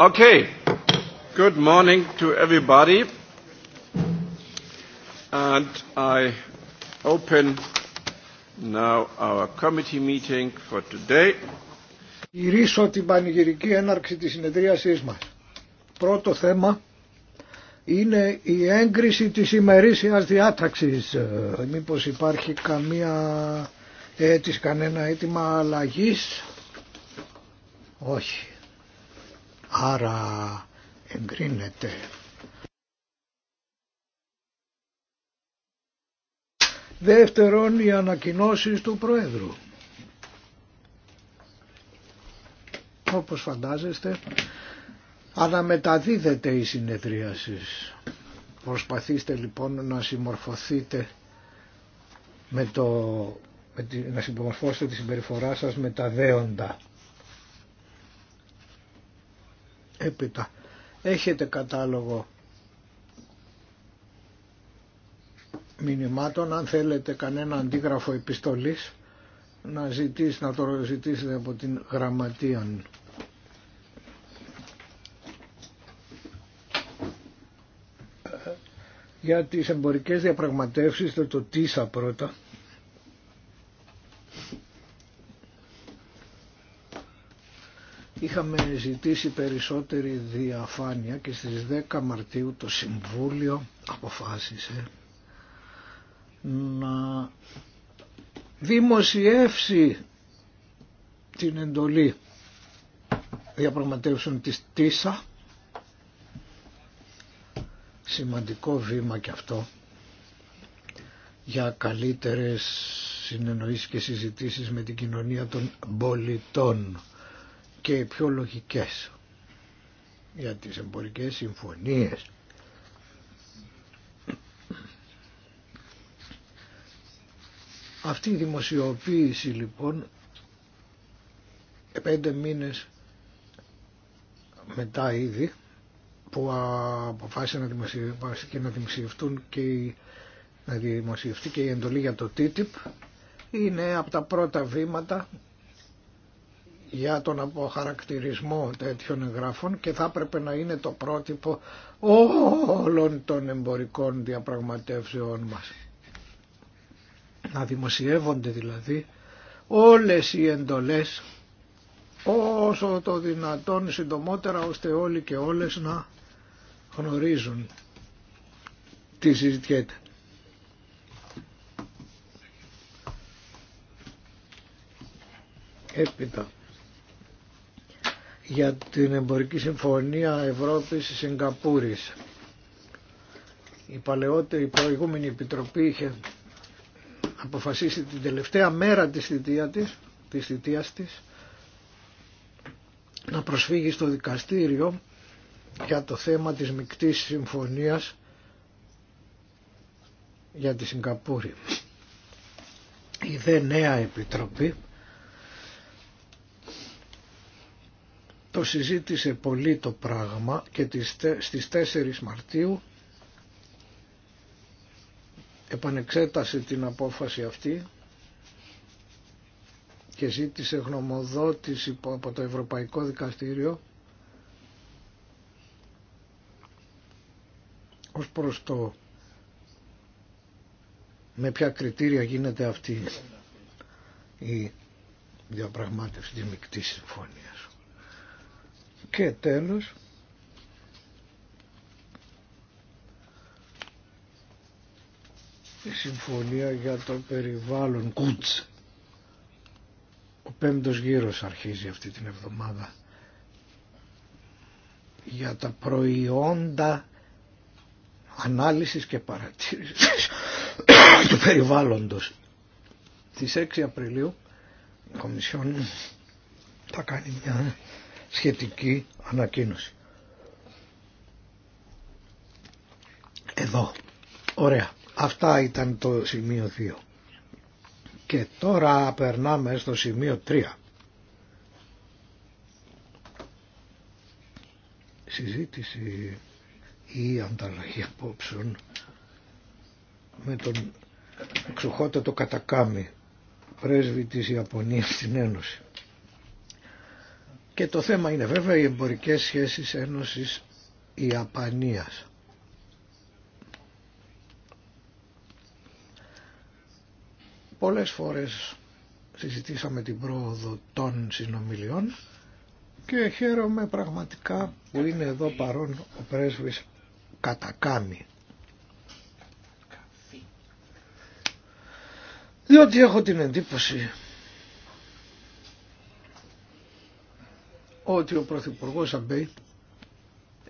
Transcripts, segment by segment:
Okay. Good morning to everybody. And I open now our committee meeting for today. Κυρίσω την πανηγυρική έναρξη της συνεδρίασής μας. Πρώτο θέμα είναι η έγκριση της ημερήσιας διάταξης. Ε, μήπως υπάρχει καμία αίτηση, κανένα αίτημα αλλαγής. Όχι. Άρα εγκρίνεται. Δεύτερον, οι ανακοινώσει του Προέδρου. Όπως φαντάζεστε, αναμεταδίδεται η συνεδρίαση. Προσπαθήστε λοιπόν να συμμορφωθείτε με το, με να συμμορφώσετε τη συμπεριφορά σας με τα δέοντα. Έπειτα, έχετε κατάλογο μηνυμάτων, αν θέλετε κανένα αντίγραφο επιστολής, να, ζητήσει, να το ζητήσετε από την γραμματεία. Για τις εμπορικές διαπραγματεύσεις, το τίσα πρώτα, Είχαμε ζητήσει περισσότερη διαφάνεια και στις 10 Μαρτίου το Συμβούλιο αποφάσισε να δημοσιεύσει την εντολή διαπραγματεύσεων της ΤΙΣΑ σημαντικό βήμα και αυτό για καλύτερες συνεννοήσεις και συζητήσεις με την κοινωνία των πολιτών και οι πιο λογικές για τις εμπορικές συμφωνίες. Αυτή η δημοσιοποίηση λοιπόν πέντε μήνες μετά ήδη που αποφάσισαν να, και να, δημοσιευτούν και, να δημοσιευτεί και η εντολή για το TTIP είναι από τα πρώτα βήματα για τον αποχαρακτηρισμό τέτοιων εγγράφων και θα έπρεπε να είναι το πρότυπο όλων των εμπορικών διαπραγματεύσεών μας. Να δημοσιεύονται δηλαδή όλες οι εντολές όσο το δυνατόν συντομότερα ώστε όλοι και όλες να γνωρίζουν τι συζητιέται. Έπειτα για την εμπορική συμφωνία Ευρώπης-Σιγκαπούρης. Η παλαιότερη προηγούμενη επιτροπή είχε αποφασίσει την τελευταία μέρα της θητείας της, να προσφύγει στο δικαστήριο για το θέμα της μικτής συμφωνίας για τη Σιγκαπούρη. Η δε νέα επιτροπή το συζήτησε πολύ το πράγμα και στις 4 Μαρτίου επανεξέτασε την απόφαση αυτή και ζήτησε γνωμοδότηση από το Ευρωπαϊκό Δικαστήριο ως προς το με ποια κριτήρια γίνεται αυτή η διαπραγμάτευση της Μικτής συμφωνία. Και τέλος, η συμφωνία για το περιβάλλον ΚΟΥΤΣ. Ο πέμπτος γύρος αρχίζει αυτή την εβδομάδα για τα προϊόντα ανάλυσης και παρατήρησης του περιβάλλοντος. Στις 6 Απριλίου η Κομισιόν θα κάνει μια σχετική ανακοίνωση. Εδώ. Ωραία. Αυτά ήταν το σημείο 2. Και τώρα περνάμε στο σημείο 3. Συζήτηση ή ανταλλαγή απόψεων με τον εξοχότατο κατακάμι πρέσβη της Ιαπωνίας στην Ένωση. Και το θέμα είναι βέβαια οι εμπορικές σχέσεις Ένωσης Ιαπανίας. Πολλές φορές συζητήσαμε την πρόοδο των συνομιλιών και χαίρομαι πραγματικά που είναι εδώ παρόν ο πρέσβης Κατακάμι. Διότι έχω την εντύπωση ότι ο Πρωθυπουργό Αμπέι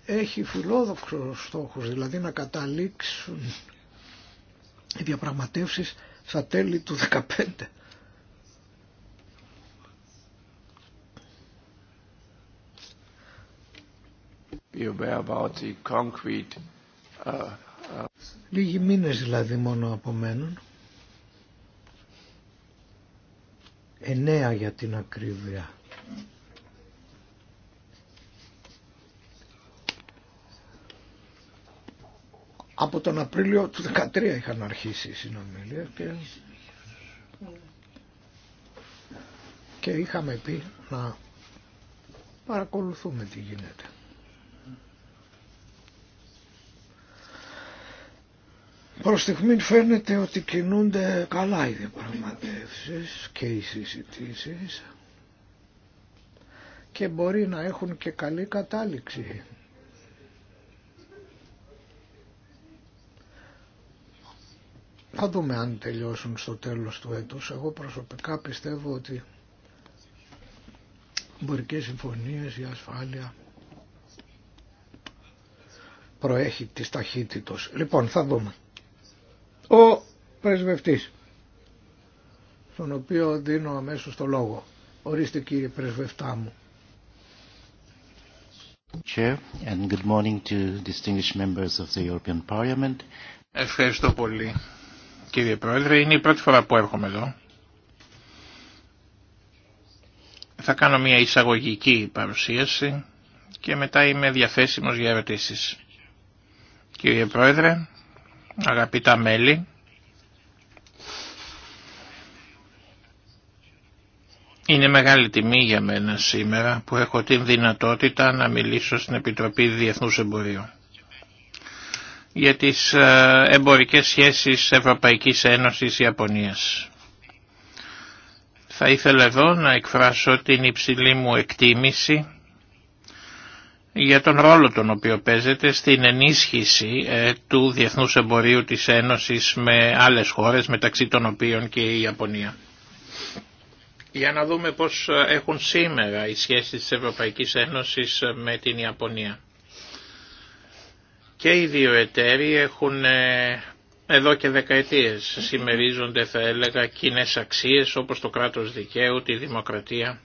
έχει φιλόδοξο στόχους, δηλαδή να καταλήξουν οι διαπραγματεύσεις στα τέλη του 2015. Uh, uh, Λίγοι μήνες δηλαδή μόνο απομένουν. Εννέα για την ακρίβεια. Από τον Απρίλιο του 2013 είχαν αρχίσει οι συνομιλίες και, είχαμε πει να παρακολουθούμε τι γίνεται. Προ στιγμή φαίνεται ότι κινούνται καλά οι διαπραγματεύσεις και οι συζητήσει: και μπορεί να έχουν και καλή κατάληξη. Θα δούμε αν τελειώσουν στο τέλος του έτους. Εγώ προσωπικά πιστεύω ότι εμπορικές συμφωνίες για ασφάλεια προέχει της ταχύτητος. Λοιπόν, θα δούμε. Ο πρεσβευτής, στον οποίο δίνω αμέσως το λόγο. Ορίστε κύριε πρεσβευτά μου. and good morning to distinguished members of the European Parliament. Ευχαριστώ πολύ κύριε Πρόεδρε. Είναι η πρώτη φορά που έρχομαι εδώ. Θα κάνω μια εισαγωγική παρουσίαση και μετά είμαι διαθέσιμος για ερωτήσεις. Κύριε Πρόεδρε, αγαπητά μέλη, Είναι μεγάλη τιμή για μένα σήμερα που έχω την δυνατότητα να μιλήσω στην Επιτροπή Διεθνούς Εμπορίου για τις ε, εμπορικές σχέσεις Ευρωπαϊκής Ένωσης Ιαπωνίας. Θα ήθελα εδώ να εκφράσω την υψηλή μου εκτίμηση για τον ρόλο τον οποίο παίζεται στην ενίσχυση ε, του διεθνούς εμπορίου της Ένωσης με άλλες χώρες μεταξύ των οποίων και η Ιαπωνία. Για να δούμε πώς έχουν σήμερα οι σχέσεις της Ευρωπαϊκής Ένωσης με την Ιαπωνία. Και οι δύο εταίροι έχουν ε, εδώ και δεκαετίες συμμερίζονται θα έλεγα κοινέ αξίες όπως το κράτος δικαίου, τη δημοκρατία.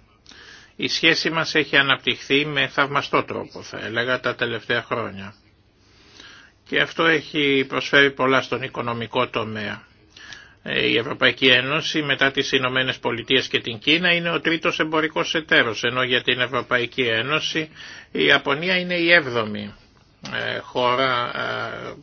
Η σχέση μας έχει αναπτυχθεί με θαυμαστό τρόπο θα έλεγα τα τελευταία χρόνια. Και αυτό έχει προσφέρει πολλά στον οικονομικό τομέα. Ε, η Ευρωπαϊκή Ένωση μετά τις Ηνωμένε Πολιτείε και την Κίνα είναι ο τρίτος εμπορικός εταίρος, ενώ για την Ευρωπαϊκή Ένωση η Ιαπωνία είναι η έβδομη ε, χώρα ε,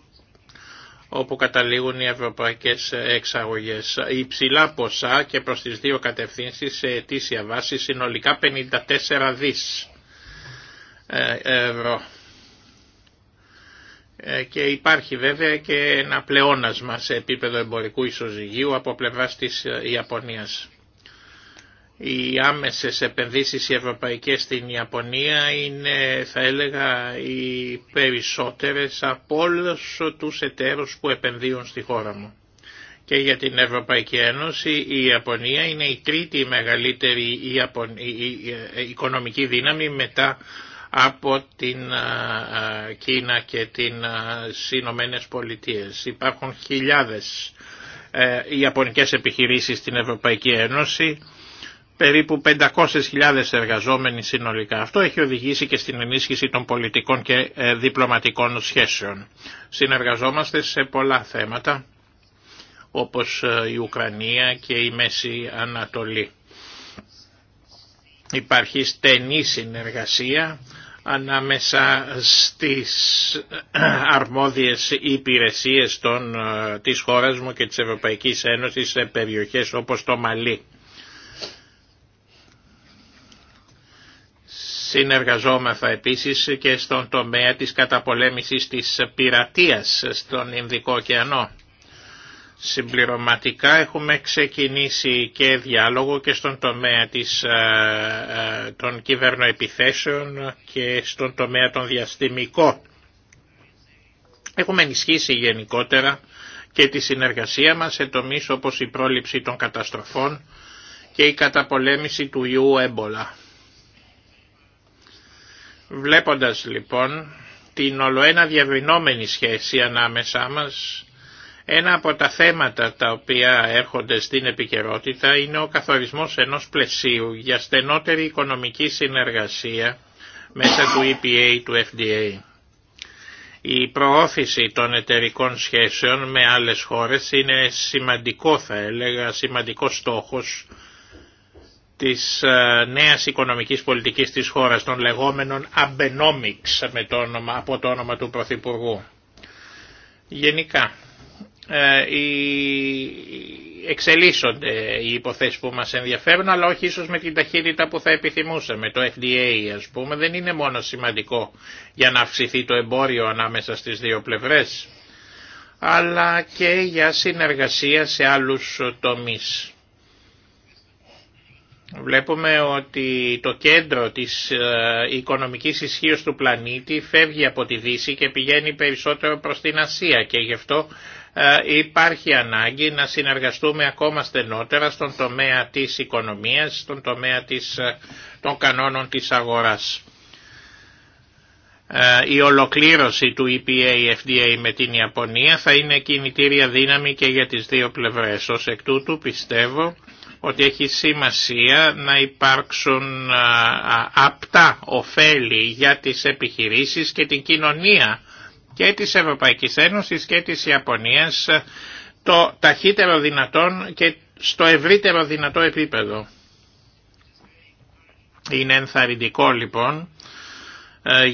όπου καταλήγουν οι ευρωπαϊκές εξαγωγές. Υψηλά ποσά και προς τις δύο κατευθύνσεις σε αιτήσια βάση συνολικά 54 δις ε, ευρώ. Και υπάρχει βέβαια και ένα πλεόνασμα σε επίπεδο εμπορικού ισοζυγίου από πλευράς της Ιαπωνίας οι άμεσες επενδύσεις οι ευρωπαϊκές στην Ιαπωνία είναι θα έλεγα οι περισσότερες από όλους τους εταίρους που επενδύουν στη χώρα μου. Και για την Ευρωπαϊκή Ένωση η Ιαπωνία είναι η τρίτη μεγαλύτερη οικονομική δύναμη μετά από την Κίνα και την Ηνωμένε Πολιτείες. Υπάρχουν χιλιάδες ε, ιαπωνικές επιχειρήσεις στην Ευρωπαϊκή Ένωση περίπου 500.000 εργαζόμενοι συνολικά. Αυτό έχει οδηγήσει και στην ενίσχυση των πολιτικών και ε, διπλωματικών σχέσεων. Συνεργαζόμαστε σε πολλά θέματα όπως ε, η Ουκρανία και η Μέση Ανατολή. Υπάρχει στενή συνεργασία ανάμεσα στις ε, αρμόδιες υπηρεσίες των, της χώρας μου και της Ευρωπαϊκής Ένωσης σε περιοχές όπως το Μαλί. Συνεργαζόμαθα επίσης και στον τομέα της καταπολέμησης της πειρατείας στον Ινδικό ωκεανό. Συμπληρωματικά έχουμε ξεκινήσει και διάλογο και στον τομέα της, ε, ε, των κυβερνοεπιθέσεων και στον τομέα των διαστημικών. Έχουμε ενισχύσει γενικότερα και τη συνεργασία μας σε τομείς όπως η πρόληψη των καταστροφών και η καταπολέμηση του ιού έμπολα. Βλέποντας λοιπόν την ολοένα διαβινόμενη σχέση ανάμεσά μας, ένα από τα θέματα τα οποία έρχονται στην επικαιρότητα είναι ο καθορισμός ενός πλαισίου για στενότερη οικονομική συνεργασία μέσα του EPA του FDA. Η προώθηση των εταιρικών σχέσεων με άλλες χώρες είναι σημαντικό θα έλεγα, σημαντικό στόχος της ε, νέας οικονομικής πολιτικής της χώρας, των λεγόμενων Abenomics με το όνομα, από το όνομα του Πρωθυπουργού. Γενικά, ε, οι, εξελίσσονται οι υποθέσεις που μας ενδιαφέρουν, αλλά όχι ίσως με την ταχύτητα που θα επιθυμούσαμε. Το FDA, ας πούμε, δεν είναι μόνο σημαντικό για να αυξηθεί το εμπόριο ανάμεσα στις δύο πλευρές, αλλά και για συνεργασία σε άλλους τομείς. Βλέπουμε ότι το κέντρο της ε, οικονομικής ισχύω του πλανήτη φεύγει από τη Δύση και πηγαίνει περισσότερο προς την Ασία και γι' αυτό ε, υπάρχει ανάγκη να συνεργαστούμε ακόμα στενότερα στον τομέα της οικονομίας, στον τομέα της, ε, των κανόνων της αγοράς. Η ολοκλήρωση του EPA-FDA με την Ιαπωνία θα είναι κινητήρια δύναμη και για τις δύο πλευρές. Ως εκ τούτου πιστεύω ότι έχει σημασία να υπάρξουν απτά ωφέλη για τις επιχειρήσεις και την κοινωνία και της Ευρωπαϊκής Ένωσης και της Ιαπωνίας το ταχύτερο δυνατόν και στο ευρύτερο δυνατό επίπεδο. Είναι ενθαρρυντικό λοιπόν ε,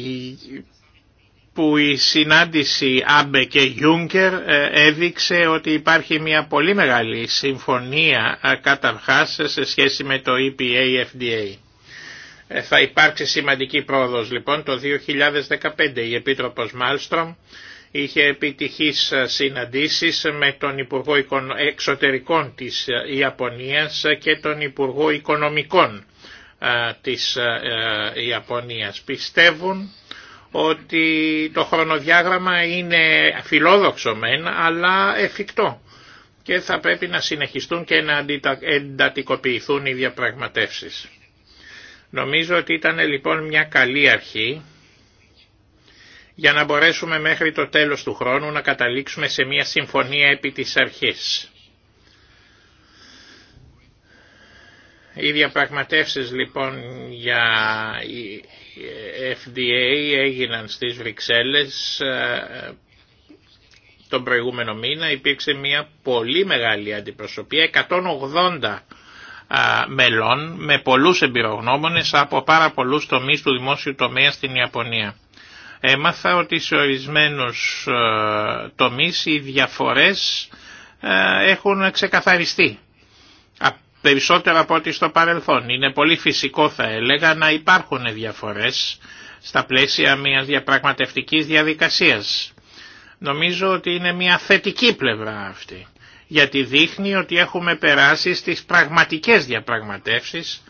που η συνάντηση Άμπε και Γιούγκερ ε, έδειξε ότι υπάρχει μια πολύ μεγάλη συμφωνία ε, καταρχάς σε σχέση με το EPA-FDA. Ε, θα υπάρξει σημαντική πρόοδος λοιπόν το 2015. Η Επίτροπος Μάλστρομ είχε επιτυχείς συναντήσεις με τον Υπουργό Εξωτερικών της Ιαπωνίας και τον Υπουργό Οικονομικών της Ιαπωνίας. Πιστεύουν ότι το χρονοδιάγραμμα είναι φιλόδοξο μεν, αλλά εφικτό και θα πρέπει να συνεχιστούν και να εντατικοποιηθούν οι διαπραγματεύσεις. Νομίζω ότι ήταν λοιπόν μια καλή αρχή για να μπορέσουμε μέχρι το τέλος του χρόνου να καταλήξουμε σε μια συμφωνία επί της αρχής. Οι διαπραγματεύσεις λοιπόν για η ε, FDA έγιναν στις Βρυξέλλες ε, τον προηγούμενο μήνα. Υπήρξε μια πολύ μεγάλη αντιπροσωπεία, 180 ε, μελών με πολλούς εμπειρογνώμονες από πάρα πολλούς τομείς του δημόσιου τομέα στην Ιαπωνία. Έμαθα ότι σε ορισμένους τομείς οι διαφορές έχουν ξεκαθαριστεί περισσότερα από ό,τι στο παρελθόν. Είναι πολύ φυσικό θα έλεγα να υπάρχουν διαφορές στα πλαίσια μιας διαπραγματευτικής διαδικασίας. Νομίζω ότι είναι μια θετική πλευρά αυτή, γιατί δείχνει ότι έχουμε περάσει στις πραγματικές διαπραγματεύσεις,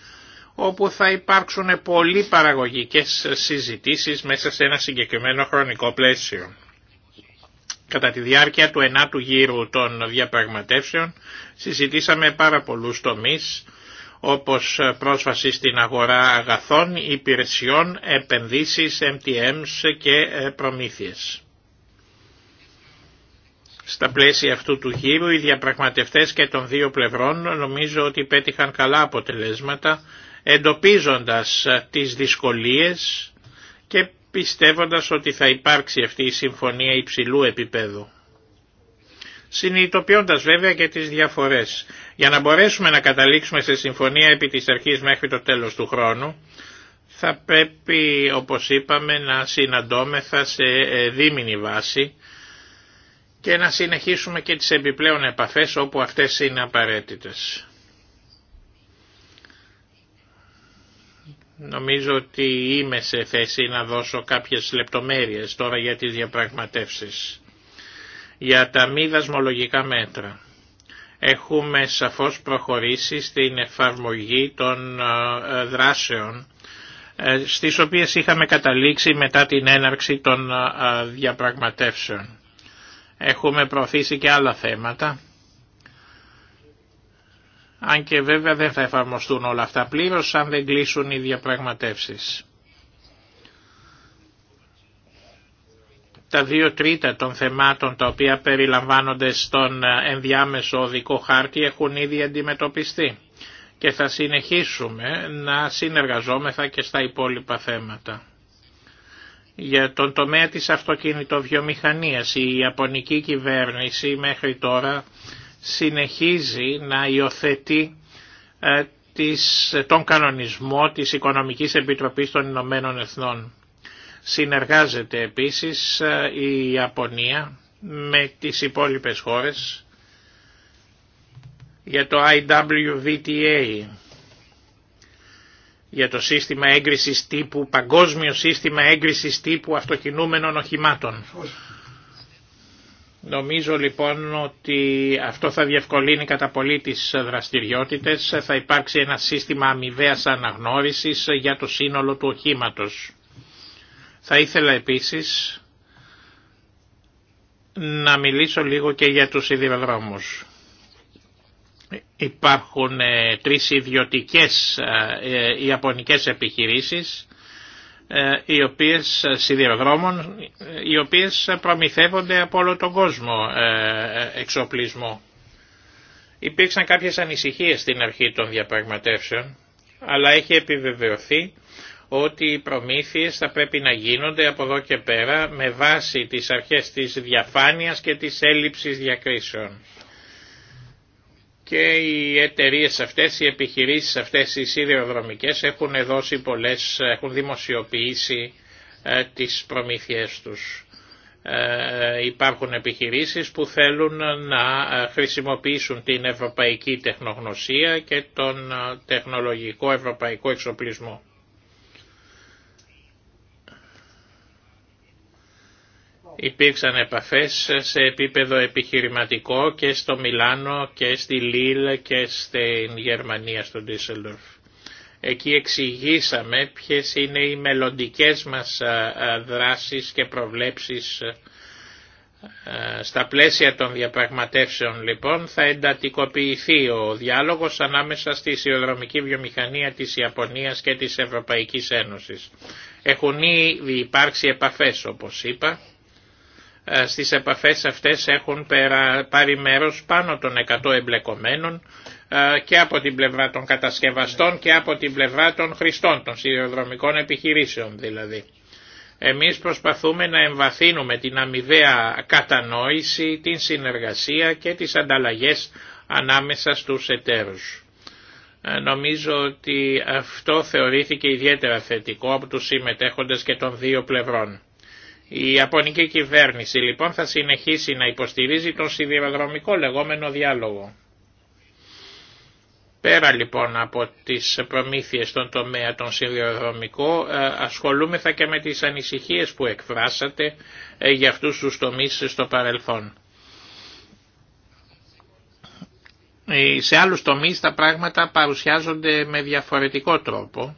όπου θα υπάρξουν πολύ παραγωγικές συζητήσεις μέσα σε ένα συγκεκριμένο χρονικό πλαίσιο. Κατά τη διάρκεια του ενάτου γύρου των διαπραγματεύσεων συζητήσαμε πάρα πολλούς τομείς όπως πρόσβαση στην αγορά αγαθών, υπηρεσιών, επενδύσεις, MTMs και ε, προμήθειες. Στα πλαίσια αυτού του γύρου οι διαπραγματευτές και των δύο πλευρών νομίζω ότι πέτυχαν καλά αποτελέσματα εντοπίζοντας ε, τις δυσκολίες και πιστεύοντας ότι θα υπάρξει αυτή η συμφωνία υψηλού επίπεδου. Συνειδητοποιώντας βέβαια και τις διαφορές. Για να μπορέσουμε να καταλήξουμε σε συμφωνία επί της αρχής μέχρι το τέλος του χρόνου, θα πρέπει όπως είπαμε να συναντώμεθα σε ε, δίμηνη βάση και να συνεχίσουμε και τις επιπλέον επαφές όπου αυτές είναι απαραίτητες. Νομίζω ότι είμαι σε θέση να δώσω κάποιες λεπτομέρειες τώρα για τις διαπραγματεύσεις. Για τα μη δασμολογικά μέτρα. Έχουμε σαφώς προχωρήσει στην εφαρμογή των ε, δράσεων ε, στις οποίες είχαμε καταλήξει μετά την έναρξη των ε, διαπραγματεύσεων. Έχουμε προωθήσει και άλλα θέματα αν και βέβαια δεν θα εφαρμοστούν όλα αυτά πλήρως αν δεν κλείσουν οι διαπραγματεύσεις. Τα δύο τρίτα των θεμάτων τα οποία περιλαμβάνονται στον ενδιάμεσο οδικό χάρτη έχουν ήδη αντιμετωπιστεί και θα συνεχίσουμε να συνεργαζόμεθα και στα υπόλοιπα θέματα. Για τον τομέα της αυτοκινητοβιομηχανίας η Ιαπωνική κυβέρνηση μέχρι τώρα συνεχίζει να υιοθετεί ε, τον κανονισμό της Οικονομικής Επιτροπής των Ηνωμένων Εθνών. Συνεργάζεται επίσης ε, η Ιαπωνία με τις υπόλοιπες χώρες για το IWVTA, για το σύστημα έγκρισης τύπου, παγκόσμιο σύστημα έγκρισης τύπου αυτοκινούμενων οχημάτων. Νομίζω λοιπόν ότι αυτό θα διευκολύνει κατά πολύ τις δραστηριότητες, θα υπάρξει ένα σύστημα αμοιβαίας αναγνώρισης για το σύνολο του οχήματος. Θα ήθελα επίσης να μιλήσω λίγο και για τους σιδηροδρόμους. Υπάρχουν ε, τρεις ιδιωτικές ε, ε, ιαπωνικές επιχειρήσεις ε, οι οποίες ε, σιδηροδρόμων, ε, οι οποίες προμηθεύονται από όλο τον κόσμο εξοπλισμό. Υπήρξαν κάποιες ανησυχίες στην αρχή των διαπραγματεύσεων, αλλά έχει επιβεβαιωθεί ότι οι προμήθειες θα πρέπει να γίνονται από εδώ και πέρα με βάση τις αρχές της διαφάνειας και της έλλειψης διακρίσεων και οι εταιρείε αυτές, οι επιχειρήσεις αυτές, οι σιδηροδρομικές έχουν δώσει πολλές, έχουν δημοσιοποιήσει ε, τις προμήθειές τους. Ε, υπάρχουν επιχειρήσεις που θέλουν να ε, χρησιμοποιήσουν την ευρωπαϊκή τεχνογνωσία και τον ε, τεχνολογικό ευρωπαϊκό εξοπλισμό. Υπήρξαν επαφές σε επίπεδο επιχειρηματικό και στο Μιλάνο και στη Λίλ και στην Γερμανία, στο Ντίσσελντορφ. Εκεί εξηγήσαμε ποιες είναι οι μελλοντικές μας δράσεις και προβλέψεις στα πλαίσια των διαπραγματεύσεων λοιπόν θα εντατικοποιηθεί ο διάλογος ανάμεσα στη σιδηροδρομική βιομηχανία της Ιαπωνίας και της Ευρωπαϊκής Ένωσης. Έχουν ήδη υπάρξει επαφές όπως είπα ε, στις επαφές αυτές έχουν πάρει μέρος πάνω των 100 εμπλεκομένων ε, και από την πλευρά των κατασκευαστών και από την πλευρά των χρηστών, των σιδηροδρομικών επιχειρήσεων δηλαδή. Εμείς προσπαθούμε να εμβαθύνουμε την αμοιβαία κατανόηση, την συνεργασία και τις ανταλλαγές ανάμεσα στους εταίρους. Ε, νομίζω ότι αυτό θεωρήθηκε ιδιαίτερα θετικό από τους συμμετέχοντες και των δύο πλευρών. Η Ιαπωνική κυβέρνηση λοιπόν θα συνεχίσει να υποστηρίζει τον σιδηροδρομικό λεγόμενο διάλογο. Πέρα λοιπόν από τις προμήθειες των τομέα των σιδηροδρομικό ε, ασχολούμεθα και με τις ανησυχίες που εκφράσατε ε, για αυτούς τους τομείς στο παρελθόν. Ε, σε άλλους τομείς τα πράγματα παρουσιάζονται με διαφορετικό τρόπο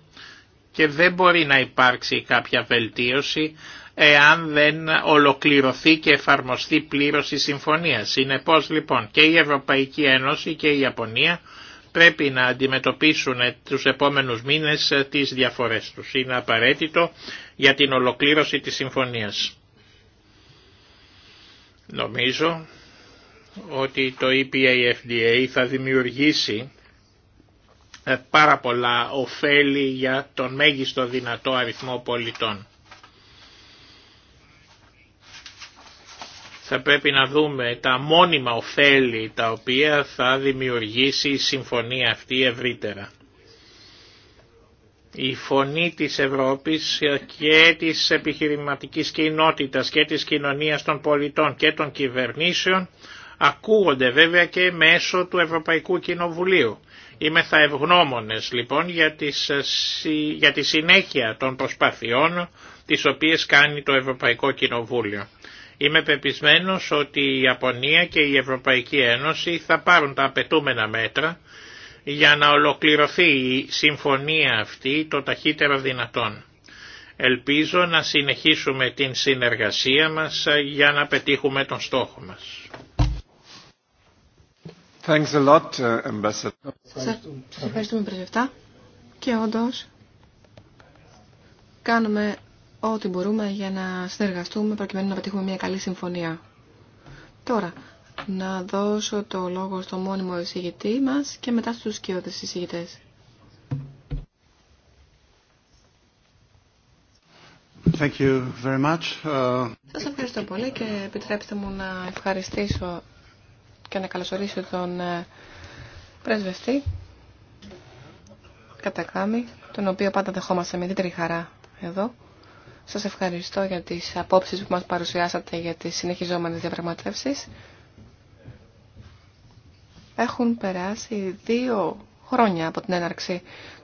και δεν μπορεί να υπάρξει κάποια βελτίωση εάν δεν ολοκληρωθεί και εφαρμοστεί πλήρως η συμφωνία. Συνεπώς λοιπόν και η Ευρωπαϊκή Ένωση και η Ιαπωνία πρέπει να αντιμετωπίσουν τους επόμενους μήνες τις διαφορές τους. Είναι απαραίτητο για την ολοκλήρωση της συμφωνίας. Νομίζω ότι το EPA-FDA θα δημιουργήσει ε, πάρα πολλά ωφέλη για τον μέγιστο δυνατό αριθμό πολιτών. θα πρέπει να δούμε τα μόνιμα ωφέλη τα οποία θα δημιουργήσει η συμφωνία αυτή ευρύτερα. Η φωνή της Ευρώπης και της επιχειρηματικής κοινότητας και της κοινωνίας των πολιτών και των κυβερνήσεων ακούγονται βέβαια και μέσω του Ευρωπαϊκού Κοινοβουλίου. Είμαι θα ευγνώμονες λοιπόν για, για τη συνέχεια των προσπαθειών τις οποίες κάνει το Ευρωπαϊκό Κοινοβούλιο. Είμαι πεπισμένος ότι η Ιαπωνία και η Ευρωπαϊκή Ένωση θα πάρουν τα απαιτούμενα μέτρα για να ολοκληρωθεί η συμφωνία αυτή το ταχύτερο δυνατόν. Ελπίζω να συνεχίσουμε την συνεργασία μας για να πετύχουμε τον στόχο μας. Thanks a lot, uh, ευχαριστούμε πρεσβευτά και όντως κάνουμε ό,τι μπορούμε για να συνεργαστούμε προκειμένου να πετύχουμε μια καλή συμφωνία. Τώρα, να δώσω το λόγο στο μόνιμο εισηγητή μας και μετά στους σκιώδες εισηγητές. Thank you very much. Σας ευχαριστώ πολύ και επιτρέψτε μου να ευχαριστήσω και να καλωσορίσω τον ε, πρεσβευτή Κατακάμι, τον οποίο πάντα δεχόμαστε με ιδιαίτερη χαρά εδώ. Σας ευχαριστώ για τις απόψεις που μας παρουσιάσατε για τις συνεχιζόμενες διαπραγματεύσεις. Έχουν περάσει δύο χρόνια από την έναρξη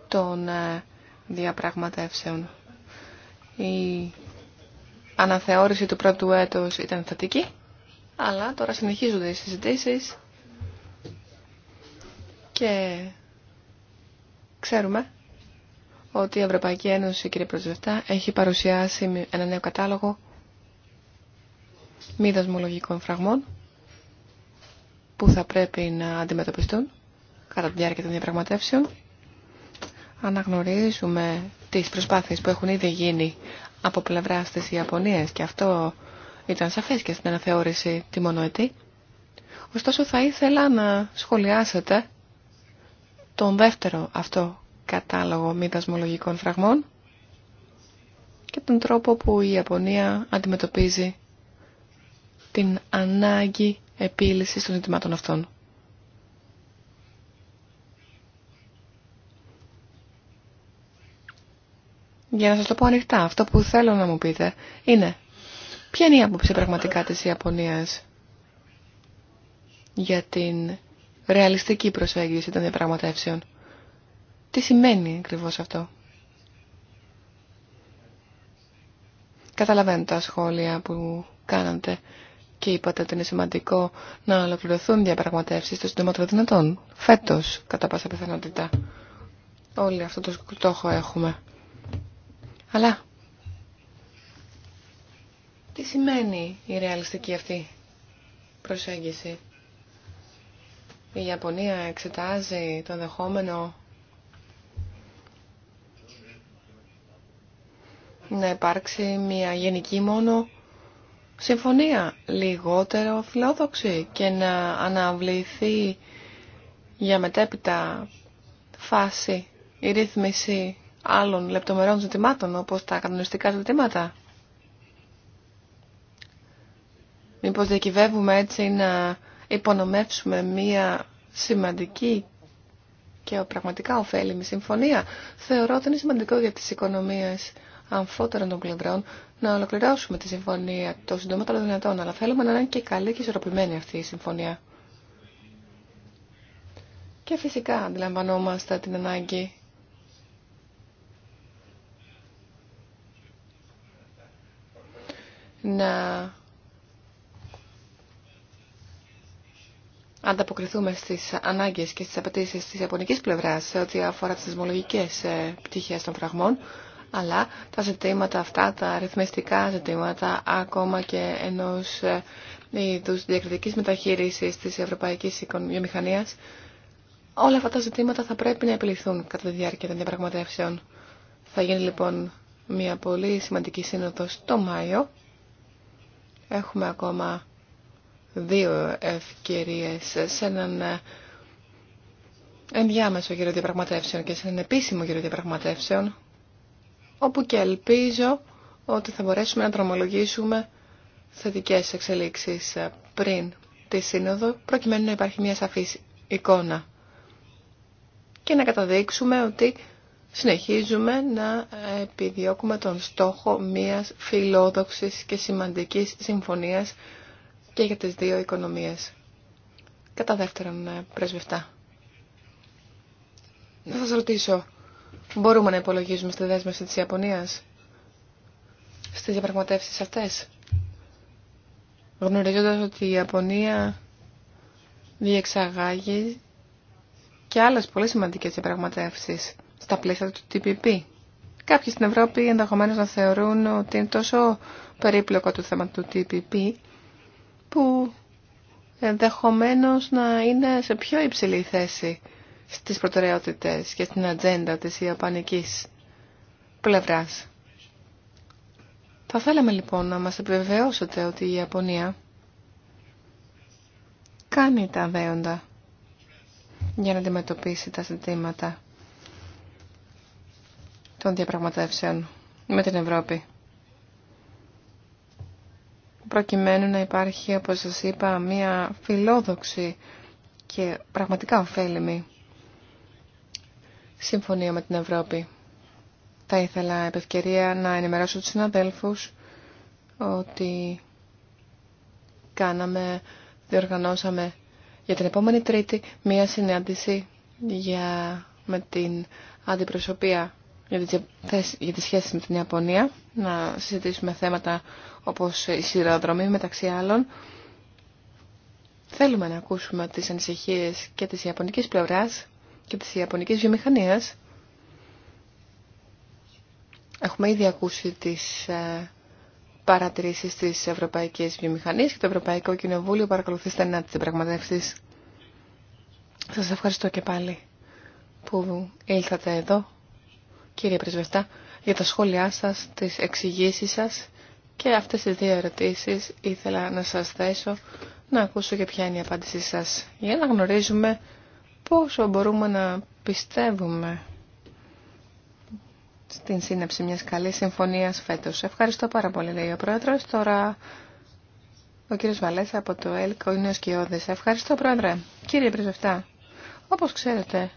των ε, διαπραγματεύσεων. Η αναθεώρηση του πρώτου έτους ήταν θετική, αλλά τώρα συνεχίζονται οι συζητήσεις και ξέρουμε ότι η Ευρωπαϊκή Ένωση, κύριε Προσδευτά, έχει παρουσιάσει ένα νέο κατάλογο μη δοσμολογικών φραγμών που θα πρέπει να αντιμετωπιστούν κατά τη διάρκεια των διαπραγματεύσεων. Αναγνωρίζουμε τις προσπάθειες που έχουν ήδη γίνει από πλευρά της Ιαπωνίας και αυτό ήταν σαφές και στην αναθεώρηση τη μονοετή. Ωστόσο θα ήθελα να σχολιάσετε τον δεύτερο αυτό κατάλογο μη δασμολογικών φραγμών και τον τρόπο που η Ιαπωνία αντιμετωπίζει την ανάγκη επίλυσης των ζητημάτων αυτών. Για να σας το πω ανοιχτά, αυτό που θέλω να μου πείτε είναι ποια είναι η άποψη πραγματικά της Ιαπωνίας για την ρεαλιστική προσέγγιση των διαπραγματεύσεων. Τι σημαίνει ακριβώ αυτό. Καταλαβαίνω τα σχόλια που κάνατε και είπατε ότι είναι σημαντικό να ολοκληρωθούν διαπραγματεύσεις των συντομότερων δυνατών. Φέτος, κατά πάσα πιθανότητα. Όλοι αυτό το στόχο έχουμε. Αλλά, τι σημαίνει η ρεαλιστική αυτή προσέγγιση. Η Ιαπωνία εξετάζει το δεχόμενο να υπάρξει μια γενική μόνο συμφωνία λιγότερο φιλόδοξη και να αναβληθεί για μετέπειτα φάση η ρύθμιση άλλων λεπτομερών ζητημάτων όπως τα κανονιστικά ζητήματα. Μήπως διακυβεύουμε έτσι να υπονομεύσουμε μία σημαντική και πραγματικά ωφέλιμη συμφωνία. Θεωρώ ότι είναι σημαντικό για τις οικονομίες αμφότερων των πλευρών να ολοκληρώσουμε τη συμφωνία το συντομότερο δυνατόν, αλλά θέλουμε να είναι και καλή και ισορροπημένη αυτή η συμφωνία. Και φυσικά αντιλαμβανόμαστε την ανάγκη να ανταποκριθούμε στις ανάγκες και στις απαιτήσεις της ιαπωνικής πλευράς σε ό,τι αφορά τις δεσμολογικές ε, πτυχές των φραγμών αλλά τα ζητήματα αυτά, τα αριθμιστικά ζητήματα, ακόμα και ενός ε, είδους διακριτικής μεταχείρισης της ευρωπαϊκής βιομηχανίας, όλα αυτά τα ζητήματα θα πρέπει να επιληθούν κατά τη διάρκεια των διαπραγματεύσεων. Θα γίνει λοιπόν μια πολύ σημαντική σύνοδος το Μάιο. Έχουμε ακόμα δύο ευκαιρίες σε έναν ε, ενδιάμεσο γύρο διαπραγματεύσεων και σε έναν επίσημο γύρο διαπραγματεύσεων όπου και ελπίζω ότι θα μπορέσουμε να δρομολογήσουμε θετικές εξελίξεις ε, πριν τη Σύνοδο, προκειμένου να υπάρχει μια σαφή εικόνα και να καταδείξουμε ότι συνεχίζουμε να ε, επιδιώκουμε τον στόχο μιας φιλόδοξης και σημαντικής συμφωνίας και για τις δύο οικονομίες. Κατά δεύτερον, ε, πρεσβευτά. Να σας ρωτήσω, Μπορούμε να υπολογίζουμε στη δέσμευση της Ιαπωνίας στις διαπραγματεύσεις αυτές. Γνωρίζοντας ότι η Ιαπωνία διεξαγάγει και άλλες πολύ σημαντικές διαπραγματεύσεις στα πλαίσια του TPP. Κάποιοι στην Ευρώπη ενδεχομένω να θεωρούν ότι είναι τόσο περίπλοκο το θέμα του TPP που ενδεχομένω να είναι σε πιο υψηλή θέση στις προτεραιότητες και στην ατζέντα της ιαπανικής πλευράς. Θα θέλαμε λοιπόν να μας επιβεβαιώσετε ότι η Ιαπωνία κάνει τα δέοντα για να αντιμετωπίσει τα ζητήματα των διαπραγματεύσεων με την Ευρώπη. Προκειμένου να υπάρχει, όπως σας είπα, μια φιλόδοξη και πραγματικά ωφέλιμη συμφωνία με την Ευρώπη. Θα ήθελα επευκαιρία να ενημερώσω τους συναδέλφους ότι κάναμε, διοργανώσαμε για την επόμενη Τρίτη μία συνάντηση για, με την αντιπροσωπεία για τις, για τις σχέσεις με την Ιαπωνία, να συζητήσουμε θέματα όπως η σειροδρομή μεταξύ άλλων. Θέλουμε να ακούσουμε τις ανησυχίες και της Ιαπωνικής πλευράς και της Ιαπωνικής βιομηχανίας. Έχουμε ήδη ακούσει τις ε, παρατηρήσεις της Ευρωπαϊκής Βιομηχανίας και το Ευρωπαϊκό Κοινοβούλιο παρακολουθεί στενά τις πραγματεύσεις. Σας ευχαριστώ και πάλι που ήλθατε εδώ, κύριε Πρεσβευτά, για τα σχόλιά σας, τις εξηγήσεις σας και αυτές τις δύο ερωτήσεις ήθελα να σας θέσω, να ακούσω και ποια είναι η απάντησή σας, για να γνωρίζουμε πόσο μπορούμε να πιστεύουμε στην σύναψη μιας καλής συμφωνίας φέτος. Ευχαριστώ πάρα πολύ, λέει ο Πρόεδρος. Τώρα ο κύριος Βαλέσα από το είναι ο Ινέος Ευχαριστώ, Πρόεδρε. Κύριε Πρεσβευτά, όπως ξέρετε,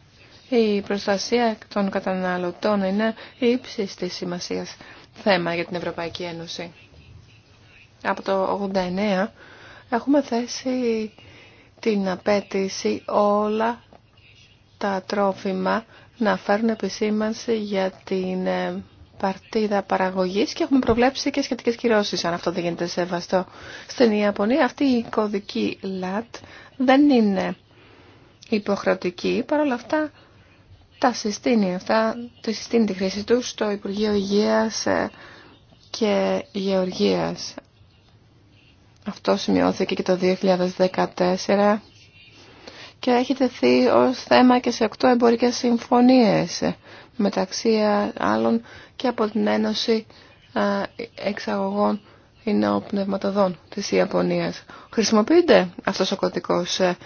η προστασία των καταναλωτών είναι ύψης της σημασίας θέμα για την Ευρωπαϊκή Ένωση. Από το 89 έχουμε θέσει την απέτηση όλα τα τρόφιμα να φέρουν επισήμανση για την ε, παρτίδα παραγωγής και έχουμε προβλέψει και σχετικές κυρώσεις αν αυτό δεν γίνεται σεβαστό. Στην Ιαπωνία αυτή η κωδική λάτ δεν είναι υποχρεωτική, παρόλα αυτά τα συστήνει αυτά, τη συστήνει τη χρήση του στο Υπουργείο Υγείας ε, και Γεωργίας. Αυτό σημειώθηκε και το 2014 και έχει τεθεί ως θέμα και σε οκτώ εμπορικές συμφωνίες μεταξύ άλλων και από την Ένωση Εξαγωγών Ινοπνευματοδών της Ιαπωνίας. Χρησιμοποιείται αυτός ο κωδικός ε,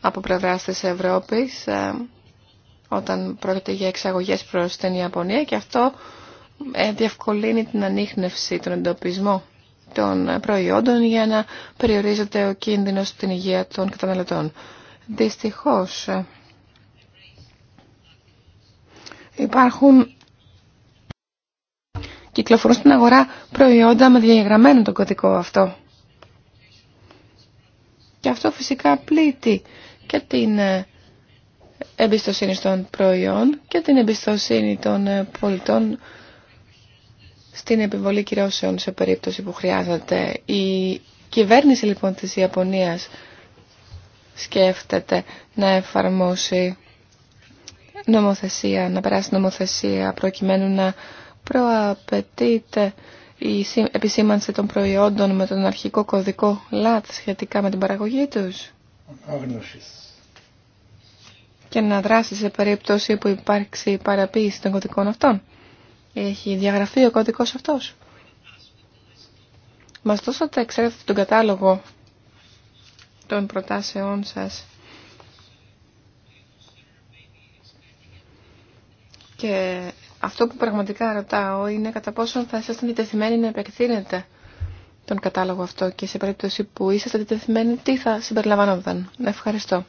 από πλευράς της Ευρώπης ε, όταν πρόκειται για εξαγωγές προς την Ιαπωνία και αυτό ε, διευκολύνει την ανείχνευση, τον εντοπισμό των προϊόντων για να περιορίζεται ο κίνδυνος στην υγεία των καταναλωτών. Δυστυχώς ε, υπάρχουν κυκλοφορούν στην αγορά προϊόντα με διαγραμμένο τον κωδικό αυτό. Και αυτό φυσικά πλήττει και την ε, εμπιστοσύνη των προϊόν και την εμπιστοσύνη των ε, πολιτών στην επιβολή κυρώσεων σε περίπτωση που χρειάζεται. Η κυβέρνηση λοιπόν της Ιαπωνίας σκέφτεται να εφαρμόσει νομοθεσία, να περάσει νομοθεσία προκειμένου να προαπαιτείται η επισήμανση των προϊόντων με τον αρχικό κωδικό ΛΑΤ σχετικά με την παραγωγή τους. Και να δράσει σε περίπτωση που υπάρξει παραποίηση των κωδικών αυτών. Έχει διαγραφεί ο κωδικός αυτός. Μας δώσατε, ξέρετε, τον κατάλογο των προτάσεών σας και αυτό που πραγματικά ρωτάω είναι κατά πόσο θα ήσασταν διτεθειμένοι να επεκτείνετε τον κατάλογο αυτό και σε περίπτωση που είσαστε διτεθειμένοι τι θα συμπεριλαμβάνονταν. Ευχαριστώ.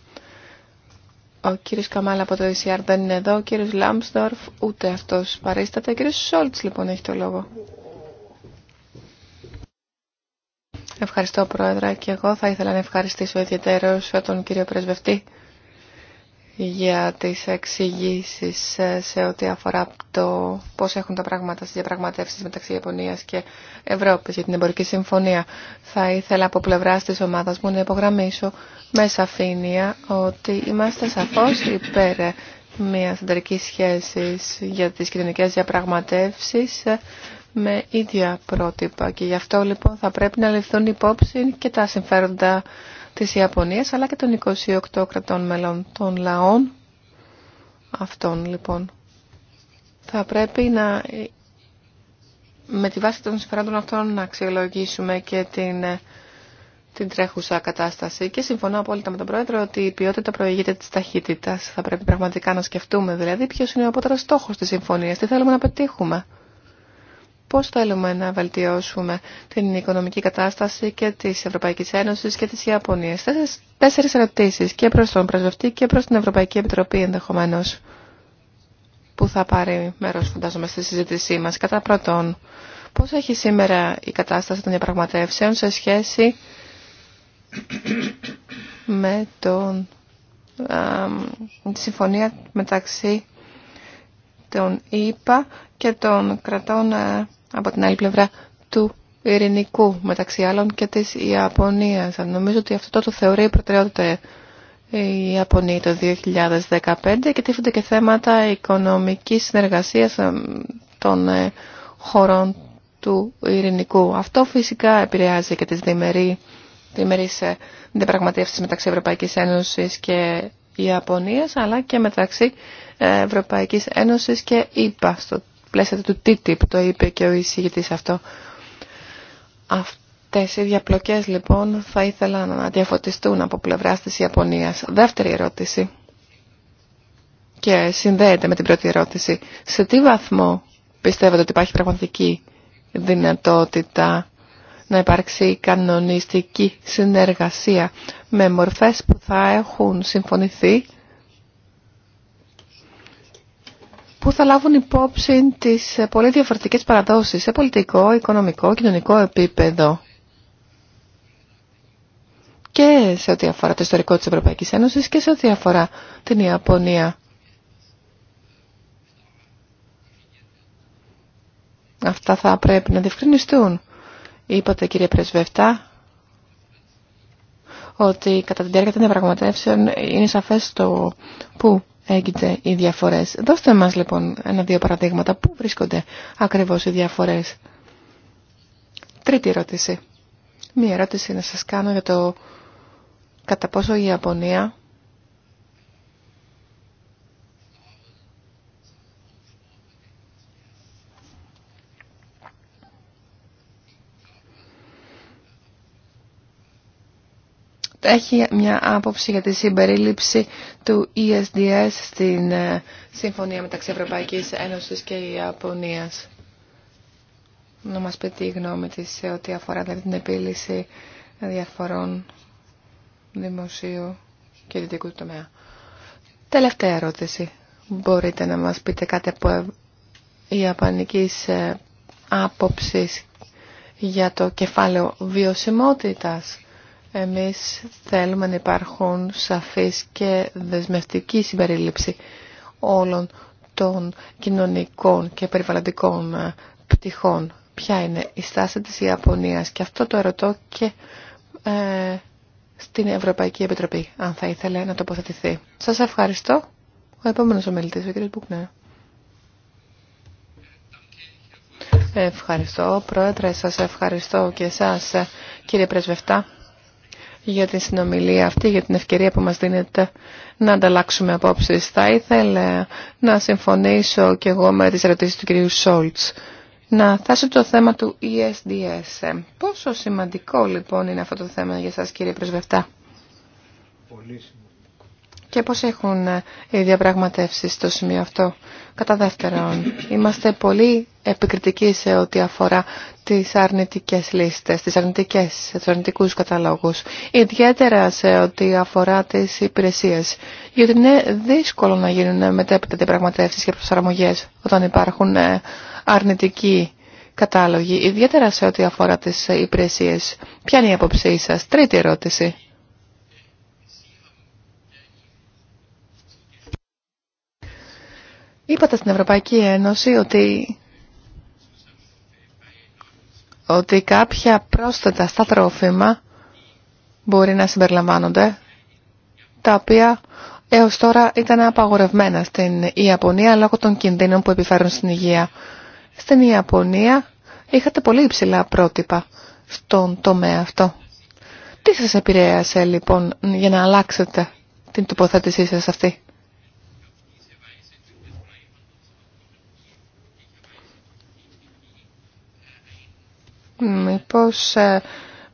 Ο κύριος Καμάλα από το ECR δεν είναι εδώ, ο κύριος Λάμπσδορφ ούτε αυτός παρίσταται. Ο κύριος Σόλτς λοιπόν έχει το λόγο. Ευχαριστώ Πρόεδρα και εγώ θα ήθελα να ευχαριστήσω ιδιαίτερως τον κύριο Πρεσβευτή για τις εξηγήσει σε ό,τι αφορά το πώς έχουν τα πράγματα στις διαπραγματεύσεις μεταξύ Ιαπωνίας και Ευρώπης για την εμπορική συμφωνία. Θα ήθελα από πλευρά της ομάδας μου να υπογραμμίσω με σαφήνεια ότι είμαστε σαφώς υπέρ μια εταιρική σχέση για τις κοινωνικές διαπραγματεύσεις με ίδια πρότυπα και γι' αυτό λοιπόν θα πρέπει να ληφθούν υπόψη και τα συμφέροντα της Ιαπωνίας αλλά και των 28 κρατών μελών των λαών αυτών λοιπόν. Θα πρέπει να με τη βάση των συμφερόντων αυτών να αξιολογήσουμε και την, την τρέχουσα κατάσταση και συμφωνώ απόλυτα με τον Πρόεδρο ότι η ποιότητα προηγείται της ταχύτητας. Θα πρέπει πραγματικά να σκεφτούμε δηλαδή ποιος είναι ο απότερος στόχος της συμφωνίας, τι θέλουμε να πετύχουμε πώς θέλουμε να βελτιώσουμε την οικονομική κατάσταση και της Ευρωπαϊκής Ένωσης και της Ιαπωνίας. Τέσσερις, τέσσερις ερωτήσεις και προς τον πρεσβευτή και προς την Ευρωπαϊκή Επιτροπή ενδεχομένως που θα πάρει μέρος φαντάζομαι στη συζήτησή μας. Κατά πρώτον, πώς έχει σήμερα η κατάσταση των διαπραγματεύσεων σε σχέση με τον, τη συμφωνία μεταξύ των ΙΠΑ και των κρατών ε, από την άλλη πλευρά του ειρηνικού μεταξύ άλλων και της Ιαπωνίας. Νομίζω ότι αυτό το θεωρεί προτεραιότητα η Ιαπωνία το 2015 και τίφονται και θέματα οικονομικής συνεργασίας ε, των ε, χωρών του ειρηνικού. Αυτό φυσικά επηρεάζει και τις διμερεί διμερείς ε, διαπραγματεύσεις μεταξύ Ευρωπαϊκής Ένωσης και Ιαπωνίας αλλά και μεταξύ Ευρωπαϊκής Ένωσης και ΙΠΑ πλαίσια του TTIP, το είπε και ο εισηγητής αυτό. Αυτές οι διαπλοκές λοιπόν θα ήθελα να διαφωτιστούν από πλευράς της Ιαπωνίας. Δεύτερη ερώτηση και συνδέεται με την πρώτη ερώτηση. Σε τι βαθμό πιστεύετε ότι υπάρχει πραγματική δυνατότητα να υπάρξει κανονιστική συνεργασία με μορφές που θα έχουν συμφωνηθεί που θα λάβουν υπόψη τις ε, πολύ διαφορετικές παραδόσεις σε πολιτικό, οικονομικό, κοινωνικό επίπεδο και σε ό,τι αφορά το ιστορικό της Ευρωπαϊκής Ένωσης και σε ό,τι αφορά την Ιαπωνία. Αυτά θα πρέπει να διευκρινιστούν. Είπατε κύριε Πρεσβευτά ότι κατά την διάρκεια των διαπραγματεύσεων είναι σαφές το που Έγινε οι διαφορές. Δώστε μας λοιπόν ένα-δύο παραδείγματα. Πού βρίσκονται ακριβώς οι διαφορές. Τρίτη ερώτηση. Μία ερώτηση να σας κάνω για το κατά πόσο η Ιαπωνία έχει μια άποψη για τη συμπερίληψη του ESDS στην ε, συμφωνία μεταξύ Ευρωπαϊκής Ένωσης και Ιαπωνίας. Να μας πει τη γνώμη της σε ό,τι αφορά δηλαδή, την επίλυση διαφορών δημοσίου και δυτικού τομέα. Τελευταία ερώτηση. Μπορείτε να μας πείτε κάτι από ιαπωνικής ε, άποψης για το κεφάλαιο βιωσιμότητας εμείς θέλουμε να υπάρχουν σαφής και δεσμευτική συμπερίληψη όλων των κοινωνικών και περιβαλλοντικών ε, πτυχών. Ποια είναι η στάση της Ιαπωνίας και αυτό το ερωτώ και ε, στην Ευρωπαϊκή Επιτροπή, αν θα ήθελε να τοποθετηθεί. Σας ευχαριστώ. Ο επόμενος ομιλητής, ο κ. Μπουκνέ. Ευχαριστώ, Πρόεδρε. Σας ευχαριστώ και εσάς, ε, κύριε Πρεσβευτά για την συνομιλία αυτή, για την ευκαιρία που μας δίνεται να ανταλλάξουμε απόψεις. Θα ήθελα να συμφωνήσω και εγώ με τις ερωτήσεις του κυρίου Σόλτς. Να θέσω το θέμα του ESDS. Πόσο σημαντικό λοιπόν είναι αυτό το θέμα για σας κύριε Πρεσβευτά. Πολύ σημαντικό και πώς έχουν ε, οι διαπραγματεύσεις στο σημείο αυτό. Κατά δεύτερον, είμαστε πολύ επικριτικοί σε ό,τι αφορά τις αρνητικές λίστες, τις αρνητικές, τους αρνητικούς καταλόγους, ιδιαίτερα σε ό,τι αφορά τις υπηρεσίες, γιατί είναι δύσκολο να γίνουν μετέπειτα διαπραγματεύσεις και προσαρμογές όταν υπάρχουν ε, αρνητικοί κατάλογοι, ιδιαίτερα σε ό,τι αφορά τις ε, υπηρεσίες. Ποια είναι η άποψή σας. Τρίτη ερώτηση. Είπατε στην Ευρωπαϊκή Ένωση ότι, ότι κάποια πρόσθετα στα τρόφιμα μπορεί να συμπεριλαμβάνονται, τα οποία έως τώρα ήταν απαγορευμένα στην Ιαπωνία λόγω των κινδύνων που επιφέρουν στην υγεία. Στην Ιαπωνία είχατε πολύ υψηλά πρότυπα στον τομέα αυτό. Τι σας επηρέασε λοιπόν για να αλλάξετε την τοποθέτησή σας αυτή. μήπως ε,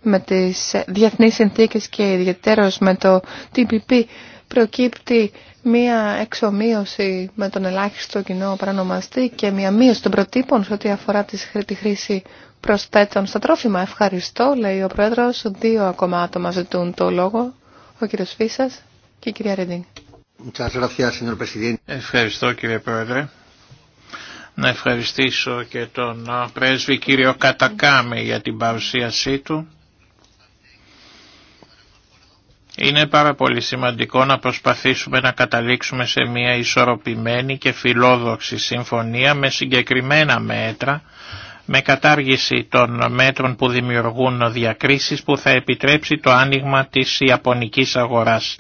με τις διεθνείς συνθήκες και ιδιαίτερως με το TPP προκύπτει μία εξομοίωση με τον ελάχιστο κοινό παρανομαστή και μία μείωση των προτύπων σε ό,τι αφορά τη χρήση προσθέτων στα τρόφιμα. Ευχαριστώ, λέει ο Πρόεδρος. Δύο ακόμα άτομα ζητούν το λόγο. Ο κύριος Φίσας και η κυρία Ρεντίν. Ευχαριστώ κύριε Πρόεδρε. Να ευχαριστήσω και τον πρέσβη κύριο Κατακάμε για την παρουσίασή του. Είναι πάρα πολύ σημαντικό να προσπαθήσουμε να καταλήξουμε σε μια ισορροπημένη και φιλόδοξη συμφωνία με συγκεκριμένα μέτρα, με κατάργηση των μέτρων που δημιουργούν διακρίσεις που θα επιτρέψει το άνοιγμα της Ιαπωνικής αγοράς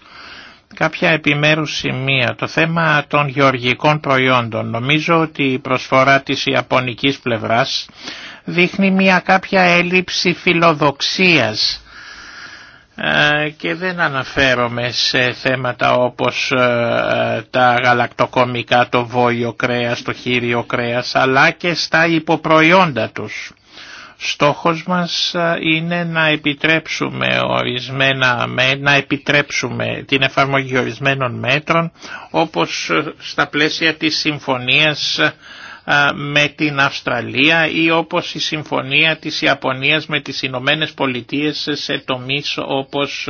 κάποια επιμέρους σημεία. Το θέμα των γεωργικών προϊόντων. Νομίζω ότι η προσφορά της ιαπωνικής πλευράς δείχνει μια κάποια έλλειψη φιλοδοξίας ε, και δεν αναφέρομαι σε θέματα όπως ε, τα γαλακτοκομικά, το βόλιο κρέας, το χείριο κρέας, αλλά και στα υποπροϊόντα τους. Στόχος μας είναι να επιτρέψουμε, ορισμένα, να επιτρέψουμε την εφαρμογή ορισμένων μέτρων όπως στα πλαίσια της συμφωνίας με την Αυστραλία ή όπως η συμφωνία της Ιαπωνίας με τις Ηνωμένε Πολιτείες σε τομείς όπως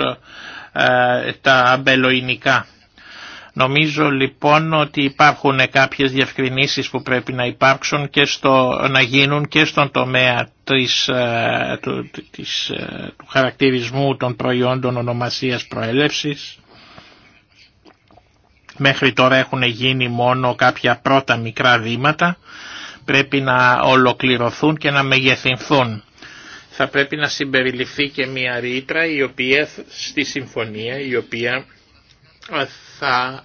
τα αμπελοϊνικά. Νομίζω λοιπόν ότι υπάρχουν κάποιες διευκρινήσεις που πρέπει να υπάρξουν και στο, να γίνουν και στον τομέα της, ε, ε, του, χαρακτηρισμού των προϊόντων ονομασίας προέλευσης. Μέχρι τώρα έχουν γίνει μόνο κάποια πρώτα μικρά βήματα, πρέπει να ολοκληρωθούν και να μεγεθυνθούν. Θα πρέπει να συμπεριληφθεί και μια ρήτρα η οποία στη συμφωνία η οποία θα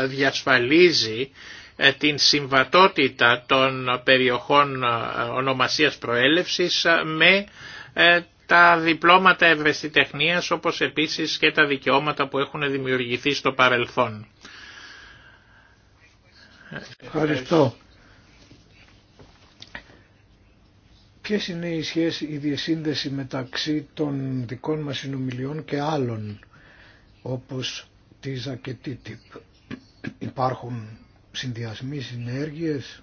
ε, διασφαλίζει ε, την συμβατότητα των περιοχών ε, ονομασίας προέλευσης με τα διπλώματα ευαισθητεχνίας όπως επίσης και τα δικαιώματα που έχουν δημιουργηθεί στο παρελθόν. Ευχαριστώ. Ποιες είναι οι σχέσεις, η διασύνδεση μεταξύ των δικών μας συνομιλιών και άλλων όπως και Υπάρχουν συνδυασμοί, συνέργειες.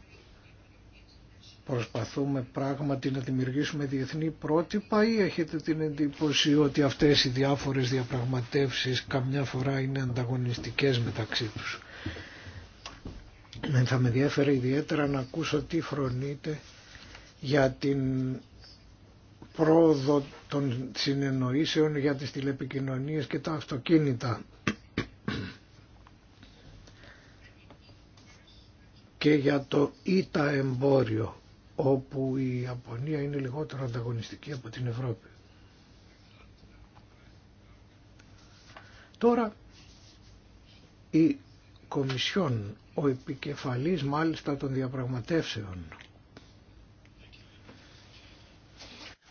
Προσπαθούμε πράγματι να δημιουργήσουμε διεθνή πρότυπα ή έχετε την εντύπωση ότι αυτές οι διάφορες διαπραγματεύσεις καμιά φορά είναι ανταγωνιστικές μεταξύ τους. Θα με διέφερε ιδιαίτερα να ακούσω τι φρονείτε για την πρόοδο των συνεννοήσεων για τις τηλεπικοινωνίες και τα αυτοκίνητα. και για το ΙΤΑ εμπόριο όπου η Ιαπωνία είναι λιγότερο ανταγωνιστική από την Ευρώπη. Τώρα η Κομισιόν, ο επικεφαλής μάλιστα των διαπραγματεύσεων.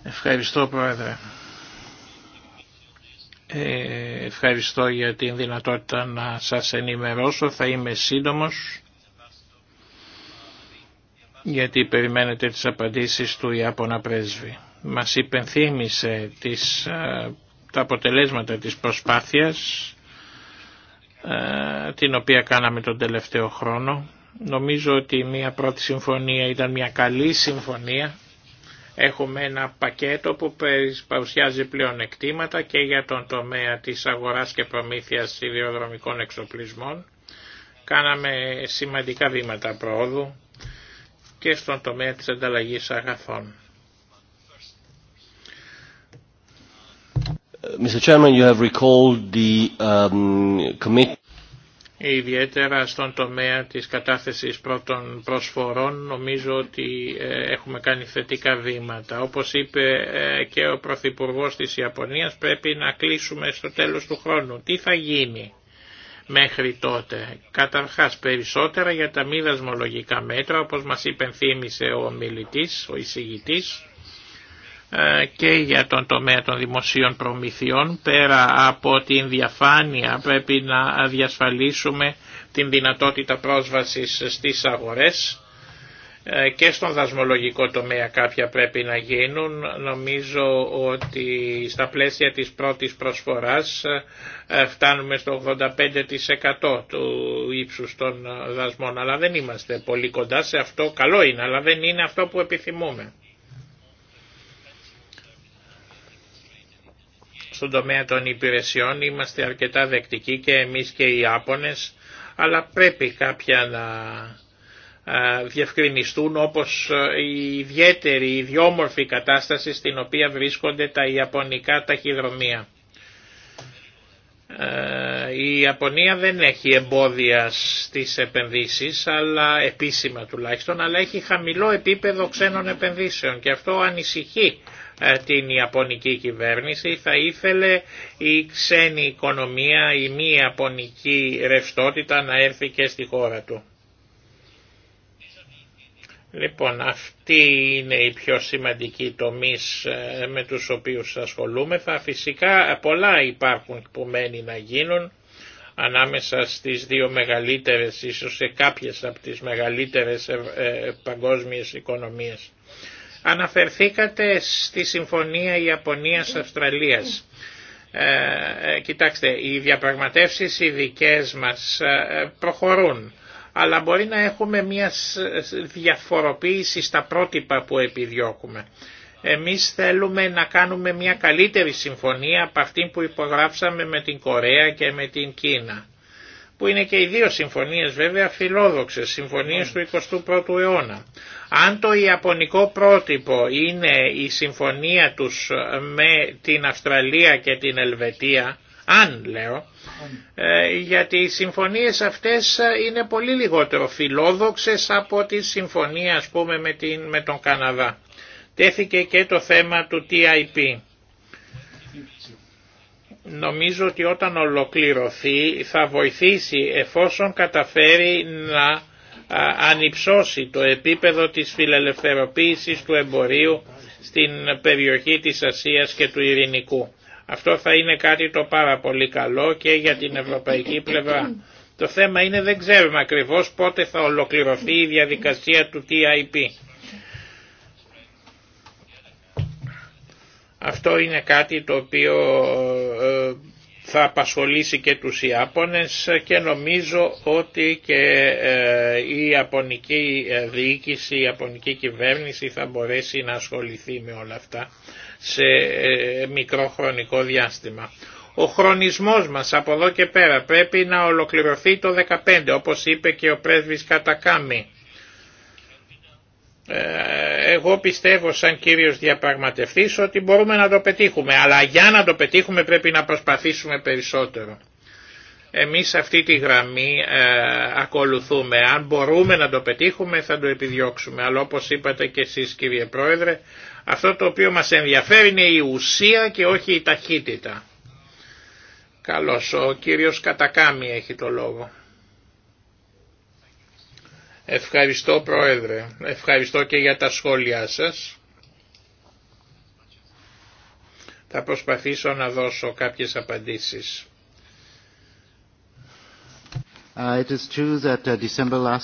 Ευχαριστώ Πρόεδρε. Ε, ευχαριστώ για την δυνατότητα να σας ενημερώσω. Θα είμαι σύντομος γιατί περιμένετε τις απαντήσεις του Ιάπωνα πρέσβη. Μας υπενθύμησε τις, ε, τα αποτελέσματα της προσπάθειας ε, την οποία κάναμε τον τελευταίο χρόνο. Νομίζω ότι μια πρώτη συμφωνία ήταν μια καλή συμφωνία. Έχουμε ένα πακέτο που παρουσιάζει πλέον εκτήματα και για τον τομέα της αγοράς και προμήθειας ιδιοδρομικών εξοπλισμών. Κάναμε σημαντικά βήματα προόδου και στον τομέα της ανταλλαγής αγαθών. Mr. Chairman, you have recalled the um, Ιδιαίτερα στον τομέα της κατάθεσης πρώτων προσφορών νομίζω ότι ε, έχουμε κάνει θετικά βήματα. Όπως είπε ε, και ο Πρωθυπουργός της Ιαπωνίας πρέπει να κλείσουμε στο τέλος του χρόνου. Τι θα γίνει μέχρι τότε. Καταρχάς περισσότερα για τα μη δασμολογικά μέτρα όπως μας υπενθύμησε ο μιλητής, ο εισηγητής ε, και για τον τομέα των δημοσίων προμηθειών πέρα από την διαφάνεια πρέπει να διασφαλίσουμε την δυνατότητα πρόσβασης στις αγορές ε, και στον δασμολογικό τομέα κάποια πρέπει να γίνουν. Νομίζω ότι στα πλαίσια της πρώτης προσφοράς ε, ε, φτάνουμε στο 85% του ύψους των δασμών, αλλά δεν είμαστε πολύ κοντά σε αυτό. Καλό είναι, αλλά δεν είναι αυτό που επιθυμούμε. Στον τομέα των υπηρεσιών είμαστε αρκετά δεκτικοί και εμείς και οι Άπωνες, αλλά πρέπει κάποια να διευκρινιστούν όπως η ιδιαίτερη, η ιδιόμορφη κατάσταση στην οποία βρίσκονται τα Ιαπωνικά ταχυδρομεία. Η Ιαπωνία δεν έχει εμπόδια στις επενδύσεις, αλλά επίσημα τουλάχιστον, αλλά έχει χαμηλό επίπεδο ξένων επενδύσεων και αυτό ανησυχεί την Ιαπωνική κυβέρνηση. Θα ήθελε η ξένη οικονομία, η μη Ιαπωνική ρευστότητα να έρθει και στη χώρα του. Λοιπόν, αυτή είναι η πιο σημαντική τομεί με τους οποίους ασχολούμεθα. Φυσικά πολλά υπάρχουν που μένει να γίνουν ανάμεσα στις δύο μεγαλύτερες, ίσως σε κάποιες από τις μεγαλύτερες ε, ε, παγκόσμιες οικονομίες. Αναφερθήκατε στη Συμφωνία Ιαπωνίας-Αυστραλίας. Ε, ε κοιτάξτε, οι διαπραγματεύσεις οι δικές μας προχωρούν αλλά μπορεί να έχουμε μια διαφοροποίηση στα πρότυπα που επιδιώκουμε. Εμείς θέλουμε να κάνουμε μια καλύτερη συμφωνία από αυτή που υπογράψαμε με την Κορέα και με την Κίνα, που είναι και οι δύο συμφωνίες βέβαια φιλόδοξες, συμφωνίες του 21ου αιώνα. Αν το Ιαπωνικό πρότυπο είναι η συμφωνία τους με την Αυστραλία και την Ελβετία, αν λέω, ε, γιατί οι συμφωνίες αυτές είναι πολύ λιγότερο φιλόδοξες από τη συμφωνία ας πούμε με, την, με τον Καναδά. Τέθηκε και το θέμα του TIP. Νομίζω ότι όταν ολοκληρωθεί θα βοηθήσει εφόσον καταφέρει να ανυψώσει το επίπεδο της φιλελευθεροποίησης του εμπορίου στην περιοχή της Ασίας και του Ειρηνικού. Αυτό θα είναι κάτι το πάρα πολύ καλό και για την ευρωπαϊκή πλευρά. Το θέμα είναι δεν ξέρουμε ακριβώς πότε θα ολοκληρωθεί η διαδικασία του TIP. Αυτό είναι κάτι το οποίο ε, θα απασχολήσει και τους Ιάπωνες και νομίζω ότι και ε, η Ιαπωνική ε, διοίκηση, η Ιαπωνική κυβέρνηση θα μπορέσει να ασχοληθεί με όλα αυτά σε ε, μικρό χρονικό διάστημα. Ο χρονισμός μας από εδώ και πέρα πρέπει να ολοκληρωθεί το 15 όπως είπε και ο πρέσβης Κατακάμι. Ε, εγώ πιστεύω σαν κύριος διαπραγματευτής ότι μπορούμε να το πετύχουμε, αλλά για να το πετύχουμε πρέπει να προσπαθήσουμε περισσότερο. Εμείς αυτή τη γραμμή ε, ακολουθούμε. Αν μπορούμε να το πετύχουμε θα το επιδιώξουμε. Αλλά όπως είπατε και εσείς κύριε Πρόεδρε, αυτό το οποίο μας ενδιαφέρει είναι η ουσία και όχι η ταχύτητα. Καλώς, ο κύριος Κατακάμι έχει το λόγο. Ευχαριστώ Πρόεδρε, ευχαριστώ και για τα σχόλιά σας. Θα προσπαθήσω να δώσω κάποιες απαντήσεις. Uh, uh,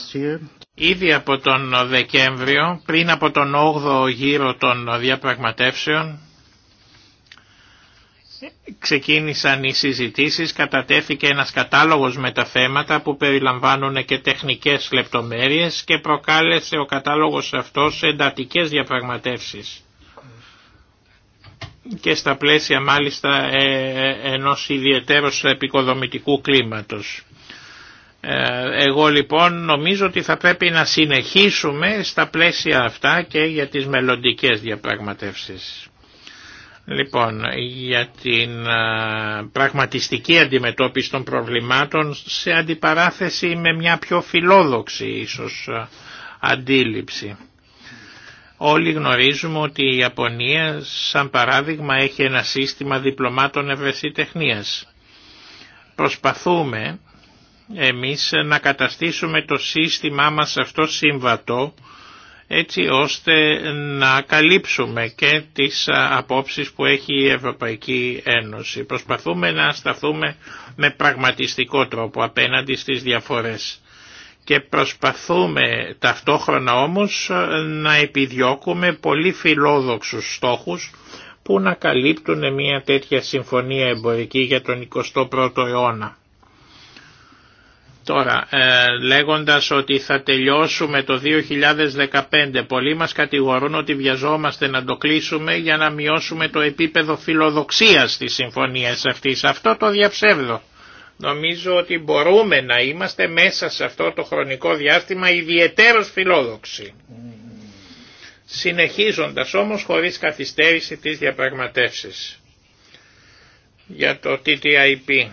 Ήδη από τον uh, Δεκέμβριο, πριν από τον 8ο γύρο των διαπραγματεύσεων, ξεκίνησαν οι συζητήσεις, κατατέθηκε ένας κατάλογος με τα θέματα που περιλαμβάνουν και τεχνικές λεπτομέρειες και προκάλεσε ο κατάλογος αυτός εντατικές διαπραγματεύσεις και στα πλαίσια μάλιστα ε, ε, ενός ιδιαίτερως επικοδομητικού κλίματος. Ε, εγώ λοιπόν νομίζω ότι θα πρέπει να συνεχίσουμε στα πλαίσια αυτά και για τις μελλοντικές διαπραγματεύσεις. Λοιπόν, για την ε, πραγματιστική αντιμετώπιση των προβλημάτων σε αντιπαράθεση με μια πιο φιλόδοξη ίσως ε, αντίληψη. Όλοι γνωρίζουμε ότι η Ιαπωνία σαν παράδειγμα έχει ένα σύστημα διπλωμάτων ευρεσιτεχνίας. Προσπαθούμε εμείς να καταστήσουμε το σύστημά μας αυτό σύμβατο έτσι ώστε να καλύψουμε και τις απόψεις που έχει η Ευρωπαϊκή Ένωση. Προσπαθούμε να σταθούμε με πραγματιστικό τρόπο απέναντι στις διαφορές και προσπαθούμε ταυτόχρονα όμως να επιδιώκουμε πολύ φιλόδοξους στόχους που να καλύπτουν μια τέτοια συμφωνία εμπορική για τον 21ο αιώνα. Τώρα, ε, λέγοντας ότι θα τελειώσουμε το 2015, πολλοί μας κατηγορούν ότι βιαζόμαστε να το κλείσουμε για να μειώσουμε το επίπεδο φιλοδοξίας της συμφωνίας αυτής. Αυτό το διαψεύδω. Νομίζω ότι μπορούμε να είμαστε μέσα σε αυτό το χρονικό διάστημα ιδιαιτέρως φιλόδοξοι. Συνεχίζοντας όμως χωρίς καθυστέρηση τις διαπραγματεύσεις για το TTIP.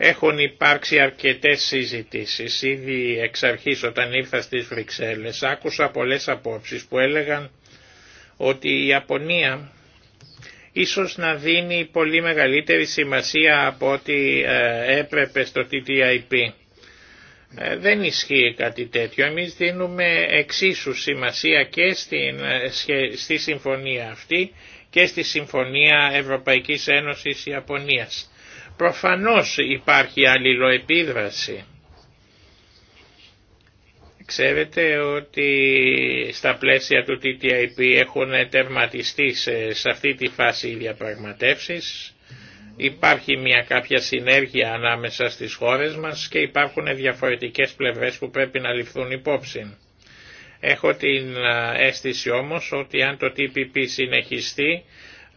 Έχουν υπάρξει αρκετές συζητήσεις. Ήδη εξ αρχής όταν ήρθα στις Βρυξέλλες άκουσα πολλές απόψεις που έλεγαν ότι η Ιαπωνία ίσως να δίνει πολύ μεγαλύτερη σημασία από ό,τι ε, έπρεπε στο TTIP. Ε, δεν ισχύει κάτι τέτοιο. Εμείς δίνουμε εξίσου σημασία και στην, ε, στη συμφωνία αυτή και στη συμφωνία Ευρωπαϊκής Ένωσης Ιαπωνίας. Προφανώς υπάρχει αλληλοεπίδραση. Ξέρετε ότι στα πλαίσια του TTIP έχουν τερματιστεί σε, σε αυτή τη φάση οι διαπραγματεύσεις. Υπάρχει μια κάποια συνέργεια ανάμεσα στις χώρες μας και υπάρχουν διαφορετικές πλευρές που πρέπει να ληφθούν υπόψη. Έχω την ε, αίσθηση όμως ότι αν το TPP συνεχιστεί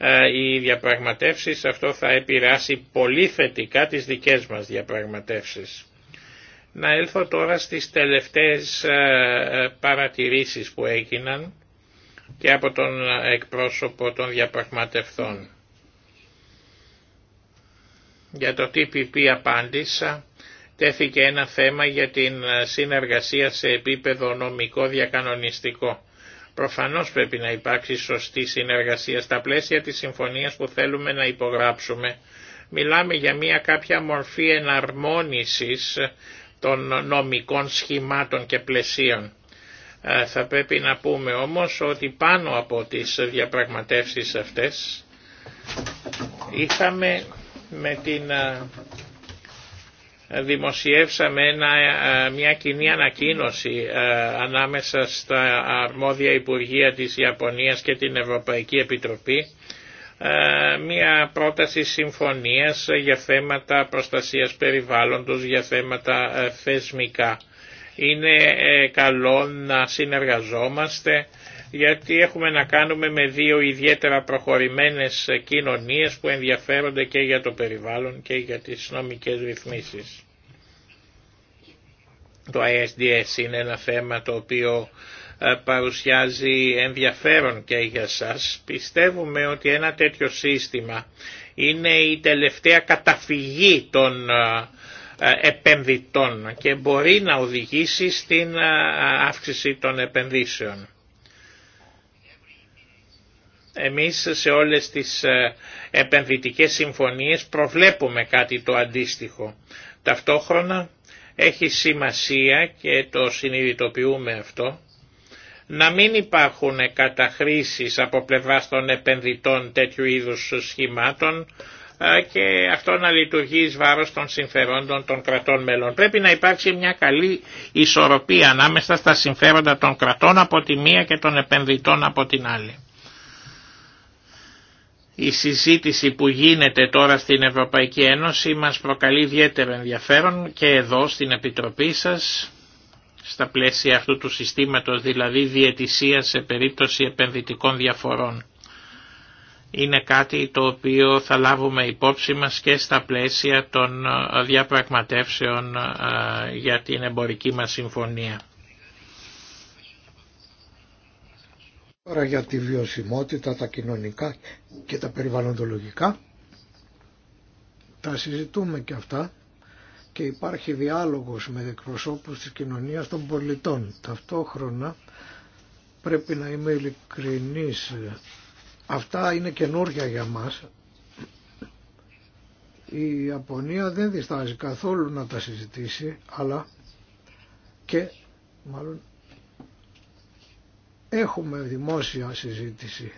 ε, οι διαπραγματεύσεις, αυτό θα επηρεάσει πολύ θετικά τις δικές μας διαπραγματεύσεις. Να έλθω τώρα στις τελευταίες ε, παρατηρήσεις που έγιναν και από τον εκπρόσωπο των διαπραγματευτών. Για το TPP απάντησα, τέθηκε ένα θέμα για την συνεργασία σε επίπεδο νομικό διακανονιστικό. Προφανώς πρέπει να υπάρξει σωστή συνεργασία στα πλαίσια της συμφωνίας που θέλουμε να υπογράψουμε. Μιλάμε για μια κάποια μορφή εναρμόνισης των νομικών σχημάτων και πλαισίων. Ε, θα πρέπει να πούμε όμως ότι πάνω από τις διαπραγματεύσεις αυτές είχαμε με την ε, δημοσιεύσαμε ένα, ε, μια κοινή ανακοίνωση ε, ανάμεσα στα αρμόδια Υπουργεία της Ιαπωνίας και την Ευρωπαϊκή Επιτροπή ε, μια πρόταση συμφωνίας για θέματα προστασίας περιβάλλοντος, για θέματα θεσμικά. Είναι καλό να συνεργαζόμαστε γιατί έχουμε να κάνουμε με δύο ιδιαίτερα προχωρημένες κοινωνίες που ενδιαφέρονται και για το περιβάλλον και για τις νομικές ρυθμίσεις. Το ISDS είναι ένα θέμα το οποίο ε, παρουσιάζει ενδιαφέρον και για σας. Πιστεύουμε ότι ένα τέτοιο σύστημα είναι η τελευταία καταφυγή των ε, ε, επενδυτών και μπορεί να οδηγήσει στην αύξηση των επενδύσεων. Εμείς σε όλες τις ε, επενδυτικές συμφωνίες προβλέπουμε κάτι το αντίστοιχο. Ταυτόχρονα έχει σημασία και το συνειδητοποιούμε αυτό να μην υπάρχουν καταχρήσεις από πλευράς των επενδυτών τέτοιου είδους σχημάτων ε, και αυτό να λειτουργεί εις βάρος των συμφερόντων των κρατών μελών. Πρέπει να υπάρξει μια καλή ισορροπία ανάμεσα στα συμφέροντα των κρατών από τη μία και των επενδυτών από την άλλη. Η συζήτηση που γίνεται τώρα στην Ευρωπαϊκή Ένωση μας προκαλεί ιδιαίτερο ενδιαφέρον και εδώ στην Επιτροπή σας, στα πλαίσια αυτού του συστήματος δηλαδή διαιτησία σε περίπτωση επενδυτικών διαφορών. Είναι κάτι το οποίο θα λάβουμε υπόψη μας και στα πλαίσια των διαπραγματεύσεων ε, για την εμπορική μας συμφωνία. Τώρα για τη βιωσιμότητα, τα κοινωνικά και τα περιβαλλοντολογικά τα συζητούμε και αυτά και υπάρχει διάλογος με εκπροσώπους της κοινωνίας των πολιτών. Ταυτόχρονα πρέπει να είμαι ειλικρινής. Αυτά είναι καινούργια για μας. Η Ιαπωνία δεν διστάζει καθόλου να τα συζητήσει, αλλά και μάλλον Έχουμε δημόσια συζήτηση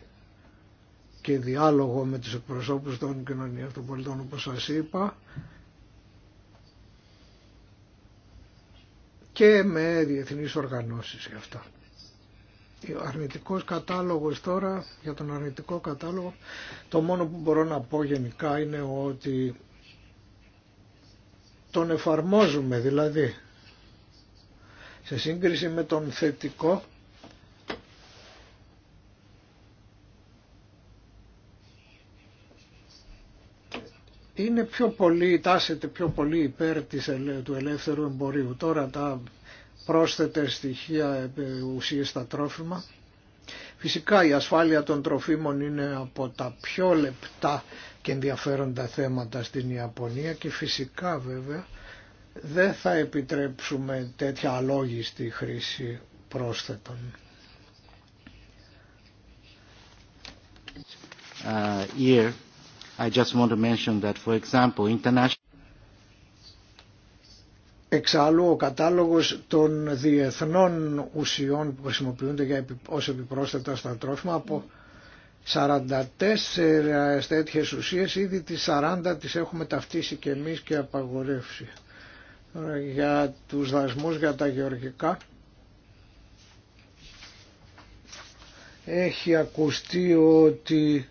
και διάλογο με τους εκπροσώπους των κοινωνιών των πολιτών όπως σας είπα και με διεθνείς οργανώσεις για αυτά. Ο αρνητικός κατάλογος τώρα, για τον αρνητικό κατάλογο, το μόνο που μπορώ να πω γενικά είναι ότι τον εφαρμόζουμε δηλαδή σε σύγκριση με τον θετικό είναι πιο πολύ, τάσεται πιο πολύ υπέρ του ελεύθερου εμπορίου. Τώρα τα πρόσθετες στοιχεία ε, ε, ουσίες στα τρόφιμα. Φυσικά η ασφάλεια των τροφίμων είναι από τα πιο λεπτά και ενδιαφέροντα θέματα στην Ιαπωνία και φυσικά βέβαια δεν θα επιτρέψουμε τέτοια αλόγιστη χρήση πρόσθετων. Uh, I Εξάλλου, ο κατάλογος των διεθνών ουσιών που χρησιμοποιούνται για, ως επιπρόσθετα στα τρόφιμα από 44 τέτοιες ουσίες, ήδη τις 40 τις έχουμε ταυτίσει και εμείς και απαγορεύσει. Για τους δασμούς για τα γεωργικά, έχει ακουστεί ότι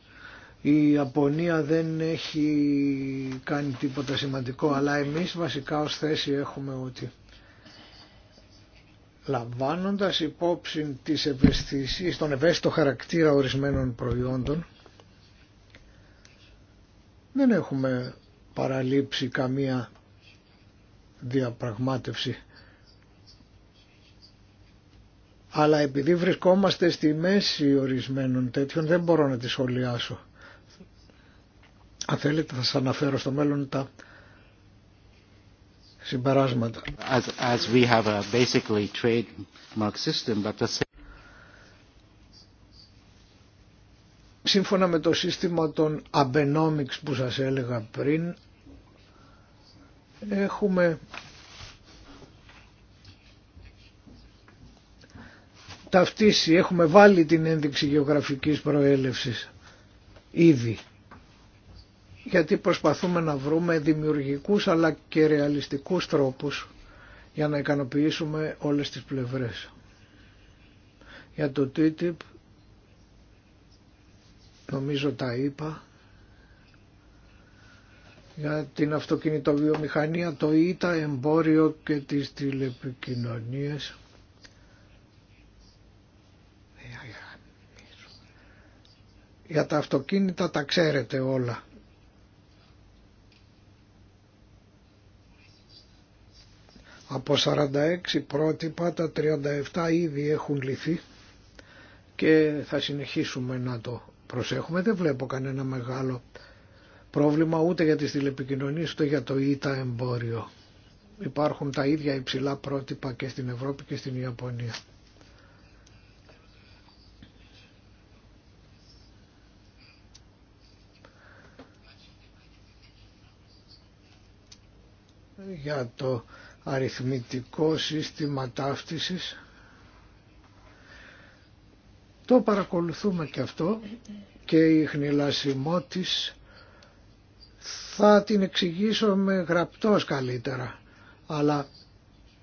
η Ιαπωνία δεν έχει κάνει τίποτα σημαντικό, αλλά εμείς βασικά ως θέση έχουμε ότι λαμβάνοντας υπόψη της ευαισθησίας, τον ευαίσθητο χαρακτήρα ορισμένων προϊόντων, δεν έχουμε παραλείψει καμία διαπραγμάτευση. Αλλά επειδή βρισκόμαστε στη μέση ορισμένων τέτοιων δεν μπορώ να τη σχολιάσω. Αν θέλετε θα σας αναφέρω στο μέλλον τα συμπεράσματα. we basically system, Σύμφωνα με το σύστημα των Abenomics που σας έλεγα πριν, έχουμε ταυτίσει, έχουμε βάλει την ένδειξη γεωγραφικής προέλευσης ήδη γιατί προσπαθούμε να βρούμε δημιουργικούς αλλά και ρεαλιστικούς τρόπους για να ικανοποιήσουμε όλες τις πλευρές. Για το TTIP νομίζω τα είπα. Για την αυτοκινητοβιομηχανία, το ΙΤΑ, εμπόριο και τις τηλεπικοινωνίες. Για τα αυτοκίνητα τα ξέρετε όλα. Από 46 πρότυπα τα 37 ήδη έχουν λυθεί και θα συνεχίσουμε να το προσέχουμε. Δεν βλέπω κανένα μεγάλο πρόβλημα ούτε για τις τηλεπικοινωνίες ούτε για το ΙΤΑ εμπόριο. Υπάρχουν τα ίδια υψηλά πρότυπα και στην Ευρώπη και στην Ιαπωνία. για το αριθμητικό σύστημα ταύτισης. Το παρακολουθούμε και αυτό και η χνηλασιμό θα την εξηγήσω με γραπτός καλύτερα. Αλλά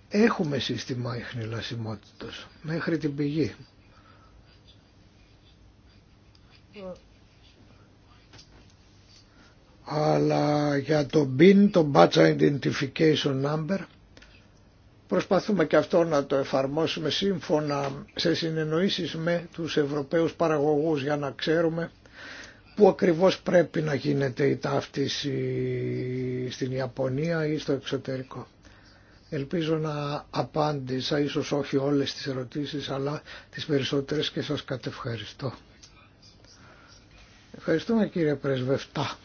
έχουμε σύστημα χνηλασιμότητα μέχρι την πηγή. Αλλά για το BIN, το Batch Identification Number, Προσπαθούμε και αυτό να το εφαρμόσουμε σύμφωνα σε συνεννοήσεις με τους Ευρωπαίους παραγωγούς για να ξέρουμε πού ακριβώς πρέπει να γίνεται η ταύτιση στην Ιαπωνία ή στο εξωτερικό. Ελπίζω να απάντησα, ίσως όχι όλες τις ερωτήσεις, αλλά τις περισσότερες και σας κατευχαριστώ. Ευχαριστούμε κύριε Πρεσβευτά.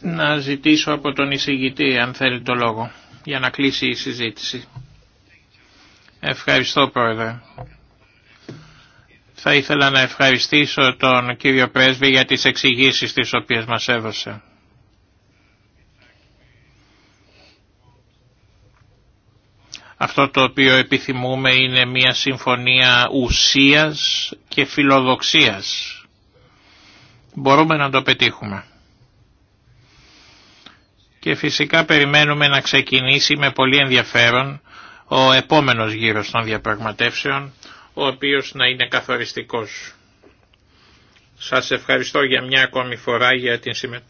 Να ζητήσω από τον εισηγητή αν θέλει το λόγο για να κλείσει η συζήτηση. Ευχαριστώ πρόεδρε. Θα ήθελα να ευχαριστήσω τον κύριο Πρέσβη για τις εξηγήσει τις οποίες μας έδωσε. Αυτό το οποίο επιθυμούμε είναι μια συμφωνία ουσίας και φιλοδοξίας. Μπορούμε να το πετύχουμε και φυσικά περιμένουμε να ξεκινήσει με πολύ ενδιαφέρον ο επόμενος γύρος των διαπραγματεύσεων, ο οποίος να είναι καθοριστικός. Σας ευχαριστώ για μια ακόμη φορά για την συμμετοχή.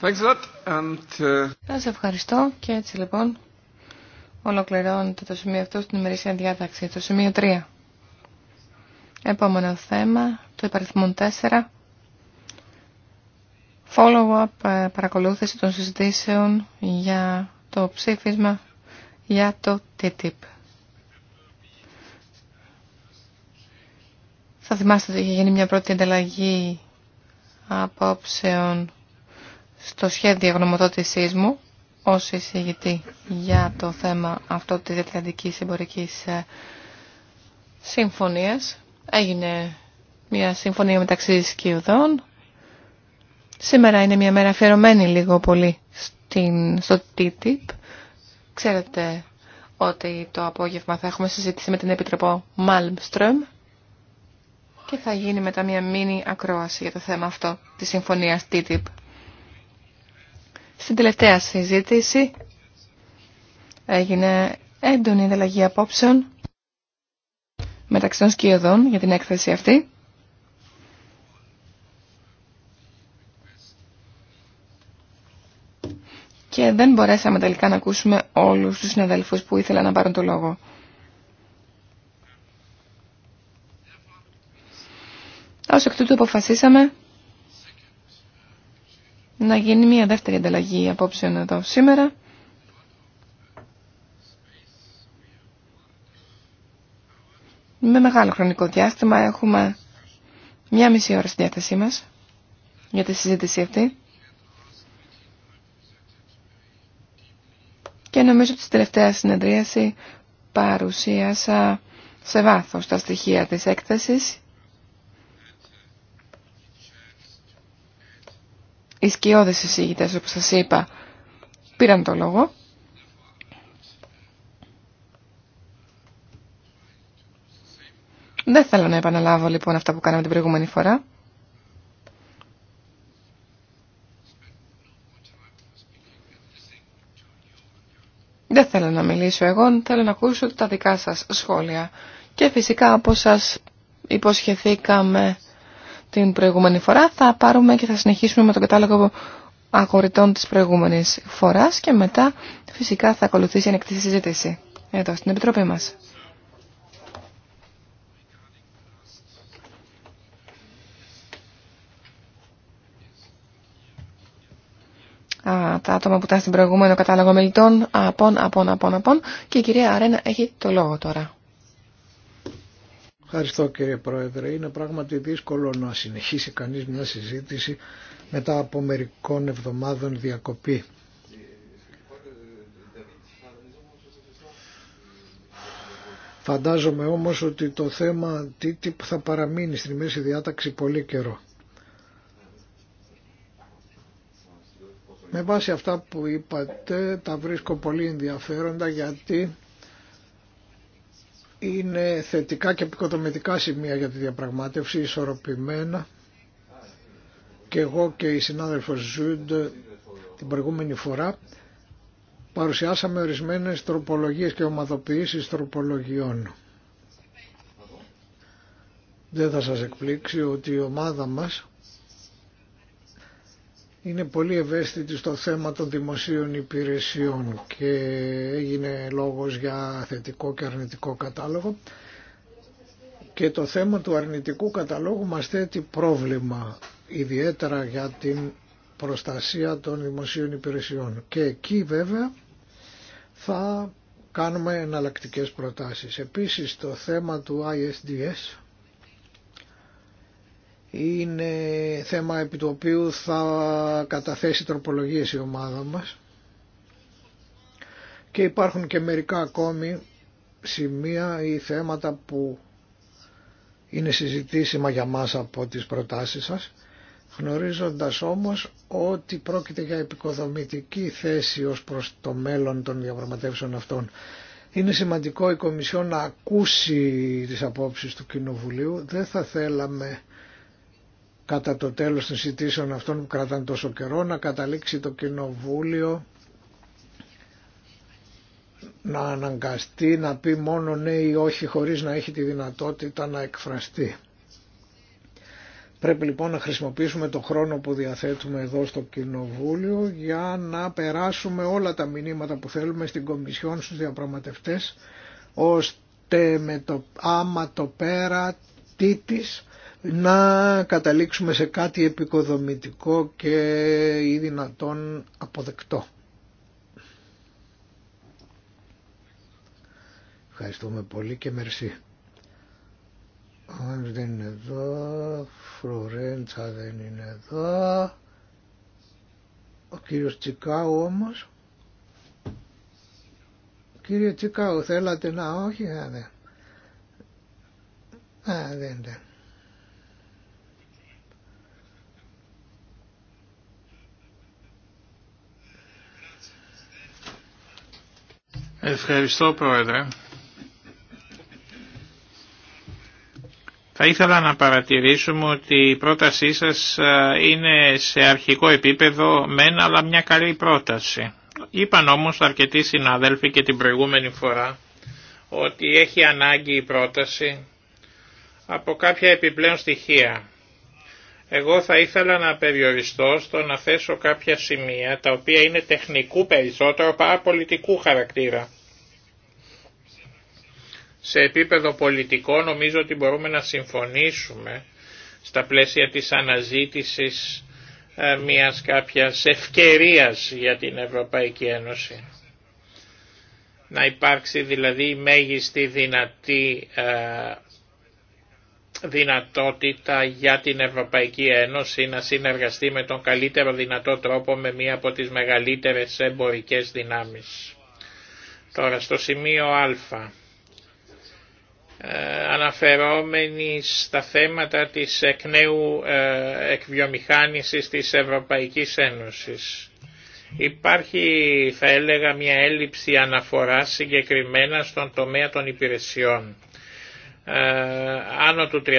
Uh, Σας ευχαριστώ και έτσι λοιπόν ολοκληρώνεται το σημείο αυτό στην ημερήσια διάταξη, το σημείο 3. Επόμενο θέμα, το υπαριθμό 4 Follow-up ε, παρακολούθηση των συζητήσεων για το ψήφισμα για το TTIP. Θα θυμάστε ότι είχε γίνει μια πρώτη ανταλλαγή απόψεων στο σχέδιο γνωμοδότησής μου ως εισηγητή για το θέμα αυτό της Ατλαντικής Εμπορικής ε, Συμφωνίας. Έγινε μια συμφωνία μεταξύ σκιωδών Σήμερα είναι μια μέρα αφιερωμένη λίγο πολύ στην, στο TTIP. Ξέρετε ότι το απόγευμα θα έχουμε συζήτηση με την Επιτροπό Μάλμστρομ και θα γίνει μετά μια μίνι ακρόαση για το θέμα αυτό της συμφωνίας TTIP. Στην τελευταία συζήτηση έγινε έντονη ανταλλαγή απόψεων μεταξύ των σκιωδών για την έκθεση αυτή. και δεν μπορέσαμε τελικά να ακούσουμε όλους τους συναδέλφους που ήθελαν να πάρουν το λόγο. Ως εκ τούτου αποφασίσαμε να γίνει μια δεύτερη ανταλλαγή απόψεων εδώ σήμερα. Με μεγάλο χρονικό διάστημα έχουμε μια μισή ώρα στη διάθεσή μας για τη συζήτηση αυτή. και νομίζω ότι στη τελευταία συνεδρίαση παρουσίασα σε βάθος τα στοιχεία της έκθεσης. Οι σκιώδες εισηγητές, όπως σας είπα, πήραν το λόγο. Δεν θέλω να επαναλάβω λοιπόν αυτά που κάναμε την προηγούμενη φορά. Δεν θέλω να μιλήσω εγώ, θέλω να ακούσω τα δικά σας σχόλια. Και φυσικά όπως σας υποσχεθήκαμε την προηγούμενη φορά θα πάρουμε και θα συνεχίσουμε με τον κατάλογο αγορητών της προηγούμενης φοράς και μετά φυσικά θα ακολουθήσει η ανεκτή συζήτηση εδώ στην Επιτροπή μας. τα άτομα που ήταν στην προηγούμενο κατάλογο μελητών. Απόν, απόν, απόν, απόν. Και η κυρία Αρένα έχει το λόγο τώρα. Ευχαριστώ κύριε Πρόεδρε. Είναι πράγματι δύσκολο να συνεχίσει κανείς μια συζήτηση μετά από μερικών εβδομάδων διακοπή. Φαντάζομαι όμως ότι το θέμα TTIP θα παραμείνει στη μέση διάταξη πολύ καιρό. Με βάση αυτά που είπατε τα βρίσκω πολύ ενδιαφέροντα γιατί είναι θετικά και επικοδομητικά σημεία για τη διαπραγμάτευση, ισορροπημένα και εγώ και η συνάδελφος Ζουντ την προηγούμενη φορά παρουσιάσαμε ορισμένες τροπολογίες και ομαδοποιήσεις τροπολογιών. Δεν θα σας εκπλήξει ότι η ομάδα μας είναι πολύ ευαίσθητη στο θέμα των δημοσίων υπηρεσιών και έγινε λόγος για θετικό και αρνητικό κατάλογο και το θέμα του αρνητικού καταλόγου μας θέτει πρόβλημα ιδιαίτερα για την προστασία των δημοσίων υπηρεσιών και εκεί βέβαια θα κάνουμε εναλλακτικές προτάσεις. Επίσης το θέμα του ISDS είναι θέμα επί του οποίου θα καταθέσει τροπολογίες η ομάδα μας και υπάρχουν και μερικά ακόμη σημεία ή θέματα που είναι συζητήσιμα για μας από τις προτάσεις σας γνωρίζοντας όμως ότι πρόκειται για επικοδομητική θέση ως προς το μέλλον των διαπραγματεύσεων αυτών. Είναι σημαντικό η Κομισιόν να ακούσει τις απόψεις του Κοινοβουλίου. Δεν θα θέλαμε κατά το τέλος των συζητήσεων αυτών που κρατάνε τόσο καιρό να καταλήξει το κοινοβούλιο να αναγκαστεί να πει μόνο ναι ή όχι χωρίς να έχει τη δυνατότητα να εκφραστεί. Πρέπει λοιπόν να χρησιμοποιήσουμε το χρόνο που διαθέτουμε εδώ στο Κοινοβούλιο για να περάσουμε όλα τα μηνύματα που θέλουμε στην Κομισιόν στους διαπραγματευτές ώστε με το άμα το πέρα τίτης να καταλήξουμε σε κάτι επικοδομητικό και ή δυνατόν αποδεκτό. Ευχαριστούμε πολύ και μερσή. Αν δεν είναι εδώ, Φλωρέντσα δεν είναι εδώ, ο κύριος Τσικάου όμως. Κύριε Τσικάου θέλατε να όχι, δεν. Ναι. Α, δεν, δεν. Ευχαριστώ Πρόεδρε. Θα ήθελα να παρατηρήσουμε ότι η πρότασή σας είναι σε αρχικό επίπεδο ένα αλλά μια καλή πρόταση. Είπαν όμως αρκετοί συναδέλφοι και την προηγούμενη φορά ότι έχει ανάγκη η πρόταση από κάποια επιπλέον στοιχεία. Εγώ θα ήθελα να περιοριστώ στο να θέσω κάποια σημεία τα οποία είναι τεχνικού περισσότερο παρά πολιτικού χαρακτήρα. Σε επίπεδο πολιτικό νομίζω ότι μπορούμε να συμφωνήσουμε στα πλαίσια της αναζήτησης ε, μιας κάποιας ευκαιρίας για την Ευρωπαϊκή Ένωση. Να υπάρξει δηλαδή η μέγιστη δυνατή ε, δυνατότητα για την Ευρωπαϊκή Ένωση να συνεργαστεί με τον καλύτερο δυνατό τρόπο με μία από τις μεγαλύτερες εμπορικές δυνάμεις. Τώρα στο σημείο Α. Ε, αναφερόμενοι στα θέματα της εκ νέου ε, εκβιομηχάνησης της Ευρωπαϊκής Ένωσης. Υπάρχει θα έλεγα μια έλλειψη αναφορά συγκεκριμένα στον τομέα των υπηρεσιών. Ε, άνω του 35% ε, ε,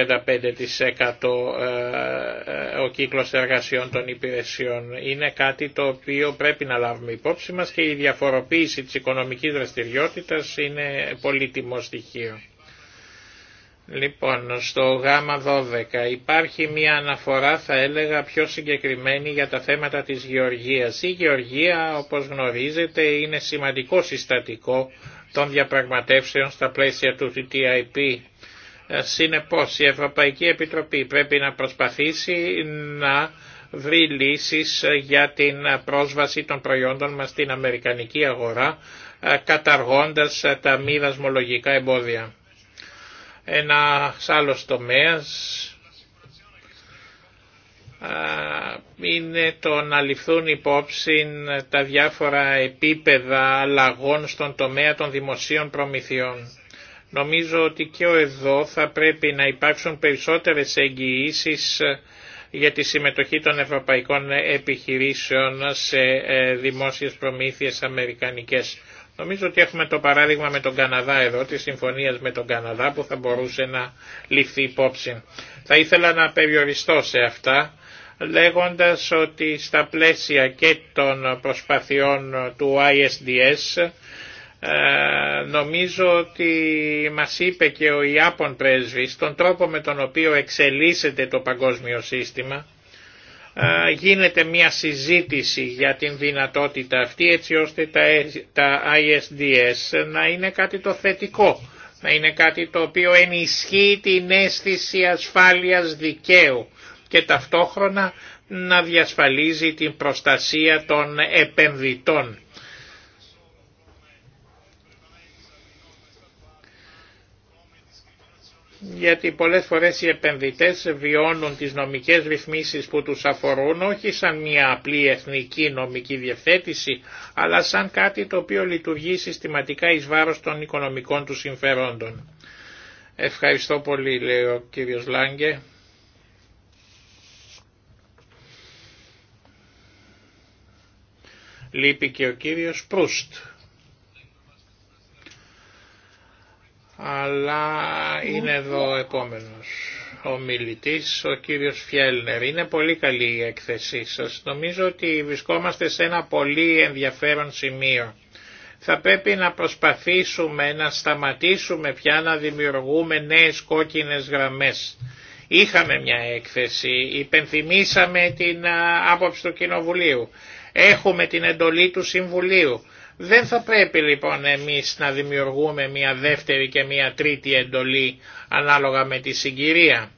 ο κύκλος εργασιών των υπηρεσιών. Είναι κάτι το οποίο πρέπει να λάβουμε υπόψη μας και η διαφοροποίηση της οικονομικής δραστηριότητας είναι πολύτιμο στοιχείο. Λοιπόν, στο γάμα 12 υπάρχει μια αναφορά θα έλεγα πιο συγκεκριμένη για τα θέματα της γεωργίας. Η γεωργία όπως γνωρίζετε είναι σημαντικό συστατικό των διαπραγματεύσεων στα πλαίσια του TTIP. Ε, συνεπώς η Ευρωπαϊκή Επιτροπή πρέπει να προσπαθήσει να βρει λύσεις ε, για την ε, πρόσβαση των προϊόντων μας στην Αμερικανική αγορά καταργώντας τα μη δασμολογικά εμπόδια. Ένα άλλο τομέα είναι το να ληφθούν υπόψη τα διάφορα επίπεδα αλλαγών στον τομέα των δημοσίων προμηθειών. Νομίζω ότι και εδώ θα πρέπει να υπάρξουν περισσότερες εγγυήσει ε, για τη συμμετοχή των ευρωπαϊκών επιχειρήσεων σε ε, δημόσιες προμήθειες αμερικανικές. Νομίζω ότι έχουμε το παράδειγμα με τον Καναδά εδώ, τη συμφωνία με τον Καναδά που θα μπορούσε να ληφθεί υπόψη. Θα ήθελα να περιοριστώ σε αυτά λέγοντας ότι στα πλαίσια και των προσπαθειών του ISDS ε, νομίζω ότι μας είπε και ο Ιάπων πρέσβης τον τρόπο με τον οποίο εξελίσσεται το παγκόσμιο σύστημα ε, γίνεται μια συζήτηση για την δυνατότητα αυτή έτσι ώστε τα ISDS να είναι κάτι το θετικό, να είναι κάτι το οποίο ενισχύει την αίσθηση ασφάλειας δικαίου και ταυτόχρονα να διασφαλίζει την προστασία των επενδυτών. γιατί πολλές φορές οι επενδυτές βιώνουν τις νομικές ρυθμίσεις που τους αφορούν όχι σαν μια απλή εθνική νομική διευθέτηση, αλλά σαν κάτι το οποίο λειτουργεί συστηματικά εις βάρος των οικονομικών του συμφερόντων. Ευχαριστώ πολύ, λέει ο κύριος Λάγκε. Λείπει και ο κύριος Προύστ. Αλλά είναι εδώ ο επόμενος ο μιλητής, ο κύριος Φιέλνερ. Είναι πολύ καλή η έκθεσή σας. Νομίζω ότι βρισκόμαστε σε ένα πολύ ενδιαφέρον σημείο. Θα πρέπει να προσπαθήσουμε να σταματήσουμε πια να δημιουργούμε νέες κόκκινες γραμμές. Είχαμε μια έκθεση, υπενθυμίσαμε την άποψη του Κοινοβουλίου. Έχουμε την εντολή του Συμβουλίου. Δεν θα πρέπει λοιπόν εμείς να δημιουργούμε μια δεύτερη και μια τρίτη εντολή ανάλογα με τη συγκυρία.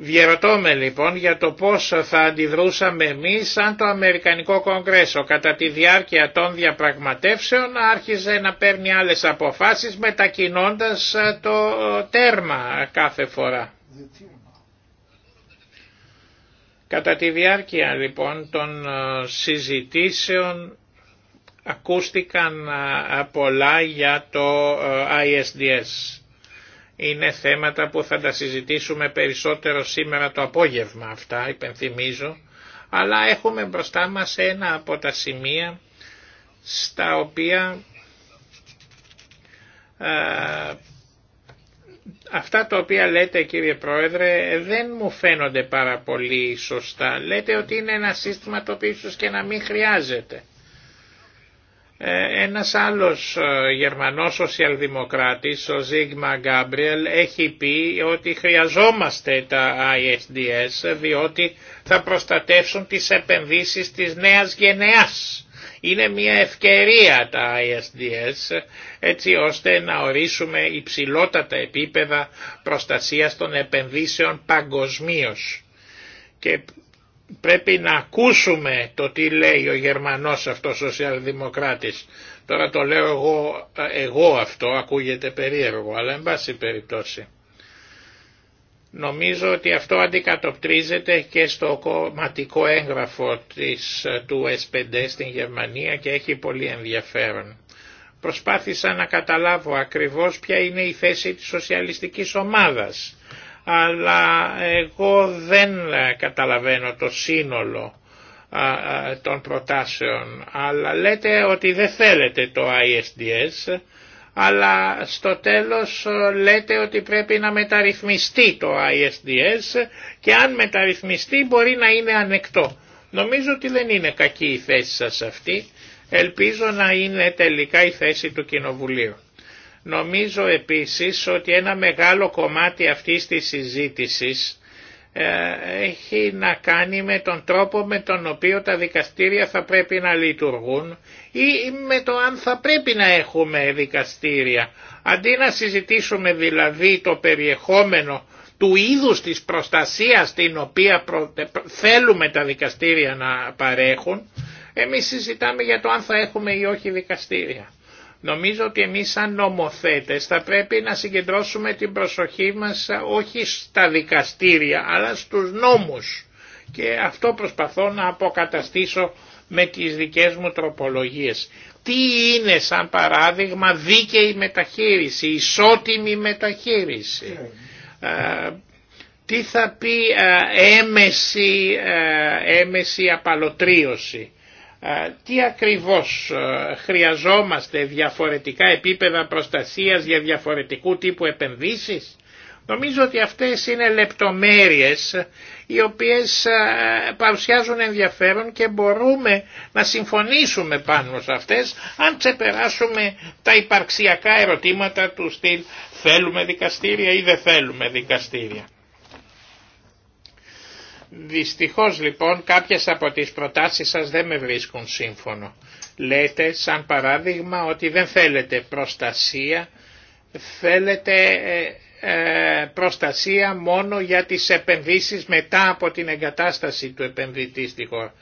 Διερωτώμε λοιπόν για το πώς θα αντιδρούσαμε εμείς σαν το Αμερικανικό Κογκρέσο κατά τη διάρκεια των διαπραγματεύσεων άρχιζε να παίρνει άλλες αποφάσεις μετακινώντας το τέρμα κάθε φορά. Κατά τη διάρκεια λοιπόν των ε, συζητήσεων ακούστηκαν ε, πολλά για το ε, ISDS. Είναι θέματα που θα τα συζητήσουμε περισσότερο σήμερα το απόγευμα αυτά, υπενθυμίζω, αλλά έχουμε μπροστά μας ένα από τα σημεία στα οποία Αυτά τα οποία λέτε κύριε Πρόεδρε δεν μου φαίνονται πάρα πολύ σωστά. Λέτε ότι είναι ένα σύστημα το οποίο ίσως και να μην χρειάζεται. Ε, ένας άλλος ε, γερμανός σοσιαλδημοκράτης, ο Ζίγμα Γκάμπριελ, έχει πει ότι χρειαζόμαστε τα ISDS διότι θα προστατεύσουν τις επενδύσεις της νέας γενεάς. Είναι μια ευκαιρία τα ISDS έτσι ώστε να ορίσουμε υψηλότατα επίπεδα προστασίας των επενδύσεων παγκοσμίω. Και πρέπει να ακούσουμε το τι λέει ο Γερμανός αυτός σοσιαλδημοκράτης. Τώρα το λέω εγώ, εγώ αυτό, ακούγεται περίεργο, αλλά εν πάση περιπτώσει. Νομίζω ότι αυτό αντικατοπτρίζεται και στο κομματικό έγγραφο της, του S5 στην Γερμανία και έχει πολύ ενδιαφέρον. Προσπάθησα να καταλάβω ακριβώς ποια είναι η θέση της σοσιαλιστικής ομάδας, αλλά εγώ δεν καταλαβαίνω το σύνολο των προτάσεων, αλλά λέτε ότι δεν θέλετε το ISDS, αλλά στο τέλος ε, λέτε ότι πρέπει να μεταρρυθμιστεί το ISDS και αν μεταρρυθμιστεί μπορεί να είναι ανεκτό. Νομίζω ότι δεν είναι κακή η θέση σας αυτή, ελπίζω να είναι τελικά η θέση του Κοινοβουλίου. Νομίζω επίσης ότι ένα μεγάλο κομμάτι αυτής της συζήτησης ε, έχει να κάνει με τον τρόπο με τον οποίο τα δικαστήρια θα πρέπει να λειτουργούν ή με το αν θα πρέπει να έχουμε δικαστήρια. Αντί να συζητήσουμε δηλαδή το περιεχόμενο του είδους της προστασίας την οποία θέλουμε τα δικαστήρια να παρέχουν, εμείς συζητάμε για το αν θα έχουμε ή όχι δικαστήρια. Νομίζω ότι εμείς σαν νομοθέτες θα πρέπει να συγκεντρώσουμε την προσοχή μας ε, όχι στα δικαστήρια αλλά στους νόμους και αυτό προσπαθώ να αποκαταστήσω με τις δικές μου τροπολογίες. Τι είναι σαν παράδειγμα δίκαιη μεταχείριση, ισότιμη μεταχείριση. Ναι. Ε, τι θα πει ε, έμεση, έμεση απαλωτρίωση τι ακριβώς ε, χρειαζόμαστε διαφορετικά επίπεδα προστασίας για διαφορετικού τύπου επενδύσεις. Νομίζω ότι αυτές είναι λεπτομέρειες οι οποίες ε, παρουσιάζουν ενδιαφέρον και μπορούμε να συμφωνήσουμε πάνω σε αυτές αν ξεπεράσουμε τα υπαρξιακά ερωτήματα του στυλ θέλουμε δικαστήρια ή δεν θέλουμε δικαστήρια. Δυστυχώς λοιπόν κάποιες από τις προτάσεις σας δεν με βρίσκουν σύμφωνο. Λέτε σαν παράδειγμα ότι δεν θέλετε προστασία, θέλετε ε, ε, προστασία μόνο για τις επενδύσεις μετά από την εγκατάσταση του επενδυτή στη χώρα.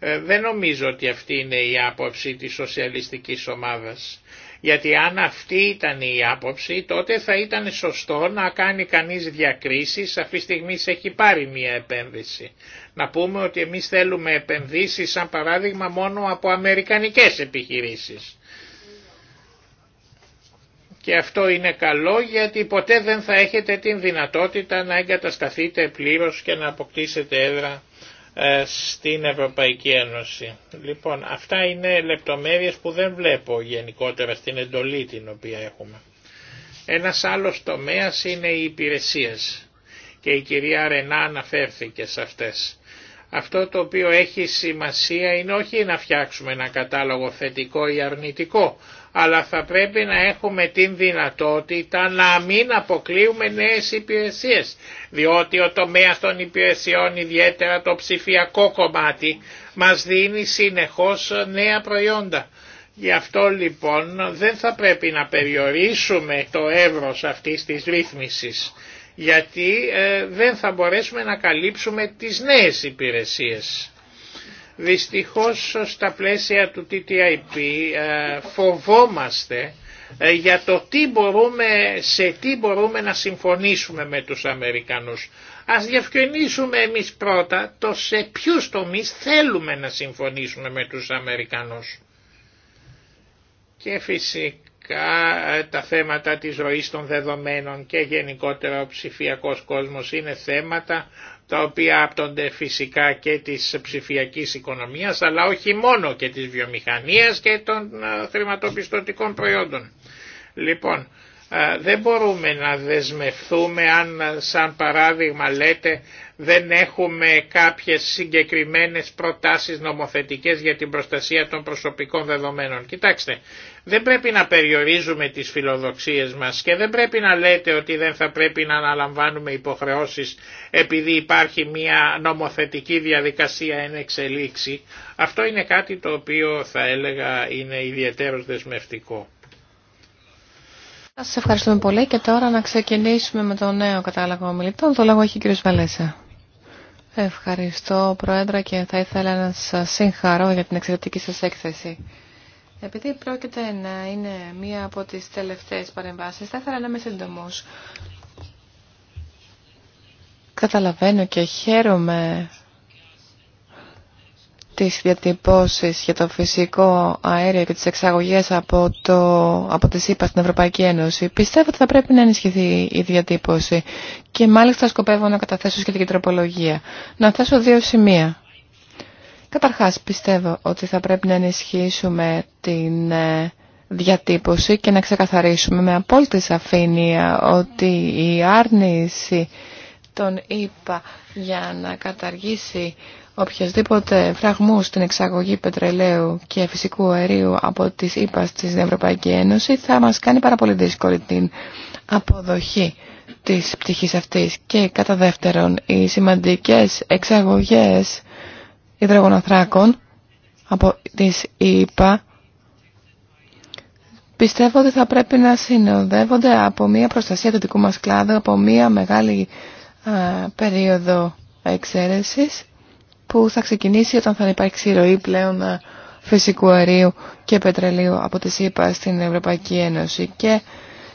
Ε, δεν νομίζω ότι αυτή είναι η άποψη της σοσιαλιστικής ομάδας γιατί αν αυτή ήταν η άποψη τότε θα ήταν σωστό να κάνει κανείς διακρίσεις, αυτή τη στιγμή έχει πάρει μία επένδυση. Να πούμε ότι εμείς θέλουμε επενδύσεις σαν παράδειγμα μόνο από αμερικανικές επιχειρήσεις. Και αυτό είναι καλό γιατί ποτέ δεν θα έχετε την δυνατότητα να εγκατασταθείτε πλήρως και να αποκτήσετε έδρα ε, στην Ευρωπαϊκή Ένωση. Λοιπόν, αυτά είναι λεπτομέρειες που δεν βλέπω γενικότερα στην εντολή την οποία έχουμε. Ένας άλλος τομέας είναι οι υπηρεσίες και η κυρία Ρενά αναφέρθηκε σε αυτές. Αυτό το οποίο έχει σημασία είναι όχι να φτιάξουμε ένα κατάλογο θετικό ή αρνητικό, αλλά θα πρέπει να έχουμε την δυνατότητα να μην αποκλείουμε νέες υπηρεσίες, διότι ο τομέας των υπηρεσιών, ιδιαίτερα το ψηφιακό κομμάτι, μας δίνει συνεχώς νέα προϊόντα. Γι' αυτό λοιπόν δεν θα πρέπει να περιορίσουμε το εύρος αυτής της ρύθμισης, γιατί ε, δεν θα μπορέσουμε να καλύψουμε τις νέες υπηρεσίες. Δυστυχώς στα πλαίσια του TTIP ε, φοβόμαστε ε, για το τι μπορούμε, σε τι μπορούμε να συμφωνήσουμε με τους Αμερικανούς. Ας διευκρινίσουμε εμείς πρώτα το σε ποιους τομείς θέλουμε να συμφωνήσουμε με τους Αμερικανούς. Και φυσικά ε, τα θέματα της ροής των δεδομένων και γενικότερα ο ψηφιακός κόσμος είναι θέματα τα οποία άπτονται φυσικά και της ψηφιακής οικονομίας, αλλά όχι μόνο και της βιομηχανίας και των ε, χρηματοπιστωτικών προϊόντων. Λοιπόν, ε, δεν μπορούμε να δεσμευθούμε αν ε, σαν παράδειγμα λέτε δεν έχουμε κάποιες συγκεκριμένες προτάσεις νομοθετικές για την προστασία των προσωπικών δεδομένων. Κοιτάξτε, δεν πρέπει να περιορίζουμε τις φιλοδοξίες μας και δεν πρέπει να λέτε ότι δεν θα πρέπει να αναλαμβάνουμε υποχρεώσεις επειδή υπάρχει μια νομοθετική διαδικασία εν εξελίξη. Αυτό είναι κάτι το οποίο θα έλεγα είναι ιδιαίτερος δεσμευτικό. Σας ευχαριστούμε πολύ και τώρα να ξεκινήσουμε με τον νέο κατάλογο ομιλητών. Το λόγο έχει ο κ. Βαλέσα. Ευχαριστώ, Πρόεδρε, και θα ήθελα να σας συγχαρώ για την εξαιρετική σας έκθεση. Επειδή πρόκειται να είναι μία από τις τελευταίες παρεμβάσεις, θα ήθελα να είμαι σύντομο. Καταλαβαίνω και χαίρομαι τις διατυπώσεις για το φυσικό αέριο και τις εξαγωγές από, το, από τις ΣΥΠΑ στην Ευρωπαϊκή Ένωση, πιστεύω ότι θα πρέπει να ενισχυθεί η διατύπωση και μάλιστα σκοπεύω να καταθέσω σχετική τροπολογία. Να θέσω δύο σημεία. Καταρχάς, πιστεύω ότι θα πρέπει να ενισχύσουμε την ε, διατύπωση και να ξεκαθαρίσουμε με απόλυτη σαφήνεια ότι η άρνηση των ΗΠΑ για να καταργήσει οποιασδήποτε φραγμού στην εξαγωγή πετρελαίου και φυσικού αερίου από τις ΗΠΑ στην Ευρωπαϊκή Ένωση θα μας κάνει πάρα πολύ δύσκολη την αποδοχή της πτυχής αυτής. Και κατά δεύτερον, οι σημαντικές εξαγωγές υδρογονοθράκων από τις ΗΠΑ πιστεύω ότι θα πρέπει να συνοδεύονται από μια προστασία του δικού μας κλάδου, από μια μεγάλη περίοδο εξαίρεσης που θα ξεκινήσει όταν θα υπάρξει ροή πλέον ε, φυσικού αερίου και πετρελίου από τη ΣΥΠΑ στην Ευρωπαϊκή Ένωση και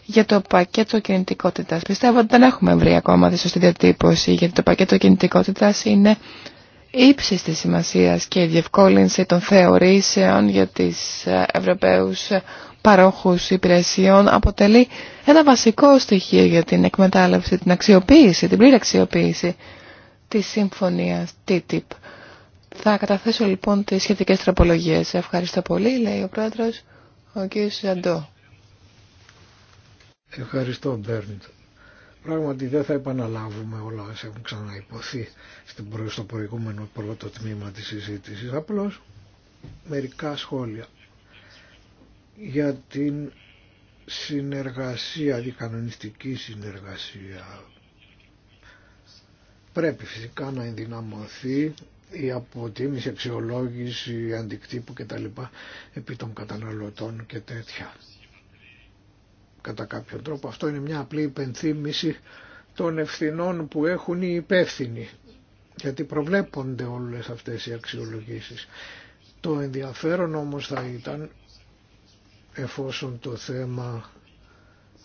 για το πακέτο κινητικότητας. Πιστεύω ότι δεν έχουμε βρει ακόμα τη σωστή διατύπωση γιατί το πακέτο κινητικότητας είναι ύψης της σημασίας και η διευκόλυνση των θεωρήσεων για τις ε, Ευρωπαίους παρόχους υπηρεσιών αποτελεί ένα βασικό στοιχείο για την εκμετάλλευση, την αξιοποίηση, την πλήρη αξιοποίηση της συμφωνίας TTIP. Θα καταθέσω λοιπόν τις σχετικές τροπολογίες. Ευχαριστώ πολύ, λέει ο πρόεδρος, ο κ. Ζαντό. Ευχαριστώ, Μπέρντ. Πράγματι δεν θα επαναλάβουμε όλα όσα έχουν ξαναϋποθεί στο προηγούμενο πρώτο τμήμα της συζήτησης. Απλώς μερικά σχόλια για την συνεργασία, δικανονιστική συνεργασία Πρέπει φυσικά να ενδυναμωθεί η αποτίμηση, αξιολόγηση, αντικτύπου κτλ. επί των καταναλωτών και τέτοια. Κατά κάποιο τρόπο αυτό είναι μια απλή υπενθύμηση των ευθυνών που έχουν οι υπεύθυνοι γιατί προβλέπονται όλες αυτές οι αξιολογήσεις. Το ενδιαφέρον όμως θα ήταν εφόσον το θέμα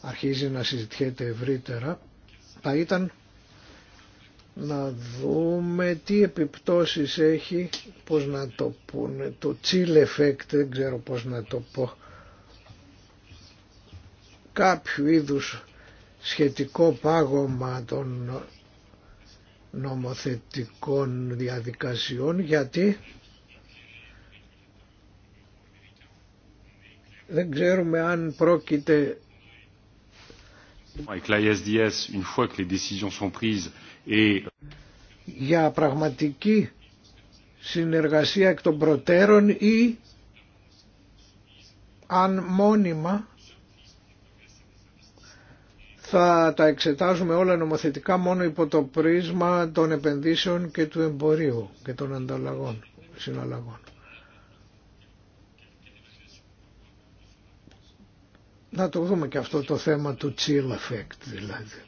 αρχίζει να συζητιέται ευρύτερα θα ήταν να δούμε τι επιπτώσεις έχει, πώς να το πούνε, το chill effect, δεν ξέρω πώς να το πω, κάποιο είδους σχετικό πάγωμα των νομοθετικών διαδικασιών γιατί δεν ξέρουμε αν πρόκειται για πραγματική συνεργασία εκ των προτέρων ή αν μόνιμα θα τα εξετάζουμε όλα νομοθετικά μόνο υπό το πρίσμα των επενδύσεων και του εμπορίου και των ανταλλαγών, συναλλαγών. να το δούμε και αυτό το θέμα του chill effect δηλαδή.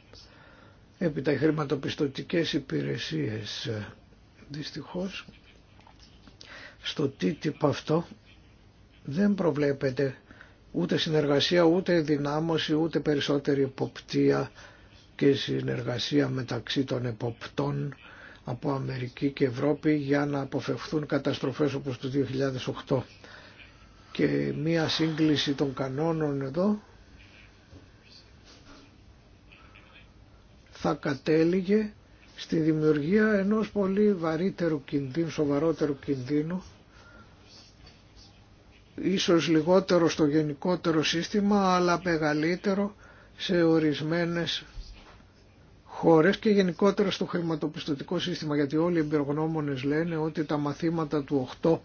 Έπειτα τα χρηματοπιστωτικές υπηρεσίες ε, δυστυχώς στο TTIP αυτό δεν προβλέπεται ούτε συνεργασία, ούτε δυνάμωση, ούτε περισσότερη εποπτεία και συνεργασία μεταξύ των εποπτών από Αμερική και Ευρώπη για να αποφευθούν καταστροφές όπως το 2008 και μία σύγκληση των κανόνων εδώ θα κατέληγε στη δημιουργία ενός πολύ βαρύτερου κινδύνου, σοβαρότερου κινδύνου ίσως λιγότερο στο γενικότερο σύστημα αλλά μεγαλύτερο σε ορισμένες χώρες και γενικότερα στο χρηματοπιστωτικό σύστημα γιατί όλοι οι εμπειρογνώμονες λένε ότι τα μαθήματα του 8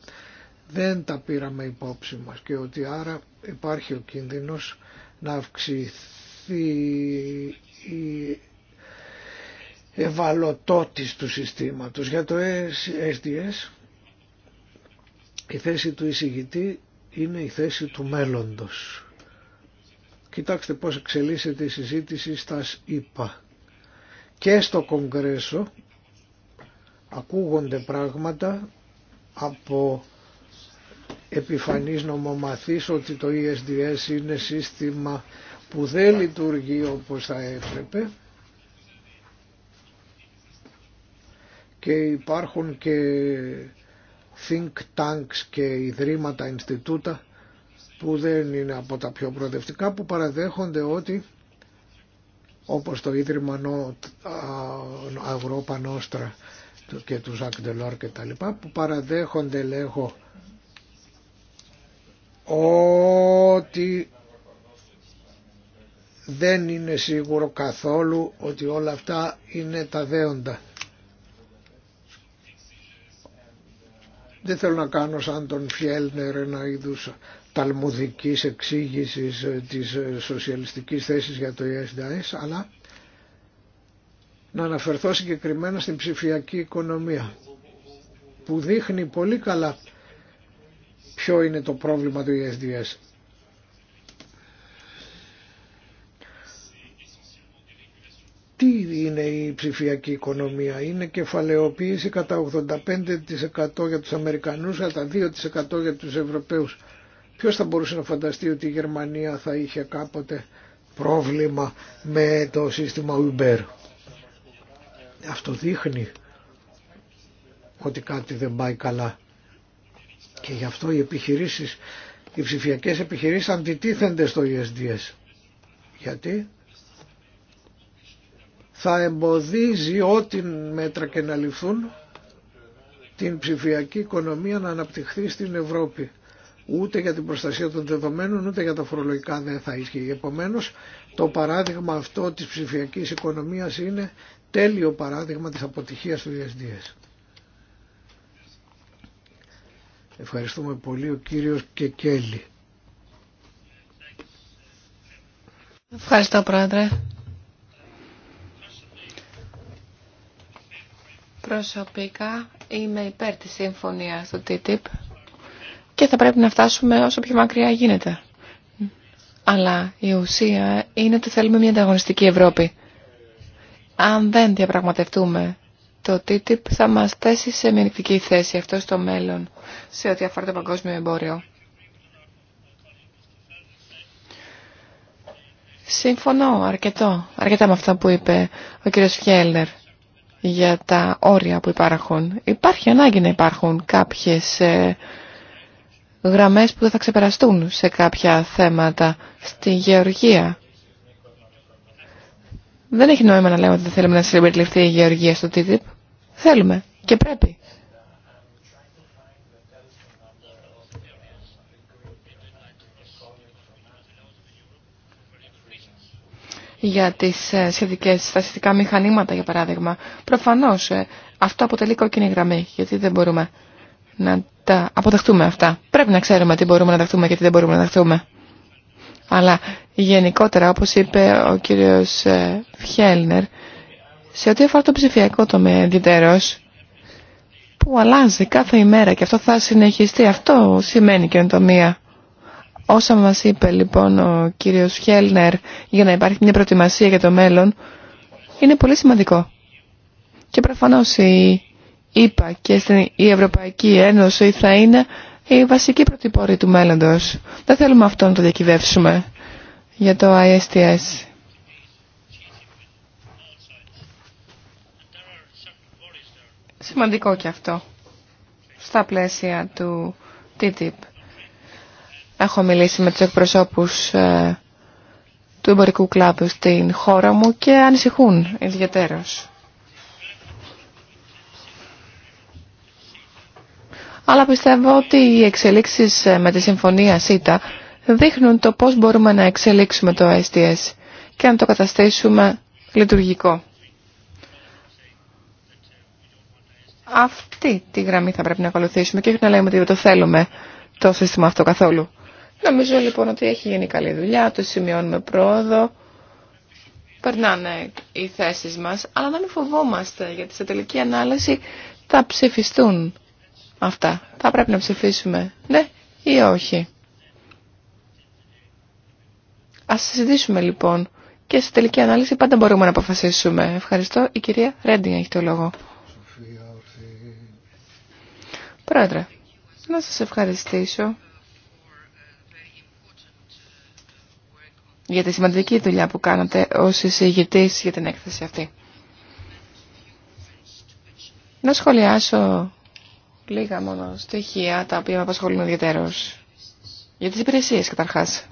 δεν τα πήραμε υπόψη μας και ότι άρα υπάρχει ο κίνδυνος να αυξηθεί η ευαλωτότης του συστήματος. Για το SDS η θέση του εισηγητή είναι η θέση του μέλλοντος. Κοιτάξτε πώς εξελίσσεται η συζήτηση στα ΣΥΠΑ. Και στο Κογκρέσο ακούγονται πράγματα από επιφανής νομομαθής ότι το ESDS είναι σύστημα που δεν λειτουργεί όπως θα έπρεπε και υπάρχουν και think tanks και ιδρύματα, Ινστιτούτα που δεν είναι από τα πιο προοδευτικά που παραδέχονται ότι όπως το Ίδρυμα Αγρόπα Νόστρα και του Ζακ Ντελόρ και τα λοιπά που παραδέχονται λέγω ότι δεν είναι σίγουρο καθόλου ότι όλα αυτά είναι τα δέοντα. Δεν θέλω να κάνω σαν τον Φιέλνερ ένα είδου ταλμουδικής εξήγηση ε, της ε, σοσιαλιστικής θέσης για το ΙΕΣΔΑΕΣ, αλλά να αναφερθώ συγκεκριμένα στην ψηφιακή οικονομία που δείχνει πολύ καλά ποιο είναι το πρόβλημα του ESDS. Τι είναι η ψηφιακή οικονομία. Είναι κεφαλαιοποίηση κατά 85% για τους Αμερικανούς, κατά 2% για τους Ευρωπαίους. Ποιος θα μπορούσε να φανταστεί ότι η Γερμανία θα είχε κάποτε πρόβλημα με το σύστημα Uber. Αυτό δείχνει ότι κάτι δεν πάει καλά. Και γι' αυτό οι επιχειρήσεις, οι ψηφιακές επιχειρήσεις αντιτίθενται στο ESDS. Γιατί θα εμποδίζει ό,τι μέτρα και να ληφθούν την ψηφιακή οικονομία να αναπτυχθεί στην Ευρώπη. Ούτε για την προστασία των δεδομένων, ούτε για τα φορολογικά δεν θα ισχύει. Επομένως, το παράδειγμα αυτό της ψηφιακής οικονομίας είναι τέλειο παράδειγμα της αποτυχίας του ESDS. Ευχαριστούμε πολύ ο κύριος Κεκέλη. Ευχαριστώ πρόεδρε. Προσωπικά είμαι υπέρ της σύμφωνίας του TTIP και θα πρέπει να φτάσουμε όσο πιο μακριά γίνεται. Αλλά η ουσία είναι ότι θέλουμε μια ανταγωνιστική Ευρώπη. Αν δεν διαπραγματευτούμε το TTIP θα μας θέσει σε μειονεκτική θέση αυτό στο μέλλον σε ό,τι αφορά το παγκόσμιο εμπόριο. Συμφωνώ αρκετό, αρκετά με αυτά που είπε ο κύριος Φιέλνερ για τα όρια που υπάρχουν. Υπάρχει ανάγκη να υπάρχουν κάποιες ε, γραμμές που δεν θα ξεπεραστούν σε κάποια θέματα στη γεωργία. Δεν έχει νόημα να λέμε ότι δεν θέλουμε να συμπεριληφθεί η γεωργία στο TTIP. Θέλουμε και πρέπει. για τις ε, σχετικές στασιστικά μηχανήματα, για παράδειγμα. Προφανώς ε, αυτό αποτελεί κόκκινη γραμμή, γιατί δεν μπορούμε να τα αποδεχτούμε αυτά. Πρέπει να ξέρουμε τι μπορούμε να δεχτούμε και τι δεν μπορούμε να δεχτούμε. Αλλά γενικότερα, όπως είπε ο κύριος ε, Φιέλνερ, σε ό,τι αφορά το ψηφιακό τομέα που αλλάζει κάθε ημέρα και αυτό θα συνεχιστεί, αυτό σημαίνει καινοτομία. Όσα μας είπε λοιπόν ο κύριος Χέλνερ για να υπάρχει μια προετοιμασία για το μέλλον, είναι πολύ σημαντικό. Και προφανώς η ΕΠΑ και η Ευρωπαϊκή Ένωση θα είναι η βασική πρωτοπόρη του μέλλοντος. Δεν θέλουμε αυτό να το διακυβεύσουμε για το ISTS. Σημαντικό και αυτό. Στα πλαίσια του TTIP. Έχω μιλήσει με τους εκπροσώπους ε, του εμπορικού κλάδου στην χώρα μου και ανησυχούν ιδιαίτερως. Αλλά πιστεύω ότι οι εξελίξεις ε, με τη συμφωνία ΣΥΤΑ δείχνουν το πώς μπορούμε να εξελίξουμε το STS και να το καταστήσουμε λειτουργικό. αυτή τη γραμμή θα πρέπει να ακολουθήσουμε και όχι να λέμε ότι δεν το θέλουμε το σύστημα αυτό καθόλου. Νομίζω λοιπόν ότι έχει γίνει καλή δουλειά, το σημειώνουμε πρόοδο, περνάνε οι θέσεις μας, αλλά να μην φοβόμαστε γιατί σε τελική ανάλυση θα ψηφιστούν αυτά. Θα πρέπει να ψηφίσουμε ναι ή όχι. Ας συζητήσουμε λοιπόν και σε τελική ανάλυση πάντα μπορούμε να αποφασίσουμε. Ευχαριστώ. Η κυρία Ρέντινγκ έχει το λόγο. Πρόεδρε, να σας ευχαριστήσω για τη σημαντική δουλειά που κάνατε ως εισηγητής για την έκθεση αυτή. Να σχολιάσω λίγα μόνο στοιχεία τα οποία με απασχολούν ιδιαίτερως. Για τις υπηρεσίες καταρχάς.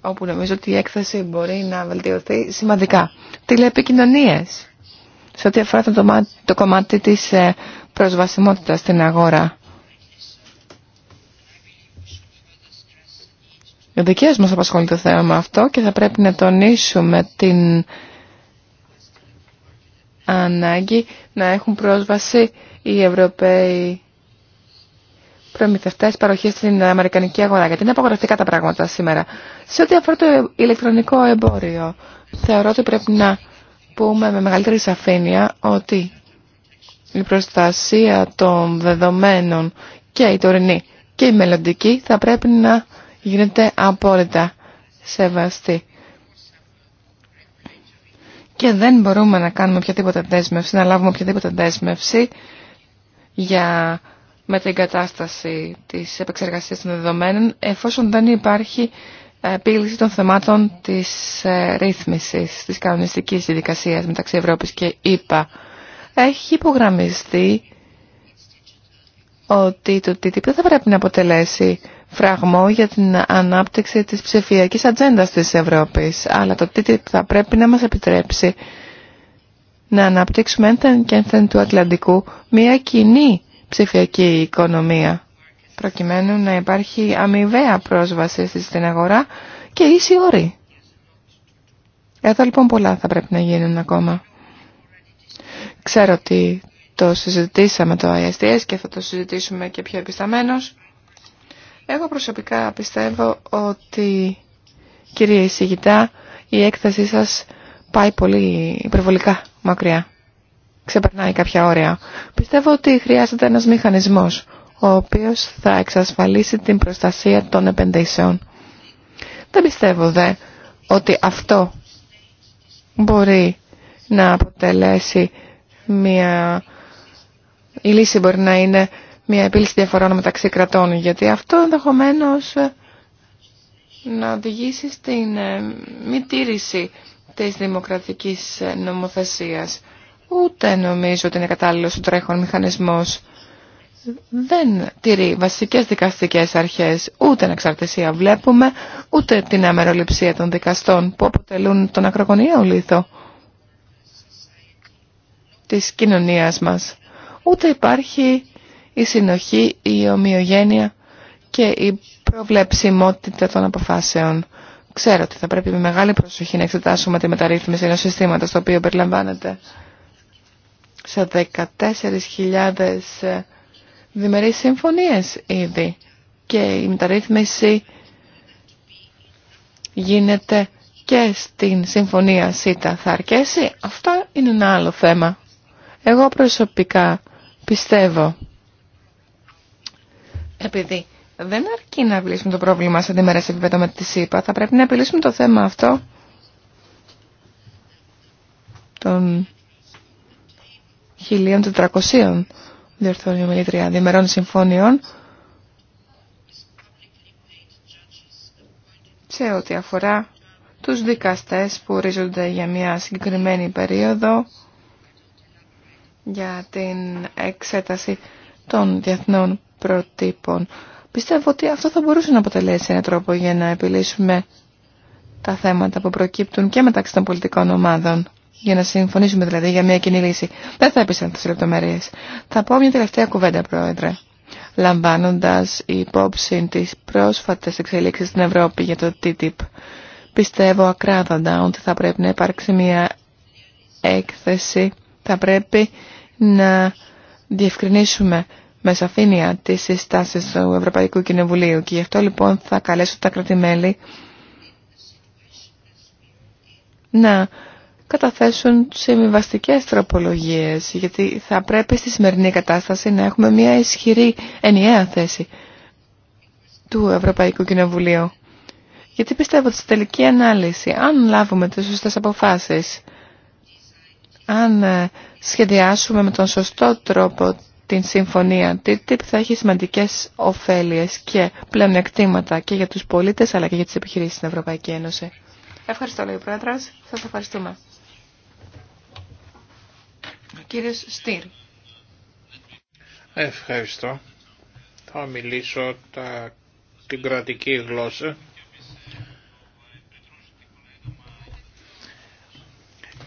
Όπου νομίζω ότι η έκθεση μπορεί να βελτιωθεί σημαντικά. Τηλεπικοινωνίες σε ό,τι αφορά το, το κομμάτι της ε, προσβασιμότητας στην αγορά. Ο δικέ μας απασχολεί το θέμα αυτό και θα πρέπει να τονίσουμε την ανάγκη να έχουν πρόσβαση οι Ευρωπαίοι προμηθευτέ παροχή στην Αμερικανική αγορά. Γιατί είναι απαγορευτικά τα πράγματα σήμερα. Σε ό,τι αφορά το ηλεκτρονικό εμπόριο, θεωρώ ότι πρέπει να πούμε με μεγαλύτερη σαφήνεια ότι η προστασία των δεδομένων και η τωρινή και η μελλοντική θα πρέπει να γίνεται απόλυτα σεβαστή. Και δεν μπορούμε να κάνουμε οποιαδήποτε δέσμευση, να λάβουμε οποιαδήποτε δέσμευση για με την κατάσταση της επεξεργασίας των δεδομένων εφόσον δεν υπάρχει επίλυση των θεμάτων της ε, ρύθμισης, της κανονιστικής διαδικασίας μεταξύ Ευρώπης και ΕΠΑ. Έχει υπογραμμιστεί ότι το TTIP θα πρέπει να αποτελέσει φραγμό για την ανάπτυξη της ψηφιακής ατζέντας της Ευρώπης, αλλά το TTIP θα πρέπει να μας επιτρέψει να αναπτύξουμε ένθεν και ένθεν του Ατλαντικού μια κοινή ψηφιακή οικονομία προκειμένου να υπάρχει αμοιβαία πρόσβαση στην αγορά και ίση όρη. Εδώ λοιπόν πολλά θα πρέπει να γίνουν ακόμα. Ξέρω ότι το συζητήσαμε το ISDS και θα το συζητήσουμε και πιο επισταμένος. Εγώ προσωπικά πιστεύω ότι, κυρία εισηγητά, η έκθεσή σας πάει πολύ υπερβολικά μακριά. Ξεπερνάει κάποια όρια. Πιστεύω ότι χρειάζεται ένας μηχανισμός ο οποίος θα εξασφαλίσει την προστασία των επενδύσεων. Δεν πιστεύω δε ότι αυτό μπορεί να αποτελέσει μια... Η λύση μπορεί να είναι μια επίλυση διαφορών μεταξύ κρατών, γιατί αυτό ενδεχομένω ε, να οδηγήσει στην ε, μη τήρηση της δημοκρατικής ε, νομοθεσίας. Ούτε νομίζω ότι είναι κατάλληλος ο τρέχον μηχανισμός δεν τηρεί βασικές δικαστικές αρχές, ούτε εξαρτησία βλέπουμε, ούτε την αμεροληψία των δικαστών που αποτελούν τον ακρογωνιαίο λίθο της κοινωνίας μας. Ούτε υπάρχει η συνοχή, η ομοιογένεια και η προβλεψιμότητα των αποφάσεων. Ξέρω ότι θα πρέπει με μεγάλη προσοχή να εξετάσουμε τη μεταρρύθμιση ενός συστήματος το οποίο περιλαμβάνεται σε 14.000 διμερείς συμφωνίες ήδη και η μεταρρύθμιση γίνεται και στην συμφωνία ΣΥΤΑ θα αρκέσει. Αυτό είναι ένα άλλο θέμα. Εγώ προσωπικά πιστεύω επειδή δεν αρκεί να επιλύσουμε το πρόβλημα σε αντιμερές επίπεδο με τη ΣΥΠΑ, θα πρέπει να επιλύσουμε το θέμα αυτό των 1.400 διορθώνει ο Μιλήτρια, συμφωνιών σε ό,τι αφορά τους δικαστές που ορίζονται για μια συγκεκριμένη περίοδο για την εξέταση των διεθνών προτύπων. Πιστεύω ότι αυτό θα μπορούσε να αποτελέσει έναν τρόπο για να επιλύσουμε τα θέματα που προκύπτουν και μεταξύ των πολιτικών ομάδων για να συμφωνήσουμε δηλαδή για μια κοινή λύση. Δεν θα επισέλθω τι λεπτομέρειε. Θα πω μια τελευταία κουβέντα, Πρόεδρε. Λαμβάνοντα υπόψη τι πρόσφατε εξελίξει στην Ευρώπη για το TTIP, πιστεύω ακράδαντα ότι θα πρέπει να υπάρξει μια έκθεση. Θα πρέπει να διευκρινίσουμε με σαφήνεια τι συστάσει του Ευρωπαϊκού Κοινοβουλίου και γι' αυτό λοιπόν θα καλέσω τα κρατημέλη να καταθέσουν συμβιβαστικέ τροπολογίες, γιατί θα πρέπει στη σημερινή κατάσταση να έχουμε μια ισχυρή ενιαία θέση του Ευρωπαϊκού Κοινοβουλίου. Γιατί πιστεύω ότι στη τελική ανάλυση, αν λάβουμε τις σωστές αποφάσεις, αν ε, σχεδιάσουμε με τον σωστό τρόπο την συμφωνία TTIP θα έχει σημαντικές ωφέλειες και πλεονεκτήματα και για τους πολίτες αλλά και για τις επιχειρήσεις στην Ευρωπαϊκή Ένωση. Ευχαριστώ, λέει ο Πρόεδρος. Σας ευχαριστούμε. Κύριος Στήρ. Ευχαριστώ. Θα μιλήσω τα, την κρατική γλώσσα.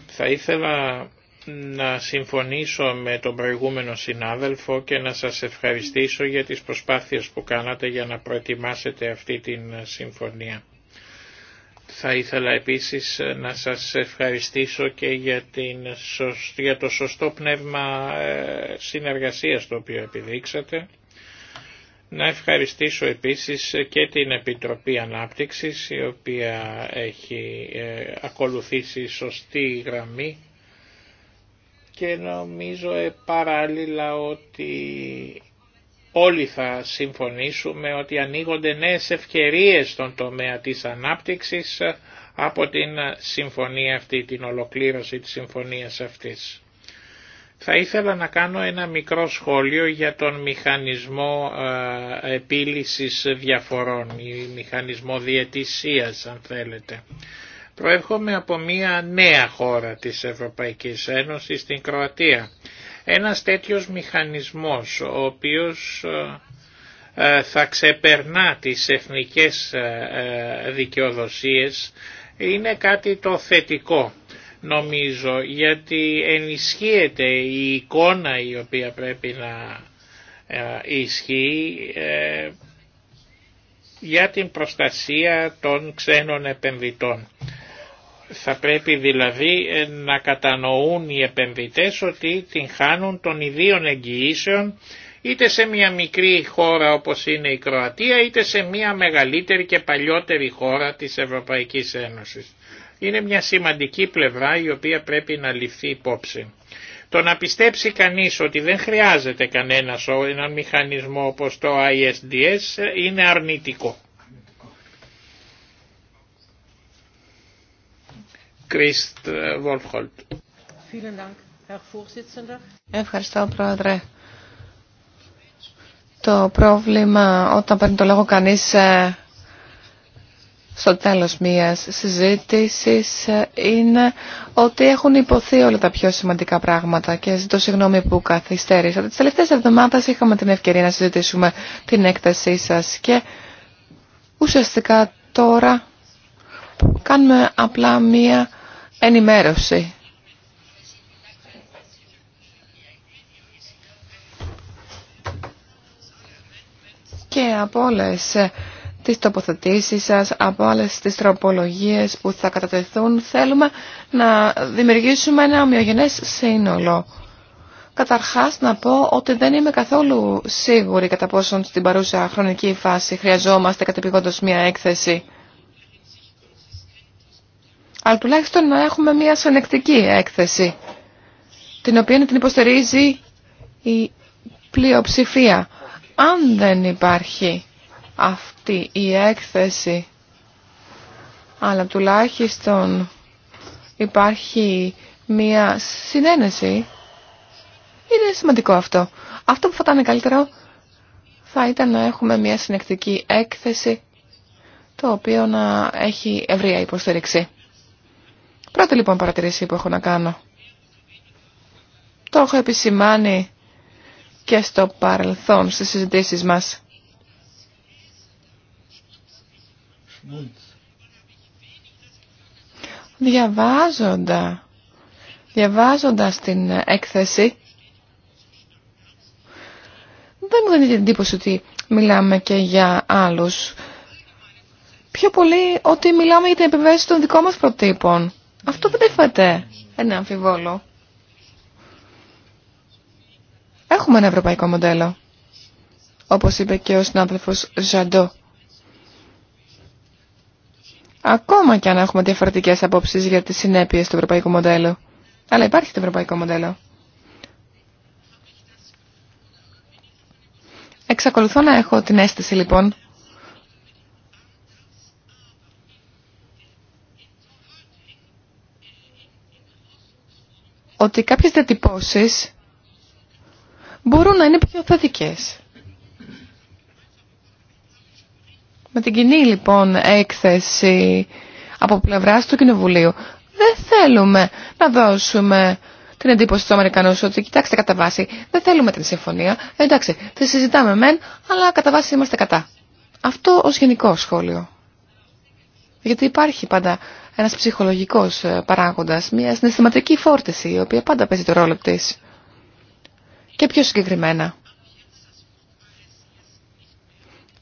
Θα ήθελα να συμφωνήσω με τον προηγούμενο συνάδελφο και να σας ευχαριστήσω για τις προσπάθειες που κάνατε για να προετοιμάσετε αυτή την συμφωνία. Θα ήθελα επίσης να σας ευχαριστήσω και για, την, για το σωστό πνεύμα ε, συνεργασίας το οποίο επιδείξατε. Να ευχαριστήσω επίσης και την Επιτροπή Ανάπτυξης η οποία έχει ε, ακολουθήσει σωστή γραμμή και νομίζω ε, παράλληλα ότι όλοι θα συμφωνήσουμε ότι ανοίγονται νέες ευκαιρίες στον τομέα της ανάπτυξης ε, από την ε, συμφωνία αυτή, την ολοκλήρωση της συμφωνίας αυτής. Θα ήθελα να κάνω ένα μικρό σχόλιο για τον μηχανισμό ε, επίλυσης διαφορών ή μηχανισμό διαιτησίας αν θέλετε. Προέρχομαι από μια νέα χώρα της Ευρωπαϊκής Ένωσης, την Κροατία ένας τέτοιος μηχανισμός ο οποίος ε, ε, θα ξεπερνά τις εθνικές ε, δικαιοδοσίες είναι κάτι το θετικό νομίζω γιατί ενισχύεται η εικόνα η οποία πρέπει να ισχύει για την προστασία των ξένων επενδυτών. Θα πρέπει δηλαδή ε, να κατανοούν οι επενδυτές ότι την χάνουν των ιδίων εγγυήσεων είτε σε μια μικρή χώρα όπως είναι η Κροατία είτε σε μια μεγαλύτερη και παλιότερη χώρα της Ευρωπαϊκής Ένωσης. Είναι μια σημαντική πλευρά η οποία πρέπει να ληφθεί υπόψη. Το να πιστέψει κανείς ότι δεν χρειάζεται κανένας έναν μηχανισμό όπως το ISDS ε, είναι αρνητικό. Ε, Ευχαριστώ, Πρόεδρε. Το πρόβλημα όταν παίρνει το λόγο κανείς ε, στο τέλος μιας συζήτησης ε, είναι ότι έχουν υποθεί όλα τα πιο σημαντικά πράγματα και ζητώ συγγνώμη που καθυστέρησα. Τις τελευταίες εβδομάδες είχαμε την ευκαιρία να συζητήσουμε την έκτασή σας και ουσιαστικά τώρα κάνουμε απλά μία ενημέρωση. Και από όλες ε, τις τοποθετήσεις σας, από όλες τις τροπολογίες που θα κατατεθούν, θέλουμε να δημιουργήσουμε ένα ομοιογενές σύνολο. Καταρχάς να πω ότι δεν είμαι καθόλου σίγουρη κατά πόσον στην παρούσα χρονική φάση χρειαζόμαστε κατεπηγόντως μία έκθεση αλλά τουλάχιστον να έχουμε μια συνεκτική έκθεση, την οποία την υποστηρίζει η πλειοψηφία. Αν δεν υπάρχει αυτή η έκθεση, αλλά τουλάχιστον υπάρχει μια συνένεση, είναι σημαντικό αυτό. Αυτό που θα ήταν καλύτερο θα ήταν να έχουμε μια συνεκτική έκθεση, το οποίο να έχει ευρεία υποστήριξη. Πρώτη λοιπόν παρατηρήση που έχω να κάνω. Το έχω επισημάνει και στο παρελθόν στις συζητήσεις μας. Διαβάζοντα, διαβάζοντας την έκθεση, δεν μου δίνει την εντύπωση ότι μιλάμε και για άλλους. Πιο πολύ ότι μιλάμε για την επιβέβαιση των δικών μας προτύπων. Αυτό δεν είπατε. ένα αμφιβόλο. Έχουμε ένα ευρωπαϊκό μοντέλο, όπως είπε και ο συνάδελφος Ζαντό. Ακόμα και αν έχουμε διαφορετικές απόψεις για τις συνέπειες του ευρωπαϊκού μοντέλου. Αλλά υπάρχει το ευρωπαϊκό μοντέλο. Εξακολουθώ να έχω την αίσθηση λοιπόν ότι κάποιες διατυπώσεις μπορούν να είναι πιο θετικές. Με την κοινή λοιπόν έκθεση από πλευράς του Κοινοβουλίου δεν θέλουμε να δώσουμε την εντύπωση στους Αμερικανούς ότι κοιτάξτε κατά βάση δεν θέλουμε την συμφωνία, εντάξει τη συζητάμε μεν αλλά κατά βάση είμαστε κατά. Αυτό ως γενικό σχόλιο. Γιατί υπάρχει πάντα ένας ψυχολογικός ε, παράγοντας, μια συναισθηματική φόρτιση, η οποία πάντα παίζει το ρόλο της. Και πιο συγκεκριμένα.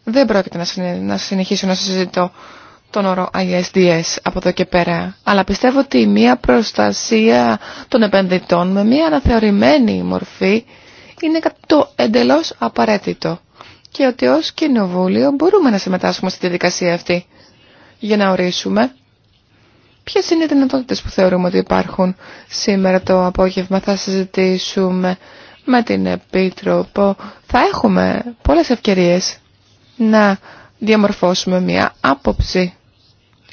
Δεν πρόκειται να συνεχίσω να συζητώ τον όρο ISDS από εδώ και πέρα. Αλλά πιστεύω ότι μια προστασία των επενδυτών με μια αναθεωρημένη μορφή είναι κάτι το εντελώς απαραίτητο. Και ότι ως κοινοβούλιο μπορούμε να συμμετάσχουμε στη διαδικασία αυτή για να ορίσουμε Ποιε είναι οι δυνατότητε που θεωρούμε ότι υπάρχουν. Σήμερα το απόγευμα θα συζητήσουμε με την Επίτροπο. Θα έχουμε πολλές ευκαιρίες να διαμορφώσουμε μία άποψη.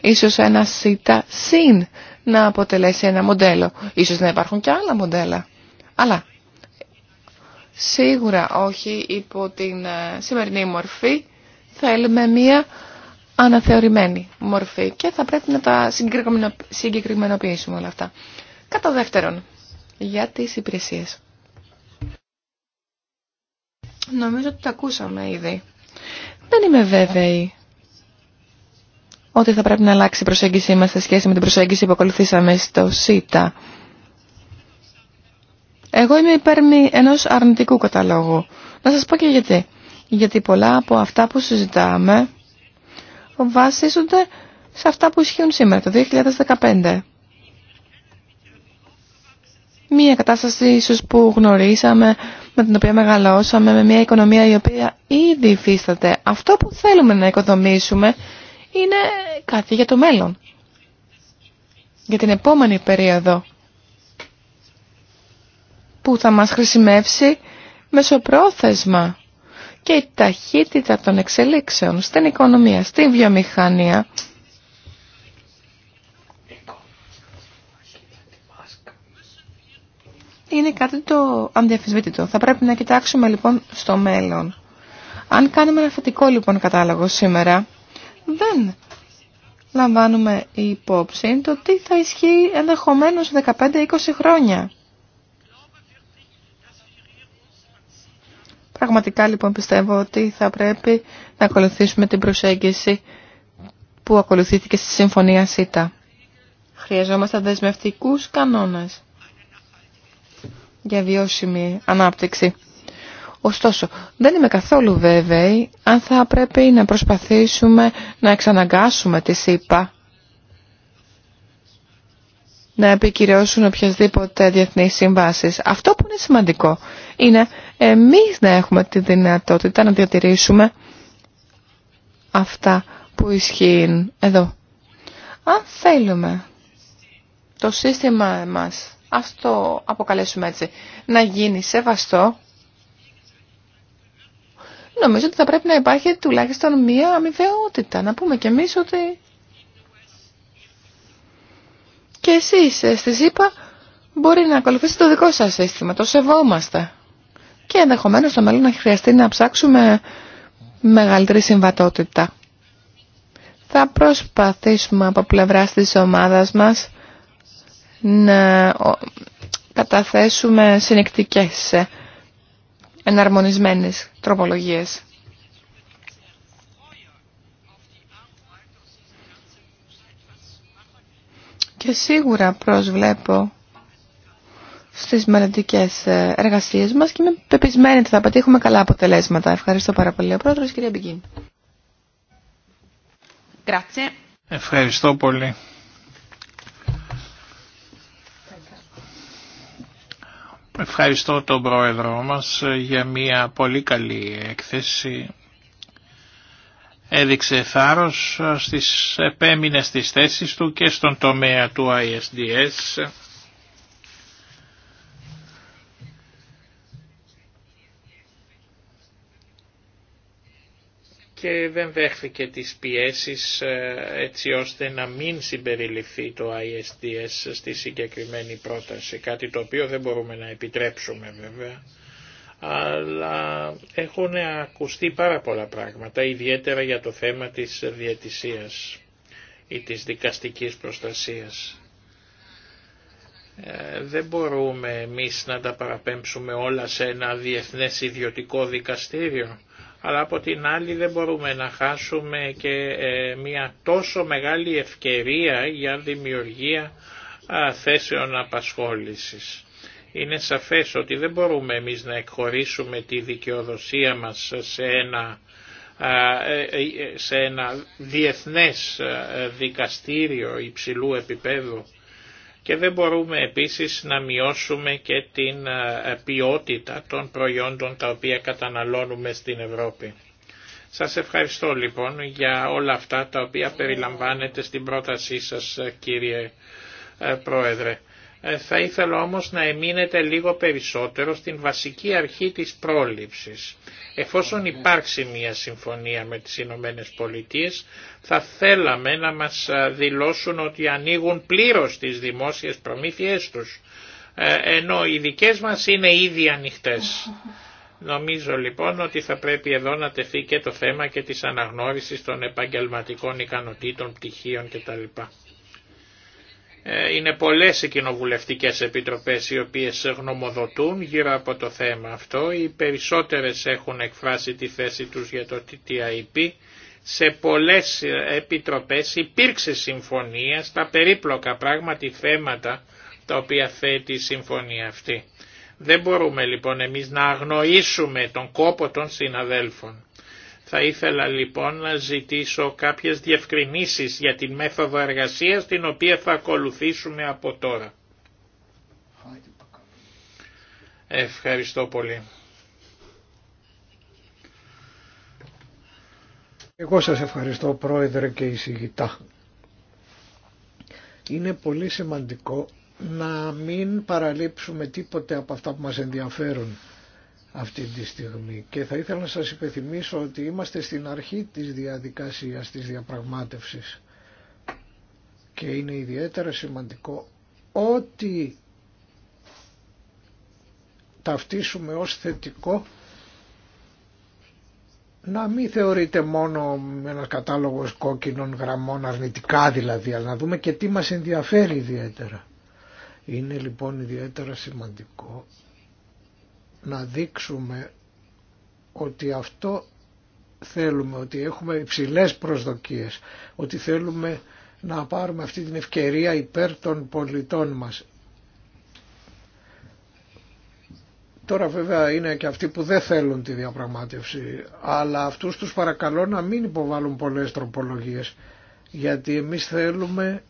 Ίσως ένα ΣΥΤΑ συν να αποτελέσει ένα μοντέλο. Ίσως να υπάρχουν και άλλα μοντέλα. Αλλά σίγουρα όχι υπό την ε, σημερινή μορφή. Θέλουμε μία αναθεωρημένη μορφή και θα πρέπει να τα συγκεκριμενοποιήσουμε όλα αυτά. Κατά δεύτερον, για τις υπηρεσίες. Νομίζω ότι τα ακούσαμε ήδη. Δεν είμαι βέβαιη ότι θα πρέπει να αλλάξει η προσέγγιση μας σε σχέση με την προσέγγιση που ακολουθήσαμε στο ΣΥΤΑ. Εγώ είμαι υπέρ ενός αρνητικού καταλόγου. Να σας πω και γιατί. Γιατί πολλά από αυτά που συζητάμε βασίζονται σε αυτά που ισχύουν σήμερα, το 2015. Μία κατάσταση ίσως που γνωρίσαμε, με την οποία μεγαλώσαμε, με μια οικονομία η οποία ήδη υφίσταται. Αυτό που θέλουμε να οικοδομήσουμε είναι κάτι για το μέλλον. Για την επόμενη περίοδο που θα μας χρησιμεύσει μεσοπρόθεσμα και η ταχύτητα των εξελίξεων στην οικονομία, στην βιομηχανία. Είναι κάτι το αντιαφισβήτητο. Θα πρέπει να κοιτάξουμε λοιπόν στο μέλλον. Αν κάνουμε ένα θετικό λοιπόν κατάλογο σήμερα, δεν λαμβάνουμε υπόψη το τι θα ισχύει ενδεχομένως 15-20 χρόνια. Πραγματικά λοιπόν πιστεύω ότι θα πρέπει να ακολουθήσουμε την προσέγγιση που ακολουθήθηκε στη Συμφωνία ΣΥΤΑ. Χρειαζόμαστε δεσμευτικούς κανόνες για βιώσιμη ανάπτυξη. Ωστόσο, δεν είμαι καθόλου βέβαιη αν θα πρέπει να προσπαθήσουμε να εξαναγκάσουμε τη ΣΥΠΑ να επικυρώσουν οποιασδήποτε διεθνείς συμβάσεις. Αυτό που είναι σημαντικό είναι εμείς να έχουμε τη δυνατότητα να διατηρήσουμε αυτά που ισχύουν εδώ. Αν θέλουμε το σύστημα μας, αυτό το αποκαλέσουμε έτσι, να γίνει σεβαστό, νομίζω ότι θα πρέπει να υπάρχει τουλάχιστον μία αμοιβαιότητα. Να πούμε κι εμείς ότι και εσείς ε, στη ΣΥΠΑ μπορεί να ακολουθήσετε το δικό σας σύστημα, το σεβόμαστε. Και ενδεχομένως στο μέλλον να χρειαστεί να ψάξουμε μεγαλύτερη συμβατότητα. Θα προσπαθήσουμε από πλευρά της ομάδας μας να καταθέσουμε συνεκτικές, ε, εναρμονισμένες τροπολογίες. και σίγουρα προσβλέπω στις μελλοντικές ε, εργασίες μας και είμαι πεπισμένη ότι θα πετύχουμε καλά αποτελέσματα. Ευχαριστώ πάρα πολύ. Ο Πρόεδρος, κυρία Μπικίν. Ευχαριστώ πολύ. Ευχαριστώ τον Πρόεδρό μας για μια πολύ καλή έκθεση έδειξε θάρρος, στις, επέμεινε στις θέσεις του και στον τομέα του ISDS. και δεν δέχθηκε τις πιέσεις ε, έτσι ώστε να μην συμπεριληφθεί το ISDS στη συγκεκριμένη πρόταση, κάτι το οποίο δεν μπορούμε να επιτρέψουμε βέβαια αλλά έχουν ακουστεί πάρα πολλά πράγματα, ιδιαίτερα για το θέμα της διατησίας ή της δικαστικής προστασίας. Ε, δεν μπορούμε εμείς να τα παραπέμψουμε όλα σε ένα διεθνές ιδιωτικό δικαστήριο, αλλά από την άλλη δεν μπορούμε να χάσουμε και ε, μια τόσο μεγάλη ευκαιρία για δημιουργία θέσεων απασχόλησης. Είναι σαφές ότι δεν μπορούμε εμείς να εκχωρήσουμε τη δικαιοδοσία μας σε ένα, ε, ε, σε ένα διεθνές δικαστήριο υψηλού επίπεδου και δεν μπορούμε επίσης να μειώσουμε και την ποιότητα των προϊόντων τα οποία καταναλώνουμε στην Ευρώπη. Σας ευχαριστώ λοιπόν για όλα αυτά τα οποία περιλαμβάνετε στην πρότασή σας κύριε ε, Πρόεδρε. Ε, θα ήθελα όμως να εμείνετε λίγο περισσότερο στην βασική αρχή της πρόληψης. Εφόσον υπάρξει μια συμφωνία με τις Ηνωμένε Πολιτείες, θα θέλαμε να μας ε, δηλώσουν ότι ανοίγουν πλήρως τις δημόσιες προμήθειές τους, ε, ενώ οι δικές μας είναι ήδη ανοιχτές. Νομίζω λοιπόν ότι θα πρέπει εδώ να τεθεί και το θέμα και της αναγνώρισης των επαγγελματικών ικανοτήτων, πτυχίων κτλ. Ε, είναι πολλές οι κοινοβουλευτικές επιτροπές οι οποίες γνωμοδοτούν γύρω από το θέμα αυτό. Οι περισσότερες έχουν εκφράσει τη θέση τους για το TTIP. Σε πολλές ε, επιτροπές υπήρξε συμφωνία στα περίπλοκα πράγματι θέματα τα οποία θέτει η συμφωνία αυτή. Δεν μπορούμε λοιπόν εμείς να αγνοήσουμε τον κόπο των συναδέλφων. Θα ήθελα λοιπόν να ζητήσω κάποιες διευκρινήσεις για την μέθοδο εργασίας την οποία θα ακολουθήσουμε από τώρα. Ευχαριστώ πολύ. Εγώ σας ευχαριστώ πρόεδρε και εισηγητά. Είναι πολύ σημαντικό να μην παραλείψουμε τίποτε από αυτά που μας ενδιαφέρουν αυτή τη στιγμή. Και θα ήθελα να σας υπενθυμίσω ότι είμαστε στην αρχή της διαδικασίας της διαπραγμάτευσης και είναι ιδιαίτερα σημαντικό ότι ταυτίσουμε ως θετικό να μην θεωρείται μόνο ένα κατάλογος κόκκινων γραμμών αρνητικά δηλαδή, αλλά να δούμε και τι μας ενδιαφέρει ιδιαίτερα. Είναι λοιπόν ιδιαίτερα σημαντικό να δείξουμε ότι αυτό θέλουμε, ότι έχουμε υψηλές προσδοκίες, ότι θέλουμε να πάρουμε αυτή την ευκαιρία υπέρ των πολιτών μας. Τώρα βέβαια είναι και αυτοί που δεν θέλουν τη διαπραγμάτευση, αλλά αυτούς τους παρακαλώ να μην υποβάλουν πολλές τροπολογίες, γιατί εμείς θέλουμε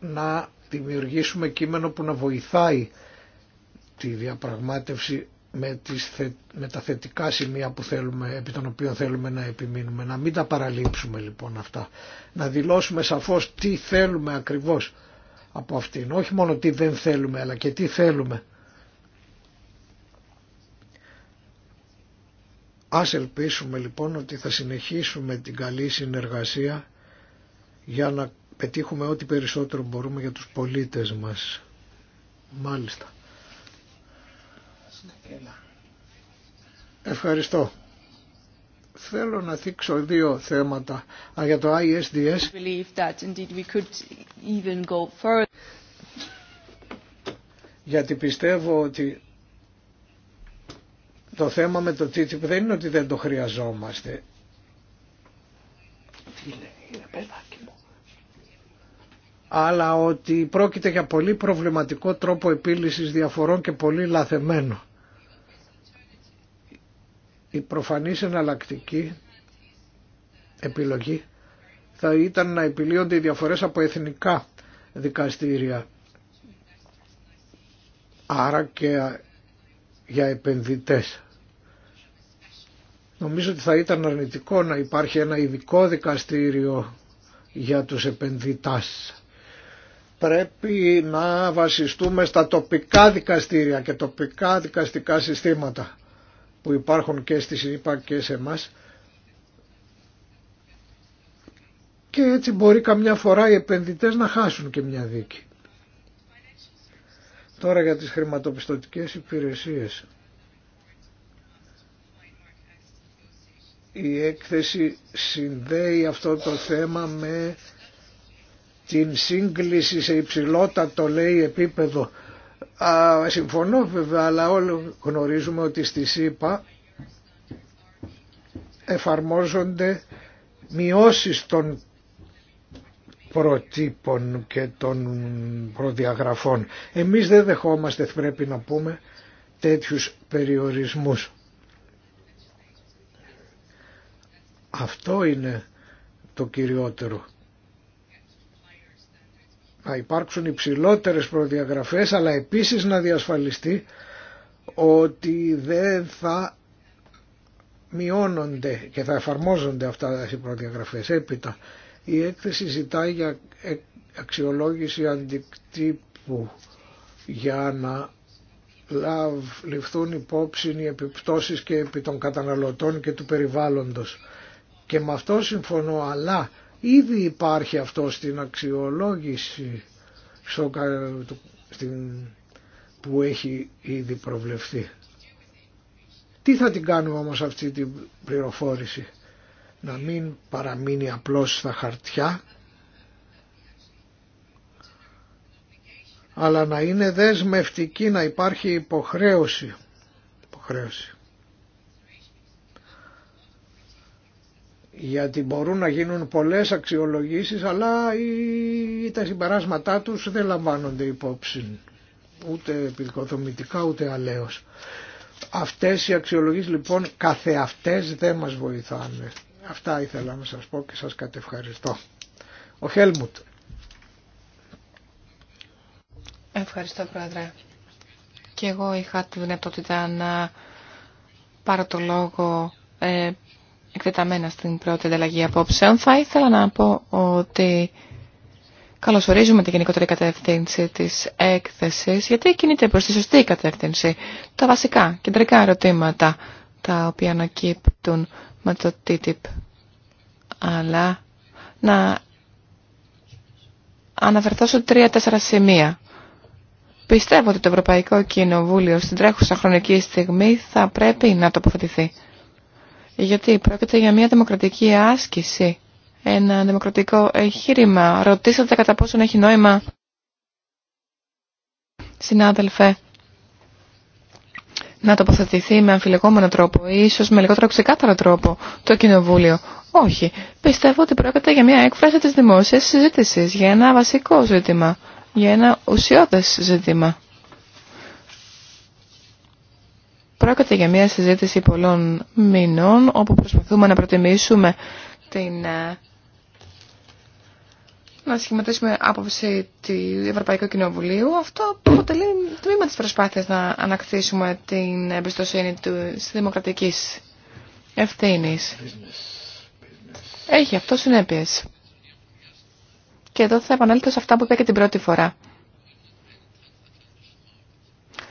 να δημιουργήσουμε κείμενο που να βοηθάει τη διαπραγμάτευση με, τις, με τα θετικά σημεία που θέλουμε, επί των οποίων θέλουμε να επιμείνουμε. Να μην τα παραλείψουμε λοιπόν αυτά. Να δηλώσουμε σαφώς τι θέλουμε ακριβώς από αυτήν. Όχι μόνο τι δεν θέλουμε αλλά και τι θέλουμε. Ας ελπίσουμε λοιπόν ότι θα συνεχίσουμε την καλή συνεργασία για να πετύχουμε ό,τι περισσότερο μπορούμε για τους πολίτες μας. Μάλιστα. Ευχαριστώ. Θέλω να θίξω δύο θέματα για το ISDS. Γιατί πιστεύω ότι το θέμα με το TTIP δεν είναι ότι δεν το χρειαζόμαστε. Αλλά ότι πρόκειται για πολύ προβληματικό τρόπο επίλυσης διαφορών και πολύ λαθεμένο. Η προφανής εναλλακτική επιλογή θα ήταν να επιλύονται οι διαφορές από εθνικά δικαστήρια. Άρα και για επενδυτές. Νομίζω ότι θα ήταν αρνητικό να υπάρχει ένα ειδικό δικαστήριο για τους επενδυτάς. Πρέπει να βασιστούμε στα τοπικά δικαστήρια και τοπικά δικαστικά συστήματα που υπάρχουν και στη ΣΥΠΑ και σε εμάς και έτσι μπορεί καμιά φορά οι επενδυτές να χάσουν και μια δίκη. Τώρα για τις χρηματοπιστωτικές υπηρεσίες. Η έκθεση συνδέει αυτό το θέμα με την σύγκληση σε υψηλότατο λέει επίπεδο Α, συμφωνώ βέβαια, αλλά όλοι γνωρίζουμε ότι στη ΣΥΠΑ εφαρμόζονται μειώσεις των προτύπων και των προδιαγραφών. Εμείς δεν δεχόμαστε, πρέπει να πούμε, τέτοιους περιορισμούς. Αυτό είναι το κυριότερο να υπάρξουν υψηλότερες προδιαγραφές αλλά επίσης να διασφαλιστεί ότι δεν θα μειώνονται και θα εφαρμόζονται αυτά οι προδιαγραφές. Έπειτα η έκθεση ζητάει για αξιολόγηση αντικτύπου για να ληφθούν υπόψη οι επιπτώσεις και επί των καταναλωτών και του περιβάλλοντος. Και με αυτό συμφωνώ, αλλά Ήδη υπάρχει αυτό στην αξιολόγηση στο, στην, που έχει ήδη προβλεφθεί. Τι θα την κάνουμε όμως αυτή την πληροφόρηση. Να μην παραμείνει απλώς στα χαρτιά αλλά να είναι δεσμευτική να υπάρχει υποχρέωση. υποχρέωση. γιατί μπορούν να γίνουν πολλές αξιολογήσεις αλλά οι, τα συμπεράσματά τους δεν λαμβάνονται υπόψη ούτε επικοδομητικά ούτε αλέως. Αυτές οι αξιολογήσεις λοιπόν καθεαυτές δεν μας βοηθάνε. Αυτά ήθελα να σας πω και σας κατευχαριστώ. Ο Χέλμουτ. Ευχαριστώ Πρόεδρε. Και εγώ είχα τη δυνατότητα να πάρω το λόγο ε, εκτεταμένα στην πρώτη ανταλλαγή απόψεων. Θα ήθελα να πω ότι καλωσορίζουμε την γενικότερη κατεύθυνση της έκθεσης, γιατί κινείται προς τη σωστή κατεύθυνση. Τα βασικά, κεντρικά ερωτήματα, τα οποία ανακύπτουν με το TTIP. Αλλά να αναφερθώ σε τρία-τέσσερα σημεία. Πιστεύω ότι το Ευρωπαϊκό Κοινοβούλιο στην τρέχουσα χρονική στιγμή θα πρέπει να τοποθετηθεί. Γιατί πρόκειται για μια δημοκρατική άσκηση, ένα δημοκρατικό εγχείρημα. Ρωτήσατε κατά πόσον έχει νόημα, συνάδελφε, να τοποθετηθεί με αμφιλεγόμενο τρόπο ή ίσως με λιγότερο ξεκάθαρο τρόπο το Κοινοβούλιο. Όχι. Πιστεύω ότι πρόκειται για μια έκφραση της δημόσιας συζήτησης, για ένα βασικό ζήτημα, για ένα ουσιώδες ζήτημα. Πρόκειται για μια συζήτηση πολλών μηνών όπου προσπαθούμε να προτιμήσουμε την ε, να σχηματίσουμε άποψη του Ευρωπαϊκού Κοινοβουλίου. Αυτό αποτελεί τμήμα της προσπάθειας να ανακτήσουμε την εμπιστοσύνη του δημοκρατικής ευθύνης. Έχει αυτό συνέπειες. Και εδώ θα επανέλθω σε αυτά που είπα και την πρώτη φορά.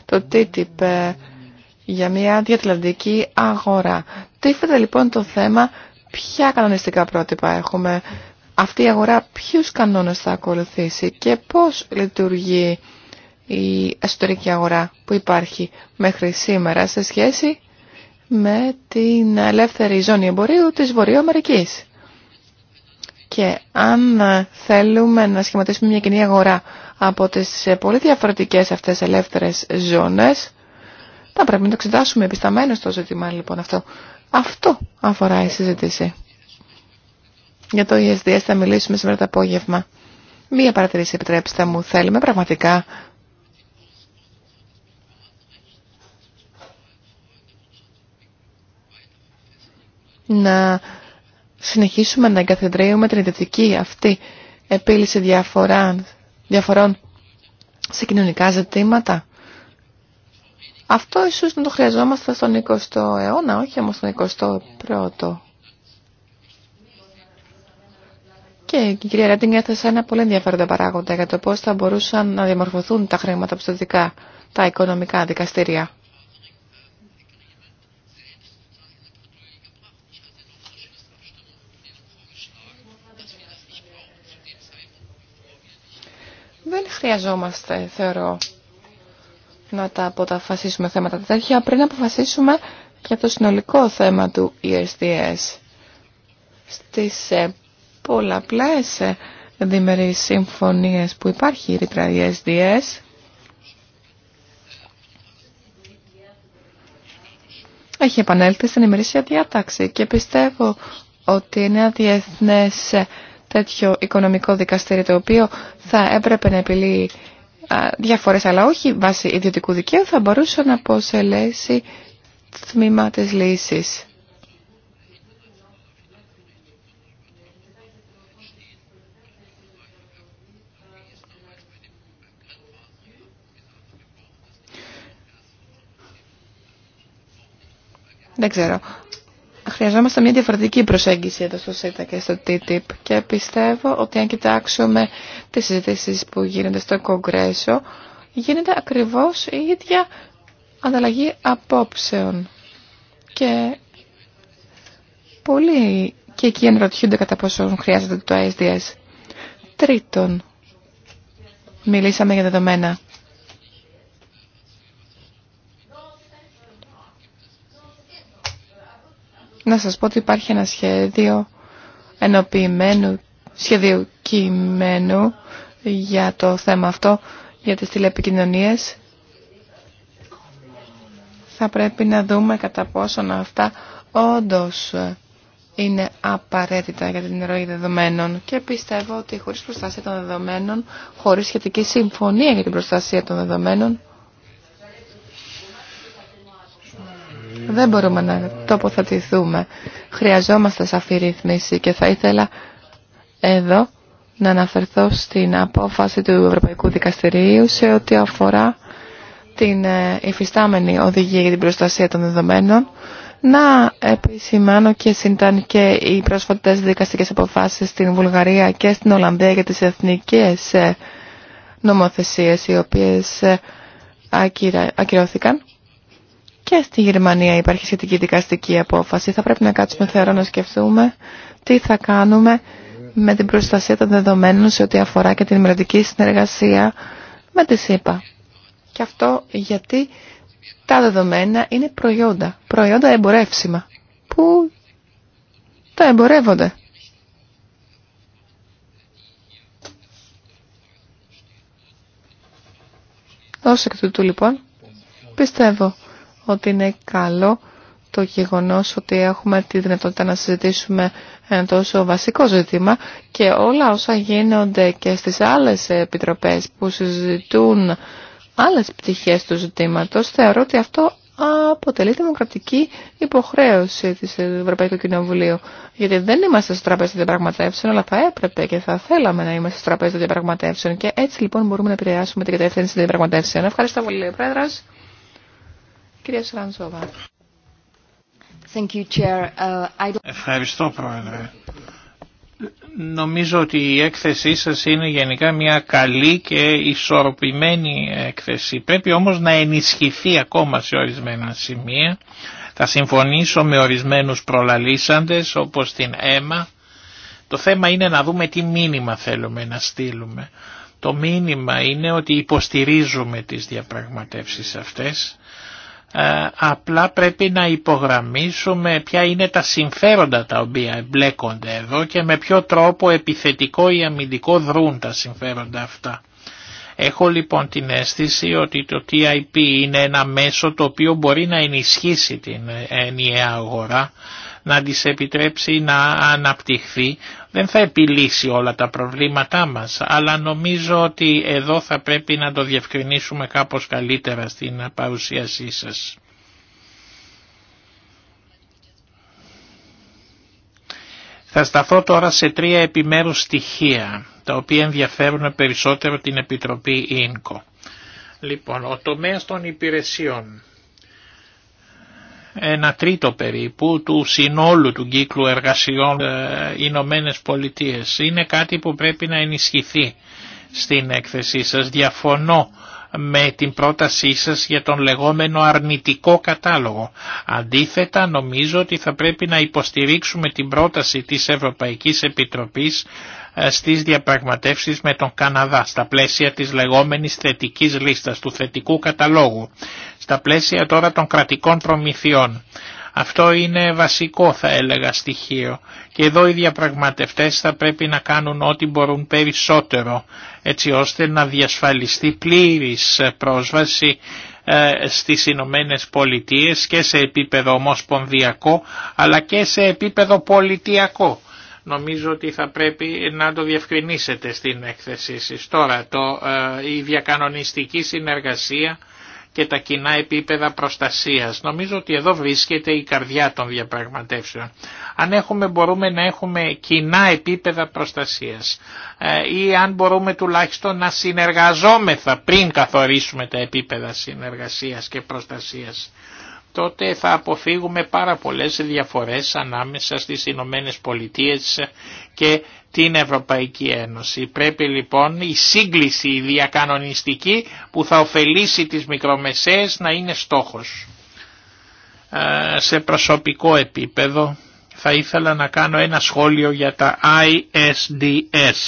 Το TTIP ε, για μια διατλαντική αγορά. Τίθεται λοιπόν το θέμα ποια κανονιστικά πρότυπα έχουμε, αυτή η αγορά ποιους κανόνες θα ακολουθήσει και πώς λειτουργεί η εσωτερική αγορά που υπάρχει μέχρι σήμερα σε σχέση με την ελεύθερη ζώνη εμπορίου της Βορειοαμερικής. Και αν θέλουμε να σχηματίσουμε μια κοινή αγορά από τις πολύ διαφορετικές αυτές ελεύθερες ζώνες, θα πρέπει να το εξετάσουμε επισταμένο στο ζήτημα λοιπόν αυτό. Αυτό αφορά η συζήτηση. Για το ESDS θα μιλήσουμε σήμερα το απόγευμα. Μία παρατηρήση επιτρέψτε μου. Θέλουμε πραγματικά να συνεχίσουμε να εγκαθιδρύουμε την ιδιωτική αυτή επίλυση διαφορών σε κοινωνικά ζητήματα. Αυτό ίσως να το χρειαζόμαστε στον 20ο αιώνα, όχι όμως στον 21ο. Και η κυρία Ρέντινγκ έθεσε ένα πολύ ενδιαφέροντα παράγοντα για το πώς θα μπορούσαν να διαμορφωθούν τα χρήματα πιστοτικά, τα οικονομικά δικαστήρια. Δεν χρειαζόμαστε, θεωρώ, να τα αποφασίσουμε θέματα τέτοια πριν αποφασίσουμε για το συνολικό θέμα του ESDS. Στις ε, πολλαπλές ε, διμερείς συμφωνίες που υπάρχει η ρήτρα ESDS έχει επανέλθει στην ημερήσια διάταξη και πιστεύω ότι ένα διεθνές ε, τέτοιο οικονομικό δικαστήριο το οποίο θα έπρεπε να επιλύει διαφορές, αλλά όχι βάσει ιδιωτικού δικαίου, θα μπορούσε να αποσελέσει τμήμα της λύσης. Δεν ξέρω χρειαζόμαστε μια διαφορετική προσέγγιση εδώ στο ΣΥΤΑ και στο ΤΙΤΙΠ και πιστεύω ότι αν κοιτάξουμε τις συζητήσεις που γίνονται στο Κογκρέσο γίνεται ακριβώς η ίδια ανταλλαγή απόψεων και πολλοί και εκεί αναρωτιούνται κατά πόσο χρειάζεται το ISDS. Τρίτον, μιλήσαμε για δεδομένα. να σας πω ότι υπάρχει ένα σχέδιο ενοποιημένου σχεδίου κειμένου για το θέμα αυτό, για τις τηλεπικοινωνίες. Θα πρέπει να δούμε κατά πόσον αυτά όντως είναι απαραίτητα για την ροή δεδομένων και πιστεύω ότι χωρίς προστασία των δεδομένων, χωρίς σχετική συμφωνία για την προστασία των δεδομένων, Δεν μπορούμε να τοποθετηθούμε. Χρειαζόμαστε σαφή ρυθμίση και θα ήθελα εδώ να αναφερθώ στην απόφαση του Ευρωπαϊκού Δικαστηρίου σε ό,τι αφορά την ε, υφιστάμενη οδηγία για την προστασία των δεδομένων. Να επισημάνω και συνταν και οι πρόσφατες δικαστικές αποφάσεις στην Βουλγαρία και στην Ολλανδία για τις εθνικές ε, νομοθεσίες οι οποίες ε, ακυρωθήκαν και στη Γερμανία υπάρχει σχετική δικαστική απόφαση. Θα πρέπει να κάτσουμε θεωρώ να σκεφτούμε τι θα κάνουμε με την προστασία των δεδομένων σε ό,τι αφορά και την μελλοντική συνεργασία με τη ΣΥΠΑ. Και αυτό γιατί τα δεδομένα είναι προϊόντα, προϊόντα εμπορεύσιμα, που τα εμπορεύονται. Ως εκ τούτου λοιπόν, πιστεύω ότι είναι καλό το γεγονός ότι έχουμε τη δυνατότητα να συζητήσουμε ένα τόσο βασικό ζήτημα και όλα όσα γίνονται και στις άλλες επιτροπές που συζητούν άλλες πτυχές του ζητήματος, θεωρώ ότι αυτό αποτελεί δημοκρατική υποχρέωση της Ευρωπαϊκού Κοινοβουλίου. Γιατί δεν είμαστε στο τραπέζι των διαπραγματεύσεων, αλλά θα έπρεπε και θα θέλαμε να είμαστε στο τραπέζι των διαπραγματεύσεων. Και έτσι λοιπόν μπορούμε να επηρεάσουμε την κατεύθυνση των διαπραγματεύσεων. Ευχαριστώ πολύ, Πρόεδρος. Uh, Ευχαριστώ, Πρόεδρε. Νομίζω ότι η έκθεσή σας είναι γενικά μια καλή και ισορροπημένη έκθεση. Πρέπει όμως να ενισχυθεί ακόμα σε ορισμένα σημεία. Θα συμφωνήσω με ορισμένους προλαλήσαντες όπως την ΕΜΑ. Το θέμα είναι να δούμε τι μήνυμα θέλουμε να στείλουμε. Το μήνυμα είναι ότι υποστηρίζουμε τις διαπραγματεύσεις αυτές ε, απλά πρέπει να υπογραμμίσουμε ποια είναι τα συμφέροντα τα οποία εμπλέκονται εδώ και με ποιο τρόπο επιθετικό ή αμυντικό δρούν τα συμφέροντα αυτά. Έχω λοιπόν την αίσθηση ότι το TIP είναι ένα μέσο το οποίο μπορεί να ενισχύσει την ενιαία αγορά να της επιτρέψει να αναπτυχθεί δεν θα επιλύσει όλα τα προβλήματά μας αλλά νομίζω ότι εδώ θα πρέπει να το διευκρινίσουμε κάπως καλύτερα στην παρουσίασή σας. Θα σταθώ τώρα σε τρία επιμέρους στοιχεία, τα οποία ενδιαφέρουν περισσότερο την Επιτροπή ΙΝΚΟ. Λοιπόν, ο τομέας των υπηρεσιών ένα τρίτο περίπου του συνόλου του κύκλου εργασιών ε, Ηνωμένε Πολιτείε. Είναι κάτι που πρέπει να ενισχυθεί στην έκθεσή σας. Διαφωνώ με την πρότασή σας για τον λεγόμενο αρνητικό κατάλογο. Αντίθετα νομίζω ότι θα πρέπει να υποστηρίξουμε την πρόταση της Ευρωπαϊκής Επιτροπής ε, στις διαπραγματεύσεις με τον Καναδά στα πλαίσια της λεγόμενης θετικής λίστας, του θετικού καταλόγου, στα πλαίσια τώρα των κρατικών προμηθειών. Αυτό είναι βασικό θα έλεγα στοιχείο και εδώ οι διαπραγματευτές θα πρέπει να κάνουν ό,τι μπορούν περισσότερο έτσι ώστε να διασφαλιστεί πλήρης πρόσβαση ε, στις Ηνωμένε Πολιτείε και σε επίπεδο ομοσπονδιακό αλλά και σε επίπεδο πολιτιακό. Νομίζω ότι θα πρέπει να το διευκρινίσετε στην έκθεσή σας. Τώρα το, ε, η διακανονιστική συνεργασία και τα κοινά επίπεδα προστασίας. Νομίζω ότι εδώ βρίσκεται η καρδιά των διαπραγματεύσεων. Αν έχουμε μπορούμε να έχουμε κοινά επίπεδα προστασίας ε, ή αν μπορούμε τουλάχιστον να συνεργαζόμεθα πριν καθορίσουμε τα επίπεδα συνεργασίας και προστασίας τότε θα αποφύγουμε πάρα πολλές διαφορές ανάμεσα στις Ηνωμένε Πολιτείες και την Ευρωπαϊκή Ένωση. Πρέπει λοιπόν η σύγκληση η διακανονιστική που θα ωφελήσει τις μικρομεσαίες να είναι στόχος. Ε, σε προσωπικό επίπεδο θα ήθελα να κάνω ένα σχόλιο για τα ISDS.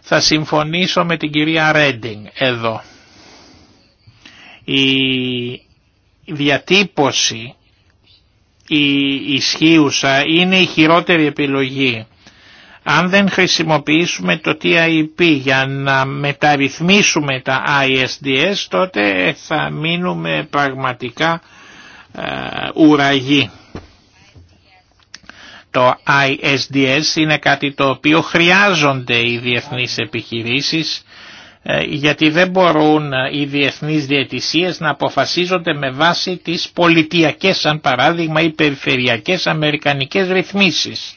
Θα συμφωνήσω με την κυρία Ρέντινγκ εδώ. Η διατύπωση η ισχύουσα είναι η χειρότερη επιλογή. Αν δεν χρησιμοποιήσουμε το TIP για να μεταρρυθμίσουμε τα ISDS τότε θα μείνουμε πραγματικά ε, ουραγοί. Το ISDS είναι κάτι το οποίο χρειάζονται οι διεθνείς επιχειρήσεις ε, γιατί δεν μπορούν ε, οι διεθνείς διαιτησίες να αποφασίζονται με βάση τις πολιτιακές σαν παράδειγμα ή περιφερειακές αμερικανικές ρυθμίσεις.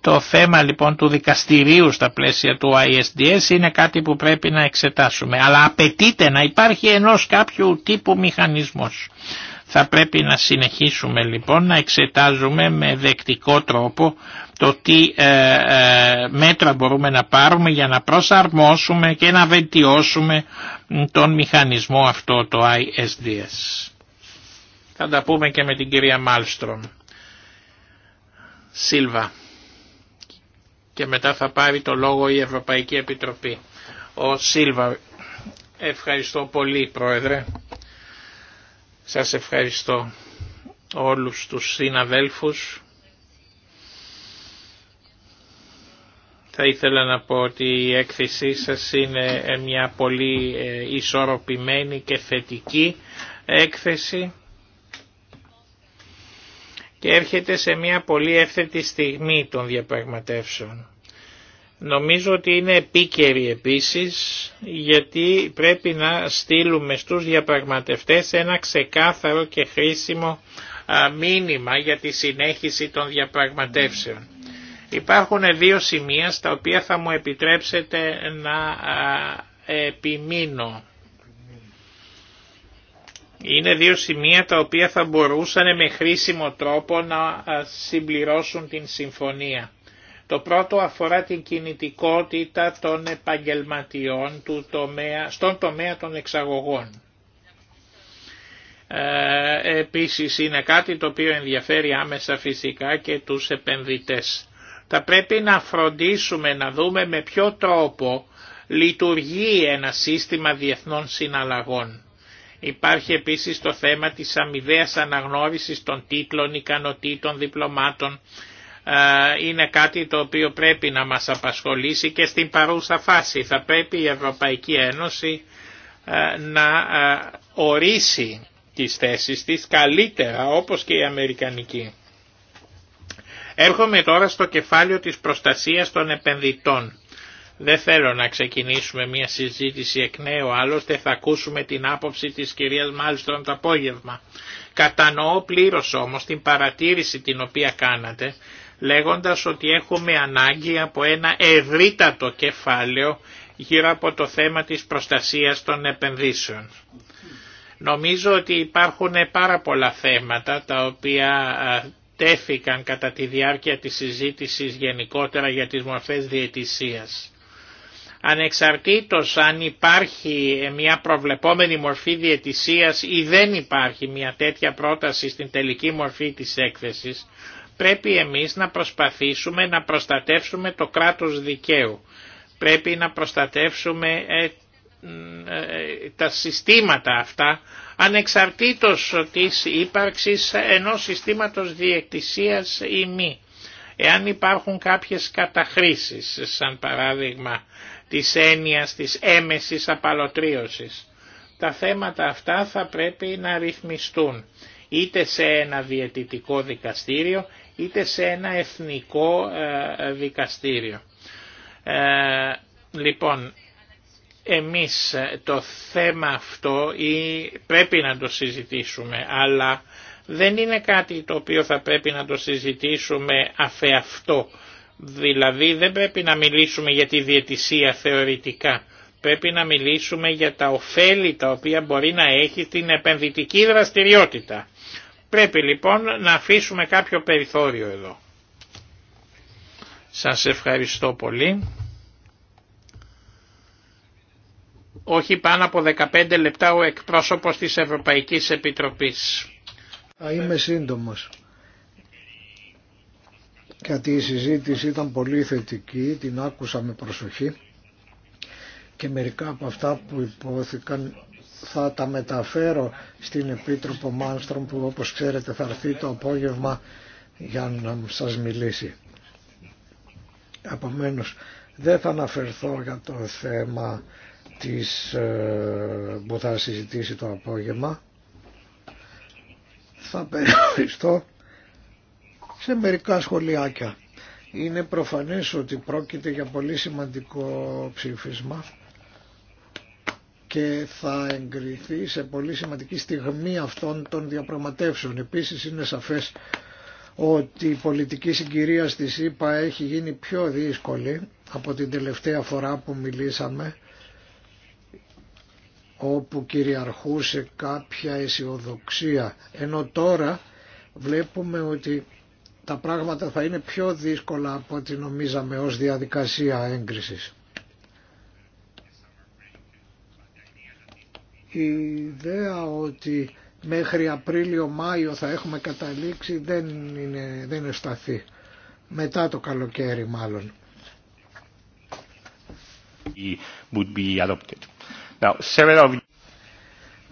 Το θέμα λοιπόν του δικαστηρίου στα πλαίσια του ISDS είναι κάτι που πρέπει να εξετάσουμε. Αλλά απαιτείται να υπάρχει ενός κάποιου τύπου μηχανισμός. Θα πρέπει να συνεχίσουμε λοιπόν να εξετάζουμε με δεκτικό τρόπο το τι ε, ε, μέτρα μπορούμε να πάρουμε για να προσαρμόσουμε και να βελτιώσουμε τον μηχανισμό αυτό το ISDS. Θα τα πούμε και με την κυρία Μάλστρομ. Σίλβα. Και μετά θα πάρει το λόγο η Ευρωπαϊκή Επιτροπή. Ο Σίλβα. Ευχαριστώ πολύ Πρόεδρε. Σας ευχαριστώ όλους τους συναδέλφους Θα ήθελα να πω ότι η έκθεσή σας είναι ε, μια πολύ ε, ισορροπημένη και θετική έκθεση και έρχεται σε μια πολύ εύθετη στιγμή των διαπραγματεύσεων. Νομίζω ότι είναι επίκαιρη επίσης γιατί πρέπει να στείλουμε στους διαπραγματευτές ένα ξεκάθαρο και χρήσιμο μήνυμα για τη συνέχιση των διαπραγματεύσεων. Υπάρχουν δύο σημεία στα οποία θα μου επιτρέψετε να επιμείνω. Είναι δύο σημεία τα οποία θα μπορούσαν με χρήσιμο τρόπο να συμπληρώσουν την συμφωνία. Το πρώτο αφορά την κινητικότητα των επαγγελματιών του τομέα, στον τομέα των εξαγωγών. Ε, επίσης είναι κάτι το οποίο ενδιαφέρει άμεσα φυσικά και τους επενδυτές. Θα πρέπει να φροντίσουμε να δούμε με ποιο τρόπο λειτουργεί ένα σύστημα διεθνών συναλλαγών. Υπάρχει επίσης το θέμα της αμοιβαίας αναγνώρισης των τίτλων, ικανοτήτων, διπλωμάτων. Ε, είναι κάτι το οποίο πρέπει να μας απασχολήσει και στην παρούσα φάση θα πρέπει η Ευρωπαϊκή Ένωση ε, να ε, ορίσει τις θέσεις της καλύτερα όπως και η Αμερικανική. Έρχομαι τώρα στο κεφάλαιο της προστασίας των επενδυτών. Δεν θέλω να ξεκινήσουμε μια συζήτηση εκ νέου, άλλωστε θα ακούσουμε την άποψη της κυρίας Μάλιστον το απόγευμα. Κατανοώ πλήρως όμως την παρατήρηση την οποία κάνατε, λέγοντας ότι έχουμε ανάγκη από ένα ευρύτατο κεφάλαιο γύρω από το θέμα της προστασίας των επενδύσεων. Νομίζω ότι υπάρχουν πάρα πολλά θέματα τα οποία τέθηκαν κατά τη διάρκεια της συζήτησης γενικότερα για τις μορφές διαιτησίας. Ανεξαρτήτως αν υπάρχει ε, μια προβλεπόμενη μορφή διαιτησίας ή δεν υπάρχει μια τέτοια πρόταση στην τελική μορφή της έκθεσης, πρέπει εμείς να προσπαθήσουμε να προστατεύσουμε το κράτος δικαίου. Πρέπει να προστατεύσουμε ε, ε, τα συστήματα αυτά ανεξαρτήτως της ύπαρξης ενός συστήματος διεκτησίας ή μη. Εάν υπάρχουν κάποιες καταχρήσεις, σαν παράδειγμα της έννοιας της έμεσης απαλωτρίωσης, τα θέματα αυτά θα πρέπει να ρυθμιστούν είτε σε ένα διαιτητικό δικαστήριο είτε σε ένα εθνικό ε, δικαστήριο. Ε, λοιπόν, εμείς ε, το θέμα αυτό ή πρέπει να το συζητήσουμε, αλλά δεν είναι κάτι το οποίο θα πρέπει να το συζητήσουμε αφεαυτό. Δηλαδή δεν πρέπει να μιλήσουμε για τη διαιτησία θεωρητικά. Πρέπει να μιλήσουμε για τα ωφέλη τα οποία μπορεί να έχει την επενδυτική δραστηριότητα. Πρέπει λοιπόν να αφήσουμε κάποιο περιθώριο εδώ. Σας ευχαριστώ πολύ. όχι πάνω από 15 λεπτά ο εκπρόσωπος της Ευρωπαϊκής Επιτροπής. Θα είμαι σύντομος. Γιατί η συζήτηση ήταν πολύ θετική, την άκουσα με προσοχή και μερικά από αυτά που υπόθηκαν θα τα μεταφέρω στην Επίτροπο Μάνστρομ που όπως ξέρετε θα έρθει το απόγευμα για να σας μιλήσει. Επομένως δεν θα αναφερθώ για το θέμα της, ε, που θα συζητήσει το απόγευμα θα περιοριστώ σε μερικά σχολιάκια. Είναι προφανές ότι πρόκειται για πολύ σημαντικό ψήφισμα και θα εγκριθεί σε πολύ σημαντική στιγμή αυτών των διαπραγματεύσεων. Επίσης είναι σαφές ότι η πολιτική συγκυρία στη ΣΥΠΑ έχει γίνει πιο δύσκολη από την τελευταία φορά που μιλήσαμε όπου κυριαρχούσε κάποια αισιοδοξία. Ενώ τώρα βλέπουμε ότι τα πράγματα θα είναι πιο δύσκολα από ό,τι νομίζαμε ως διαδικασία έγκρισης. Η ιδέα ότι μέχρι Απρίλιο-Μάιο θα έχουμε καταλήξει δεν είναι, δεν σταθή. Μετά το καλοκαίρι μάλλον. Would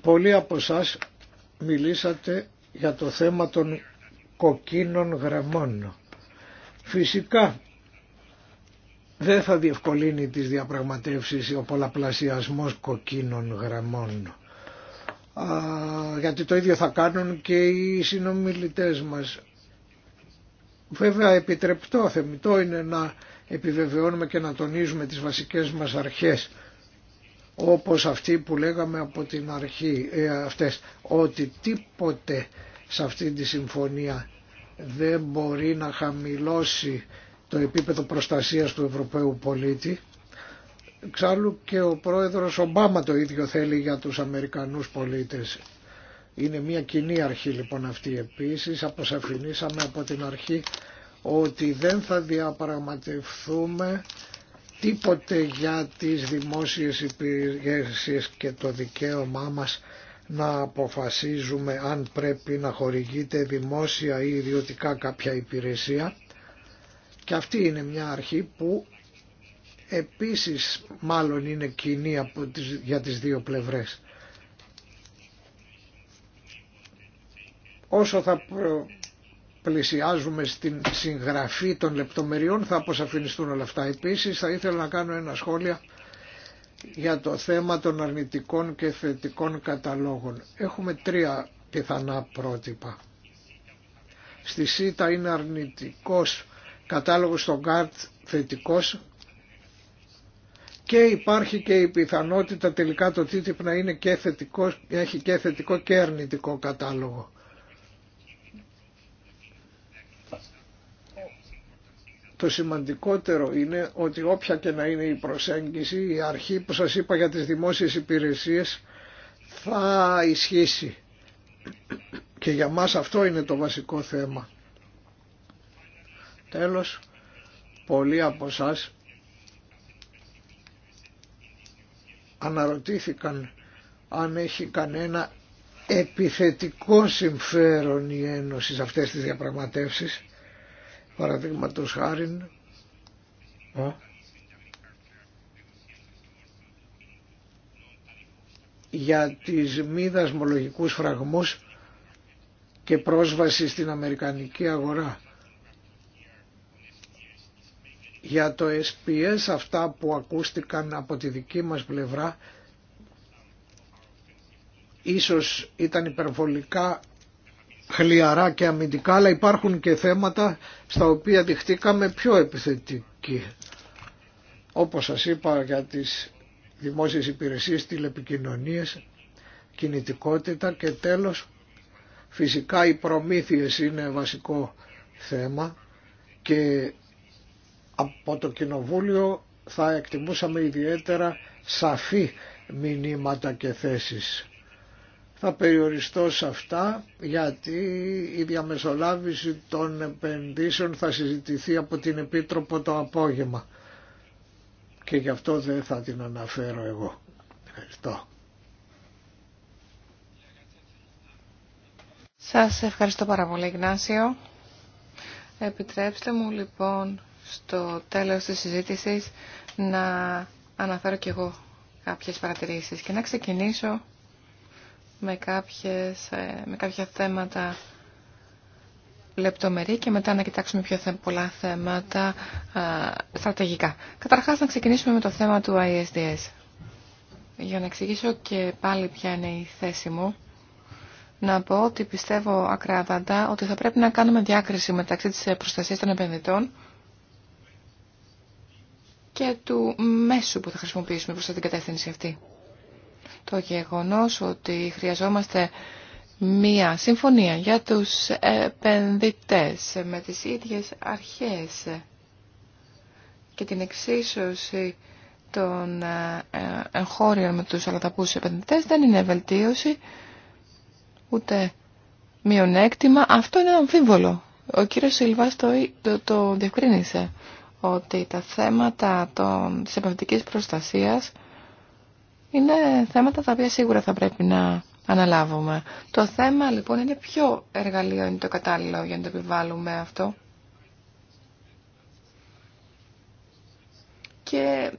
Πολλοί από εσά μιλήσατε για το θέμα των κοκκίνων γραμμών. Φυσικά δεν θα διευκολύνει τις διαπραγματεύσεις ο πολλαπλασιασμός κοκκίνων γραμμών. γιατί το ίδιο θα κάνουν και οι συνομιλητές μας. Βέβαια επιτρεπτό, θεμητό είναι να επιβεβαιώνουμε και να τονίζουμε τις βασικές μας αρχές όπως αυτή που λέγαμε από την αρχή ε, αυτές ότι τίποτε σε αυτή τη συμφωνία δεν μπορεί να χαμηλώσει το επίπεδο προστασίας του Ευρωπαίου πολίτη εξάλλου και ο πρόεδρος Ομπάμα το ίδιο θέλει για τους Αμερικανούς πολίτες είναι μια κοινή αρχή λοιπόν αυτή επίσης αποσαφηνήσαμε από την αρχή ότι δεν θα διαπραγματευθούμε τίποτε για τις δημόσιες υπηρεσίες και το δικαίωμά μας να αποφασίζουμε αν πρέπει να χορηγείται δημόσια ή ιδιωτικά κάποια υπηρεσία και αυτή είναι μια αρχή που επίσης μάλλον είναι κοινή για τις δύο πλευρές. Όσο θα πλησιάζουμε στην συγγραφή των λεπτομεριών θα αποσαφινιστούν όλα αυτά. Επίσης θα ήθελα να κάνω ένα σχόλιο για το θέμα των αρνητικών και θετικών καταλόγων. Έχουμε τρία πιθανά πρότυπα. Στη ΣΥΤΑ είναι αρνητικός κατάλογος στον ΚΑΡΤ θετικός και υπάρχει και η πιθανότητα τελικά το TTIP να είναι και θετικό, έχει και θετικό και αρνητικό κατάλογο. το σημαντικότερο είναι ότι όποια και να είναι η προσέγγιση, η αρχή που σας είπα για τις δημόσιες υπηρεσίες θα ισχύσει. Και για μας αυτό είναι το βασικό θέμα. Τέλος, πολλοί από εσά αναρωτήθηκαν αν έχει κανένα επιθετικό συμφέρον η Ένωση σε αυτές τις διαπραγματεύσεις Παραδείγματος χάριν για τις μη δασμολογικούς φραγμούς και πρόσβαση στην Αμερικανική αγορά. Για το SPS αυτά που ακούστηκαν από τη δική μας πλευρά ίσως ήταν υπερβολικά χλιαρά και αμυντικά, αλλά υπάρχουν και θέματα στα οποία διχτήκαμε πιο επιθετικοί. Όπως σας είπα για τις δημόσιες υπηρεσίες, τηλεπικοινωνίες, κινητικότητα και τέλος φυσικά οι προμήθειες είναι βασικό θέμα και από το Κοινοβούλιο θα εκτιμούσαμε ιδιαίτερα σαφή μηνύματα και θέσεις. Θα περιοριστώ σε αυτά γιατί η διαμεσολάβηση των επενδύσεων θα συζητηθεί από την Επίτροπο το απόγευμα και γι' αυτό δεν θα την αναφέρω εγώ. Ευχαριστώ. Σας ευχαριστώ πάρα πολύ Γνάσιο. Επιτρέψτε μου λοιπόν στο τέλος της συζήτησης να αναφέρω κι εγώ κάποιες παρατηρήσεις και να ξεκινήσω με, κάποιες, ε, με κάποια θέματα λεπτομερή και μετά να κοιτάξουμε πιο πολλά θέματα ε, στρατηγικά. Καταρχάς να ξεκινήσουμε με το θέμα του ISDS. Για να εξηγήσω και πάλι ποια είναι η θέση μου, να πω ότι πιστεύω ακράδαντα ότι θα πρέπει να κάνουμε διάκριση μεταξύ της προστασίας των επενδυτών και του μέσου που θα χρησιμοποιήσουμε προς την κατεύθυνση αυτή το γεγονός ότι χρειαζόμαστε μία συμφωνία για τους επενδυτές με τις ίδιες αρχές και την εξίσωση των ε, εγχώριων με τους αλλαταπούς επενδυτές δεν είναι βελτίωση ούτε μειονέκτημα. Αυτό είναι αμφίβολο. Ο κύριος Σιλβάς το, το, το διευκρίνησε ότι τα θέματα των, της επενδυτικής προστασίας είναι θέματα τα οποία σίγουρα θα πρέπει να αναλάβουμε. Το θέμα λοιπόν είναι ποιο εργαλείο είναι το κατάλληλο για να το επιβάλλουμε αυτό. Και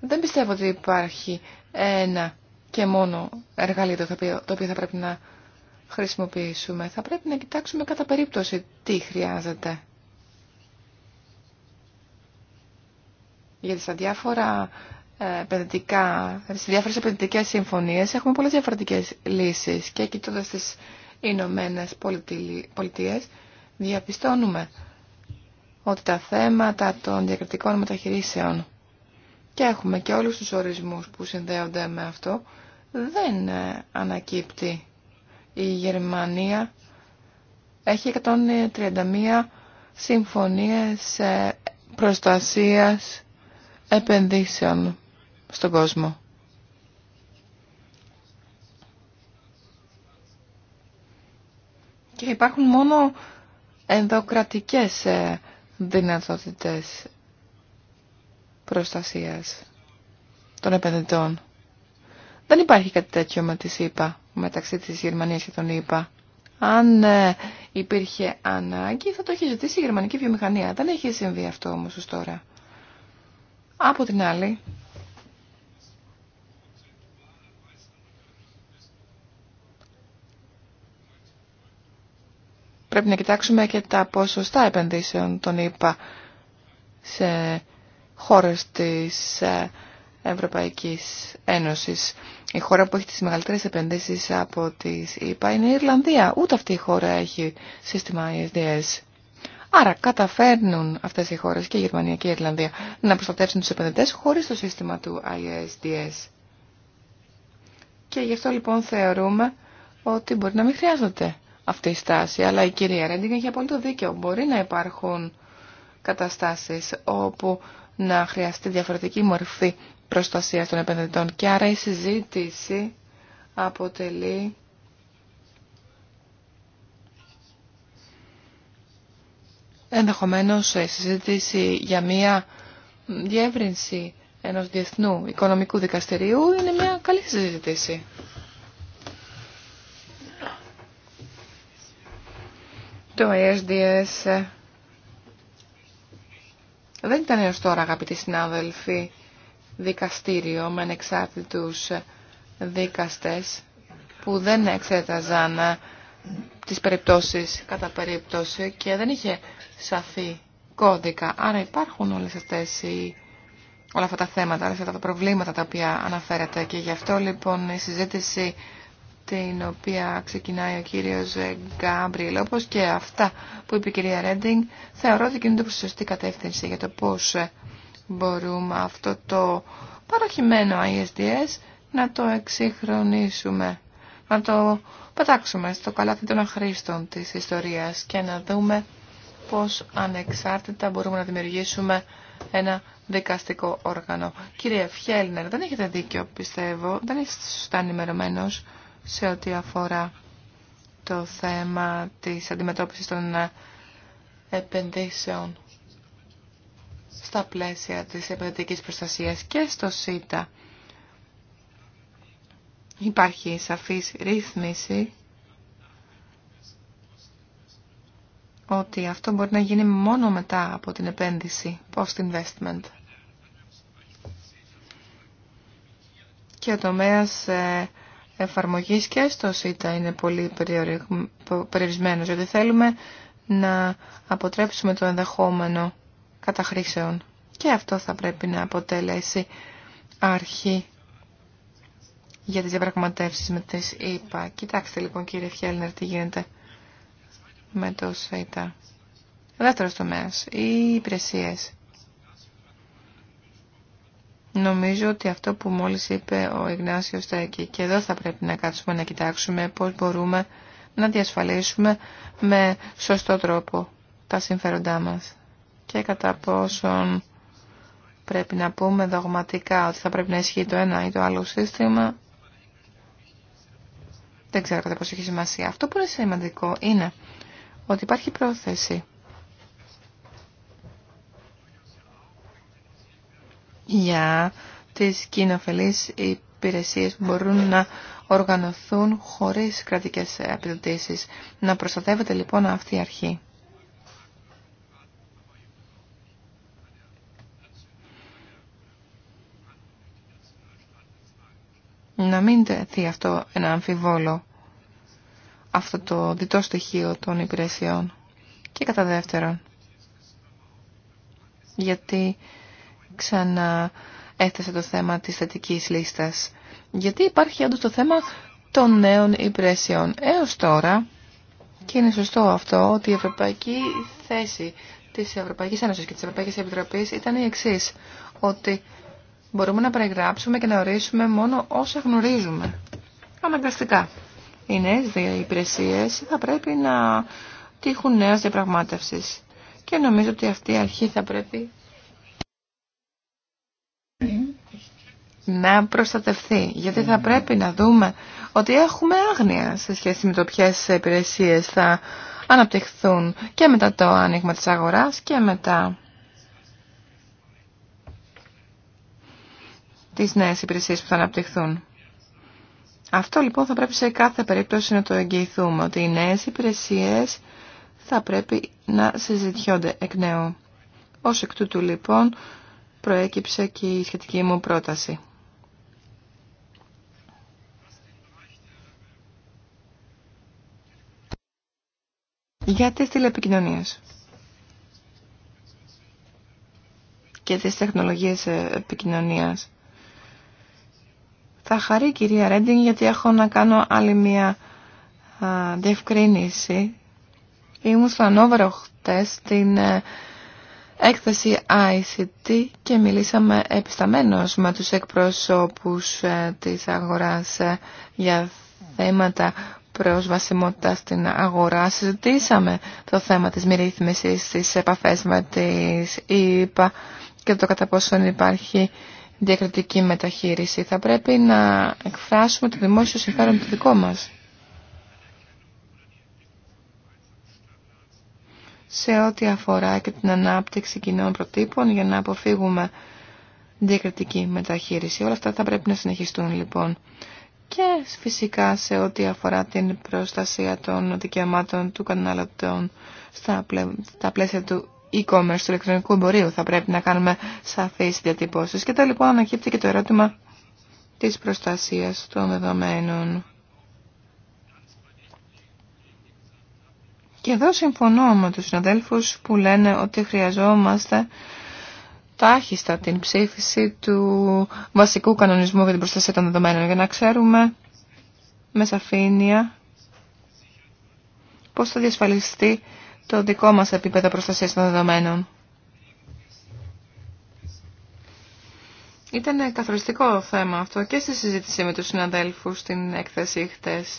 δεν πιστεύω ότι υπάρχει ένα και μόνο εργαλείο το οποίο, θα πρέπει να χρησιμοποιήσουμε. Θα πρέπει να κοιτάξουμε κατά περίπτωση τι χρειάζεται. Γιατί στα διάφορα ε, επενδυτικά, σε διάφορες επενδυτικές συμφωνίες έχουμε πολλές διαφορετικές λύσεις και κοιτώντα τι Ηνωμένε Πολιτείε διαπιστώνουμε ότι τα θέματα των διακριτικών μεταχειρήσεων και έχουμε και όλους τους ορισμούς που συνδέονται με αυτό δεν ε, ανακύπτει η Γερμανία έχει 131 συμφωνίες ε, προστασίας επενδύσεων στον κόσμο. Και υπάρχουν μόνο ενδοκρατικές ε, δυνατότητες προστασίας των επενδυτών. Δεν υπάρχει κάτι τέτοιο με μεταξύ της Γερμανίας και των ΗΠΑ. Αν ε, υπήρχε ανάγκη θα το έχει ζητήσει η γερμανική βιομηχανία. Δεν έχει συμβεί αυτό όμως ως τώρα. Από την άλλη, πρέπει να κοιτάξουμε και τα ποσοστά επενδύσεων των ΗΠΑ σε χώρες της ε, Ευρωπαϊκής Ένωσης. Η χώρα που έχει τις μεγαλύτερες επενδύσεις από τις ΗΠΑ είναι η Ιρλανδία. Ούτε αυτή η χώρα έχει σύστημα ISDS. Άρα καταφέρνουν αυτές οι χώρες και η Γερμανία και η Ιρλανδία να προστατεύσουν τους επενδυτές χωρίς το σύστημα του ISDS. Και γι' αυτό λοιπόν θεωρούμε ότι μπορεί να μην χρειάζονται αυτή η στάση. Αλλά η κυρία Ρέντινγκ έχει απόλυτο δίκαιο. Μπορεί να υπάρχουν καταστάσεις όπου να χρειαστεί διαφορετική μορφή προστασία των επενδυτών. Και άρα η συζήτηση αποτελεί ενδεχομένως η συζήτηση για μια διεύρυνση ενός διεθνού οικονομικού δικαστηρίου είναι μια καλή συζήτηση. Το SDS ε, δεν ήταν έως τώρα αγαπητοί συνάδελφοι δικαστήριο με ανεξάρτητους δίκαστες που δεν εξέταζαν ε, τις περιπτώσεις κατά περίπτωση και δεν είχε σαφή κώδικα. Άρα υπάρχουν όλες αυτές οι, όλα αυτά τα θέματα, όλα αυτά τα προβλήματα τα οποία αναφέρατε και γι' αυτό λοιπόν η συζήτηση την οποία ξεκινάει ο κύριος Γκάμπριελ, όπως και αυτά που είπε η κυρία Ρέντινγκ, θεωρώ ότι κινούνται προς σωστή κατεύθυνση για το πώς μπορούμε αυτό το παροχημένο ISDS να το εξυγχρονίσουμε, να το πετάξουμε στο καλάθι των αχρήστων της ιστορίας και να δούμε πώς ανεξάρτητα μπορούμε να δημιουργήσουμε ένα δικαστικό όργανο. Κύριε Φιέλνερ, δεν έχετε δίκιο, πιστεύω, δεν είστε σωστά ενημερωμένο σε ό,τι αφορά το θέμα της αντιμετώπισης των επενδύσεων στα πλαίσια της επενδυτικής προστασίας και στο ΣΥΤΑ. Υπάρχει σαφής ρύθμιση ότι αυτό μπορεί να γίνει μόνο μετά από την επένδυση, post-investment. Και ο τομέας ε, εφαρμογής και στο ΣΥΤΑ είναι πολύ περιορισμένο, γιατί θέλουμε να αποτρέψουμε το ενδεχόμενο καταχρήσεων. Και αυτό θα πρέπει να αποτελέσει αρχή για τις διαπραγματεύσεις με τις ΕΙΠΑ. Κοιτάξτε λοιπόν κύριε Φιέλνερ τι γίνεται με το ΣΥΤΑ. Δεύτερος τομέας, οι υπηρεσίες. Νομίζω ότι αυτό που μόλις είπε ο Ιγνάσιος εκεί και εδώ θα πρέπει να κάτσουμε να κοιτάξουμε πώς μπορούμε να διασφαλίσουμε με σωστό τρόπο τα συμφέροντά μας και κατά πόσον πρέπει να πούμε δογματικά ότι θα πρέπει να ισχύει το ένα ή το άλλο σύστημα. Δεν ξέρω κατά πόσο έχει σημασία. Αυτό που είναι σημαντικό είναι ότι υπάρχει πρόθεση για τις κοινοφελείς υπηρεσίες που μπορούν να οργανωθούν χωρίς κρατικές επιδοτήσεις. Να προστατεύεται λοιπόν αυτή η αρχή. Να μην τεθεί αυτό ένα αμφιβόλο, αυτό το διτό στοιχείο των υπηρεσιών. Και κατά δεύτερον, γιατί ξαναέθεσε το θέμα της θετικής λίστας. Γιατί υπάρχει όντως το θέμα των νέων υπηρεσιών. Έως τώρα, και είναι σωστό αυτό, ότι η ευρωπαϊκή θέση της Ευρωπαϊκής Ένωσης και της Ευρωπαϊκής Επιτροπής ήταν η εξή ότι μπορούμε να περιγράψουμε και να ορίσουμε μόνο όσα γνωρίζουμε. Αναγκαστικά. Οι νέε υπηρεσίε θα πρέπει να τύχουν νέα διαπραγμάτευση. Και νομίζω ότι αυτή η αρχή θα πρέπει να προστατευθεί, Γιατί θα πρέπει να δούμε ότι έχουμε άγνοια σε σχέση με το ποιε υπηρεσίε θα αναπτυχθούν και μετά το άνοιγμα της αγοράς και μετά τις νέες υπηρεσίες που θα αναπτυχθούν. Αυτό λοιπόν θα πρέπει σε κάθε περίπτωση να το εγγυηθούμε, ότι οι νέες υπηρεσίες θα πρέπει να συζητιόνται εκ νέου. Ως εκ τούτου λοιπόν προέκυψε και η σχετική μου πρόταση. για τις τηλεπικοινωνίες και τις τεχνολογίες ε, επικοινωνίας. Θα χαρεί κυρία Ρέντινγκ γιατί έχω να κάνω άλλη μια διευκρίνηση. Ήμουν στο Ανόβερο χτες στην ε, έκθεση ICT και μιλήσαμε επισταμένως με τους εκπρόσωπους ε, της αγοράς για θέματα προσβασιμότητα στην αγορά. Συζητήσαμε το θέμα της μη ρύθμισης στις επαφές με και το κατά πόσον υπάρχει διακριτική μεταχείριση. Θα πρέπει να εκφράσουμε το δημόσιο συμφέρον το δικό μας. σε ό,τι αφορά και την ανάπτυξη κοινών προτύπων για να αποφύγουμε διακριτική μεταχείριση. Όλα αυτά θα πρέπει να συνεχιστούν λοιπόν και φυσικά σε ό,τι αφορά την προστασία των δικαιωμάτων του καταναλωτών στα, στα πλαίσια του e-commerce, του ηλεκτρονικού εμπορίου. Θα πρέπει να κάνουμε σαφείς διατυπώσεις. Και τα λοιπόν ανακύπτει και το ερώτημα της προστασίας των δεδομένων. Και εδώ συμφωνώ με τους συναδέλφους που λένε ότι χρειαζόμαστε τάχιστα την ψήφιση του βασικού κανονισμού για την προστασία των δεδομένων για να ξέρουμε με σαφήνεια πώς θα διασφαλιστεί το δικό μας επίπεδο προστασίας των δεδομένων. Ήταν καθοριστικό θέμα αυτό και στη συζήτηση με τους συναδέλφους στην έκθεση χτες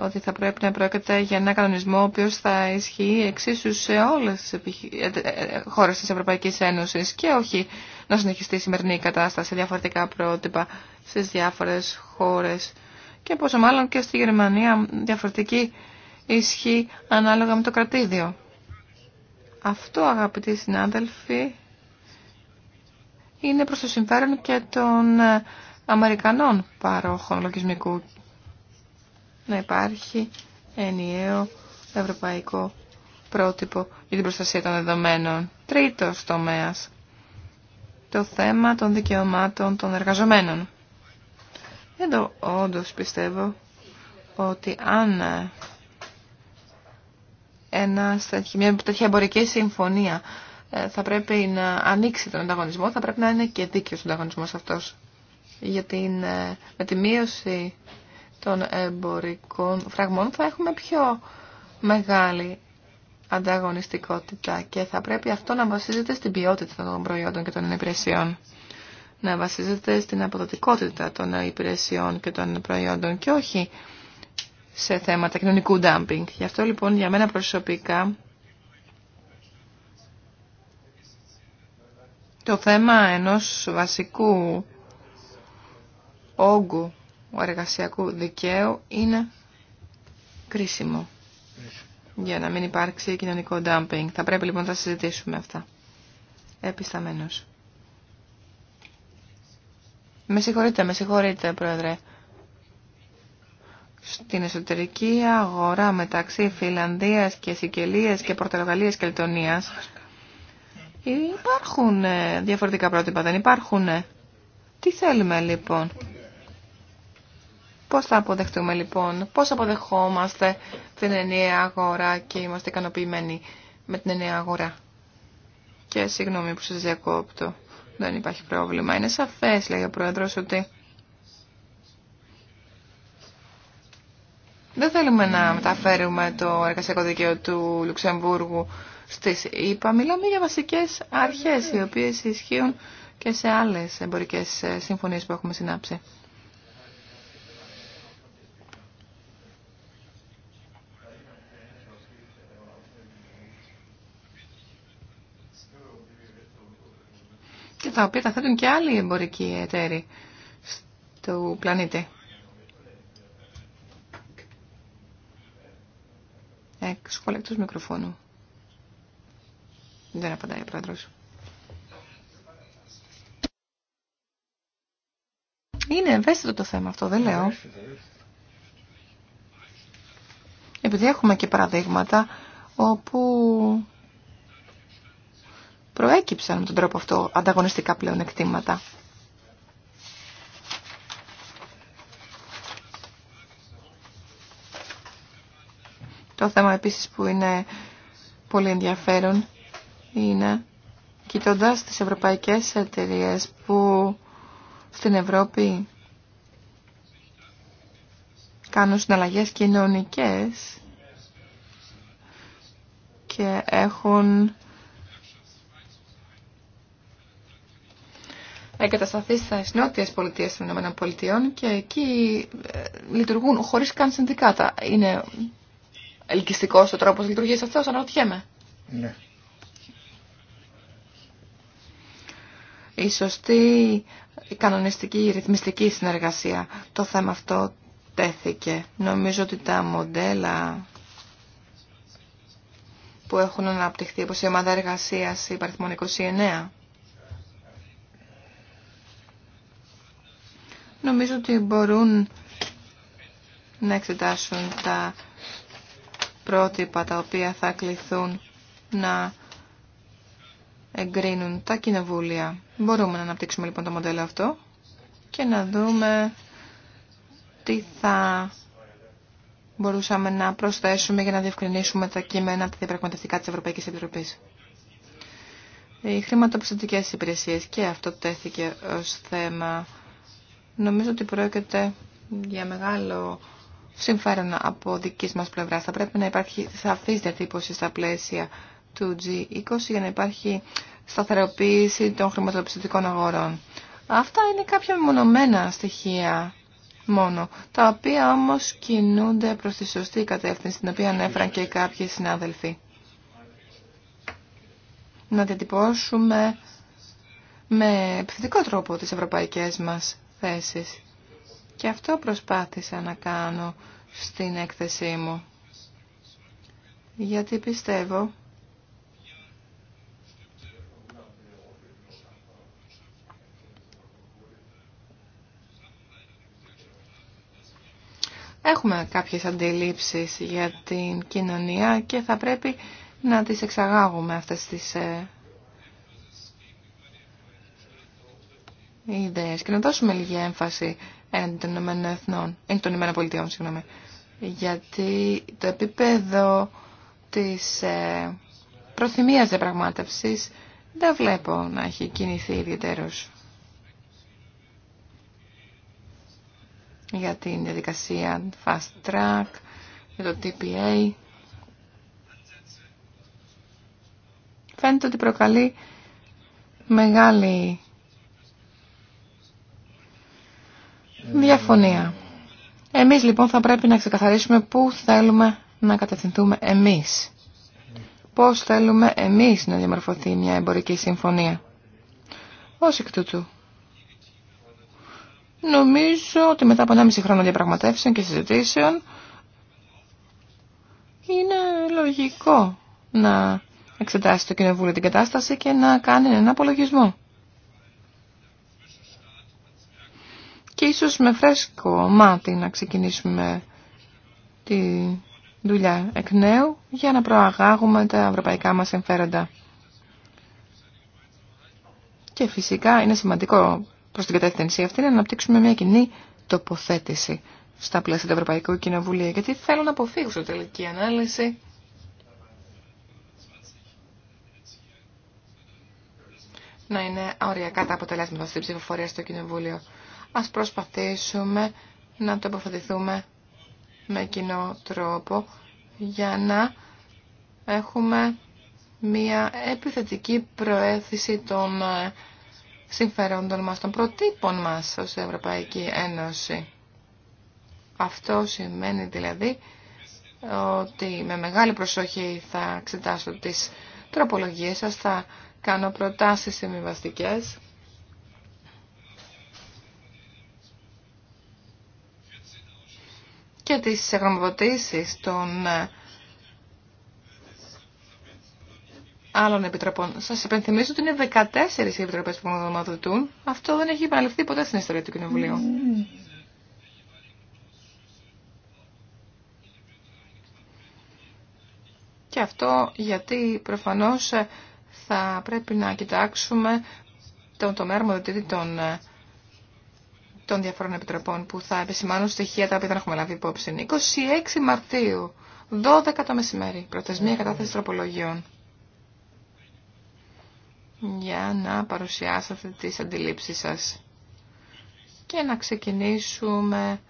ότι θα πρέπει να πρόκειται για ένα κανονισμό ο οποίος θα ισχύει εξίσου σε όλες τις ε, ε, ε, χώρες της Ευρωπαϊκής Ένωσης και όχι να συνεχιστεί η σημερινή κατάσταση διαφορετικά πρότυπα στις διάφορες χώρες και πόσο μάλλον και στη Γερμανία διαφορετική ισχύ ανάλογα με το κρατήδιο. Αυτό αγαπητοί συνάδελφοι είναι προς το συμφέρον και των Αμερικανών παρόχων λογισμικού να υπάρχει ενιαίο ευρωπαϊκό πρότυπο για την προστασία των δεδομένων. Τρίτος τομέας, το θέμα των δικαιωμάτων των εργαζομένων. Εδώ όντως πιστεύω ότι αν ένα, μια τέτοια εμπορική συμφωνία ε, θα πρέπει να ανοίξει τον ανταγωνισμό, θα πρέπει να είναι και δίκαιος ο ανταγωνισμός αυτός. Γιατί ε, με τη μείωση των εμπορικών φραγμών θα έχουμε πιο μεγάλη ανταγωνιστικότητα και θα πρέπει αυτό να βασίζεται στην ποιότητα των προϊόντων και των υπηρεσιών. Να βασίζεται στην αποδοτικότητα των υπηρεσιών και των προϊόντων και όχι σε θέματα κοινωνικού ντάμπινγκ. Γι' αυτό λοιπόν για μένα προσωπικά το θέμα ενός βασικού όγκου ο εργασιακού δικαίου είναι κρίσιμο για να μην υπάρξει κοινωνικό dumping. Θα πρέπει λοιπόν να συζητήσουμε αυτά. Επισταμένος. Με συγχωρείτε, με συγχωρείτε, Πρόεδρε. Στην εσωτερική αγορά μεταξύ Φιλανδίας και Σικελίας και Πορτογαλίας και Λιτωνίας υπάρχουν ε, διαφορετικά πρότυπα, δεν υπάρχουν. Ε. Τι θέλουμε λοιπόν. Πώς θα αποδεχτούμε λοιπόν, πώς αποδεχόμαστε την ενιαία αγορά και είμαστε ικανοποιημένοι με την ενιαία αγορά. Και συγγνώμη που σας διακόπτω, δεν υπάρχει πρόβλημα. Είναι σαφές λέει ο Πρόεδρος ότι δεν θέλουμε να μεταφέρουμε το εργασιακό δικαίωμα του Λουξεμβούργου στις ΗΠΑ. Μιλάμε για βασικές αρχές οι οποίες ισχύουν και σε άλλες εμπορικές ε, συμφωνίες που έχουμε συνάψει. τα οποία τα θέτουν και άλλοι εμπορικοί εταίροι του πλανήτη. Δεν απαντάει ο πρόεδρος. Είναι ευαίσθητο το θέμα αυτό, δεν λέω. Επειδή έχουμε και παραδείγματα όπου προέκυψαν με τον τρόπο αυτό ανταγωνιστικά πλέον εκτήματα. Το θέμα επίσης που είναι πολύ ενδιαφέρον είναι κοιτώντας τις ευρωπαϊκές εταιρείες... που στην Ευρώπη κάνουν συναλλαγές κοινωνικές και έχουν εγκατασταθεί στα νότιε πολιτείε των ΗΠΑ και εκεί ε, λειτουργούν χωρίς καν συνδικάτα. Είναι ελκυστικό ο τρόπο λειτουργίας αυτό αναρωτιέμαι. Ναι. Η σωστή η κανονιστική, η ρυθμιστική συνεργασία. Το θέμα αυτό τέθηκε. Νομίζω ότι τα μοντέλα που έχουν αναπτυχθεί, όπως η ομάδα εργασίας υπαριθμών 29, νομίζω ότι μπορούν να εξετάσουν τα πρότυπα τα οποία θα κληθούν να εγκρίνουν τα κοινοβούλια. Μπορούμε να αναπτύξουμε λοιπόν το μοντέλο αυτό και να δούμε τι θα μπορούσαμε να προσθέσουμε για να διευκρινίσουμε τα κείμενα τα διαπραγματευτικά της Ευρωπαϊκής Επιτροπής. Οι χρηματοπιστωτικές υπηρεσίες και αυτό τέθηκε ως θέμα Νομίζω ότι πρόκειται για μεγάλο συμφέρον από δική μας πλευρά. Θα πρέπει να υπάρχει σαφή διατύπωση στα πλαίσια του G20 για να υπάρχει σταθεροποίηση των χρηματοπιστωτικών αγορών. Αυτά είναι κάποια μεμονωμένα στοιχεία μόνο, τα οποία όμως κινούνται προς τη σωστή κατεύθυνση, την οποία ανέφεραν και κάποιοι συνάδελφοι. Να διατυπώσουμε με επιθετικό τρόπο τις ευρωπαϊκές μας θέσεις. Και αυτό προσπάθησα να κάνω στην έκθεσή μου. Γιατί πιστεύω Έχουμε κάποιες αντιλήψεις για την κοινωνία και θα πρέπει να τις εξαγάγουμε αυτές τις ε, ιδέε και να δώσουμε λίγη έμφαση εν των Ηνωμένων Εθνών, των Ηνωμένων Πολιτειών, Γιατί το επίπεδο της ε, προθυμίας δεν βλέπω να έχει κινηθεί ιδιαίτερω. για την διαδικασία fast track, για το TPA. Φαίνεται ότι προκαλεί μεγάλη διαφωνία. Εμείς λοιπόν θα πρέπει να ξεκαθαρίσουμε πού θέλουμε να κατευθυνθούμε εμείς. Πώς θέλουμε εμείς να διαμορφωθεί μια εμπορική συμφωνία. Ως εκ τούτου. Νομίζω ότι μετά από 1,5 χρόνο διαπραγματεύσεων και συζητήσεων είναι λογικό να εξετάσει το Κοινοβούλιο την κατάσταση και να κάνει έναν απολογισμό. και ίσως με φρέσκο μάτι να ξεκινήσουμε τη δουλειά εκ νέου για να προαγάγουμε τα ευρωπαϊκά μας εμφέροντα. Και φυσικά είναι σημαντικό προς την κατεύθυνση αυτή να αναπτύξουμε μια κοινή τοποθέτηση στα πλαίσια του Ευρωπαϊκού Κοινοβουλίου, γιατί θέλω να αποφύγω στο τελική ανάλυση να είναι οριακά τα αποτελέσματα στην ψηφοφορία στο Κοινοβούλιο. Ας προσπαθήσουμε να το αποφατηθούμε με κοινό τρόπο για να έχουμε μία επιθετική προέθηση των ε, συμφερόντων μας, των προτύπων μας ως Ευρωπαϊκή Ένωση. Αυτό σημαίνει δηλαδή ότι με μεγάλη προσοχή θα εξετάσω τις τροπολογίες σας, θα κάνω προτάσεις συμβιβαστικές και τις γνωμοδοτήσεις των ε, άλλων επιτροπών. Σας υπενθυμίζω ότι είναι 14 οι επιτροπές που γνωμοδοτούν. Αυτό δεν έχει επαναληφθεί ποτέ στην ιστορία του Κοινοβουλίου. Και αυτό γιατί προφανώς θα πρέπει να κοιτάξουμε τον τομέα αρμοδοτήτη των ε, των διαφορών επιτροπών που θα επισημάνουν στοιχεία τα οποία δεν έχουμε λάβει υπόψη. 26 Μαρτίου, 12 το μεσημέρι, προθεσμία ναι. κατάθεση τροπολογιών. Για να παρουσιάσετε τις αντιλήψεις σας και να ξεκινήσουμε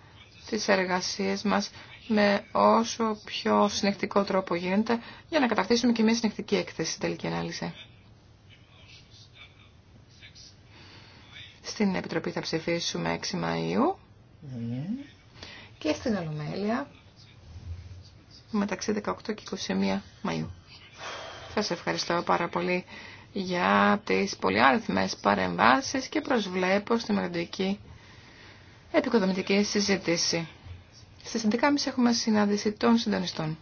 τις εργασίες μας με όσο πιο συνεκτικό τρόπο γίνεται για να καταρτήσουμε και μια συνεκτική έκθεση τελική ανάλυση. Στην Επιτροπή θα ψηφίσουμε 6 Μαΐου και στην Ολομέλεια μεταξύ 18 και 21 Μαΐου. Σας ευχαριστώ πάρα πολύ για τις πολυάριθμες παρεμβάσεις και προσβλέπω στη μελλοντική επικοδομητική συζήτηση. Στις 11.30 έχουμε συνάντηση των συντονιστών.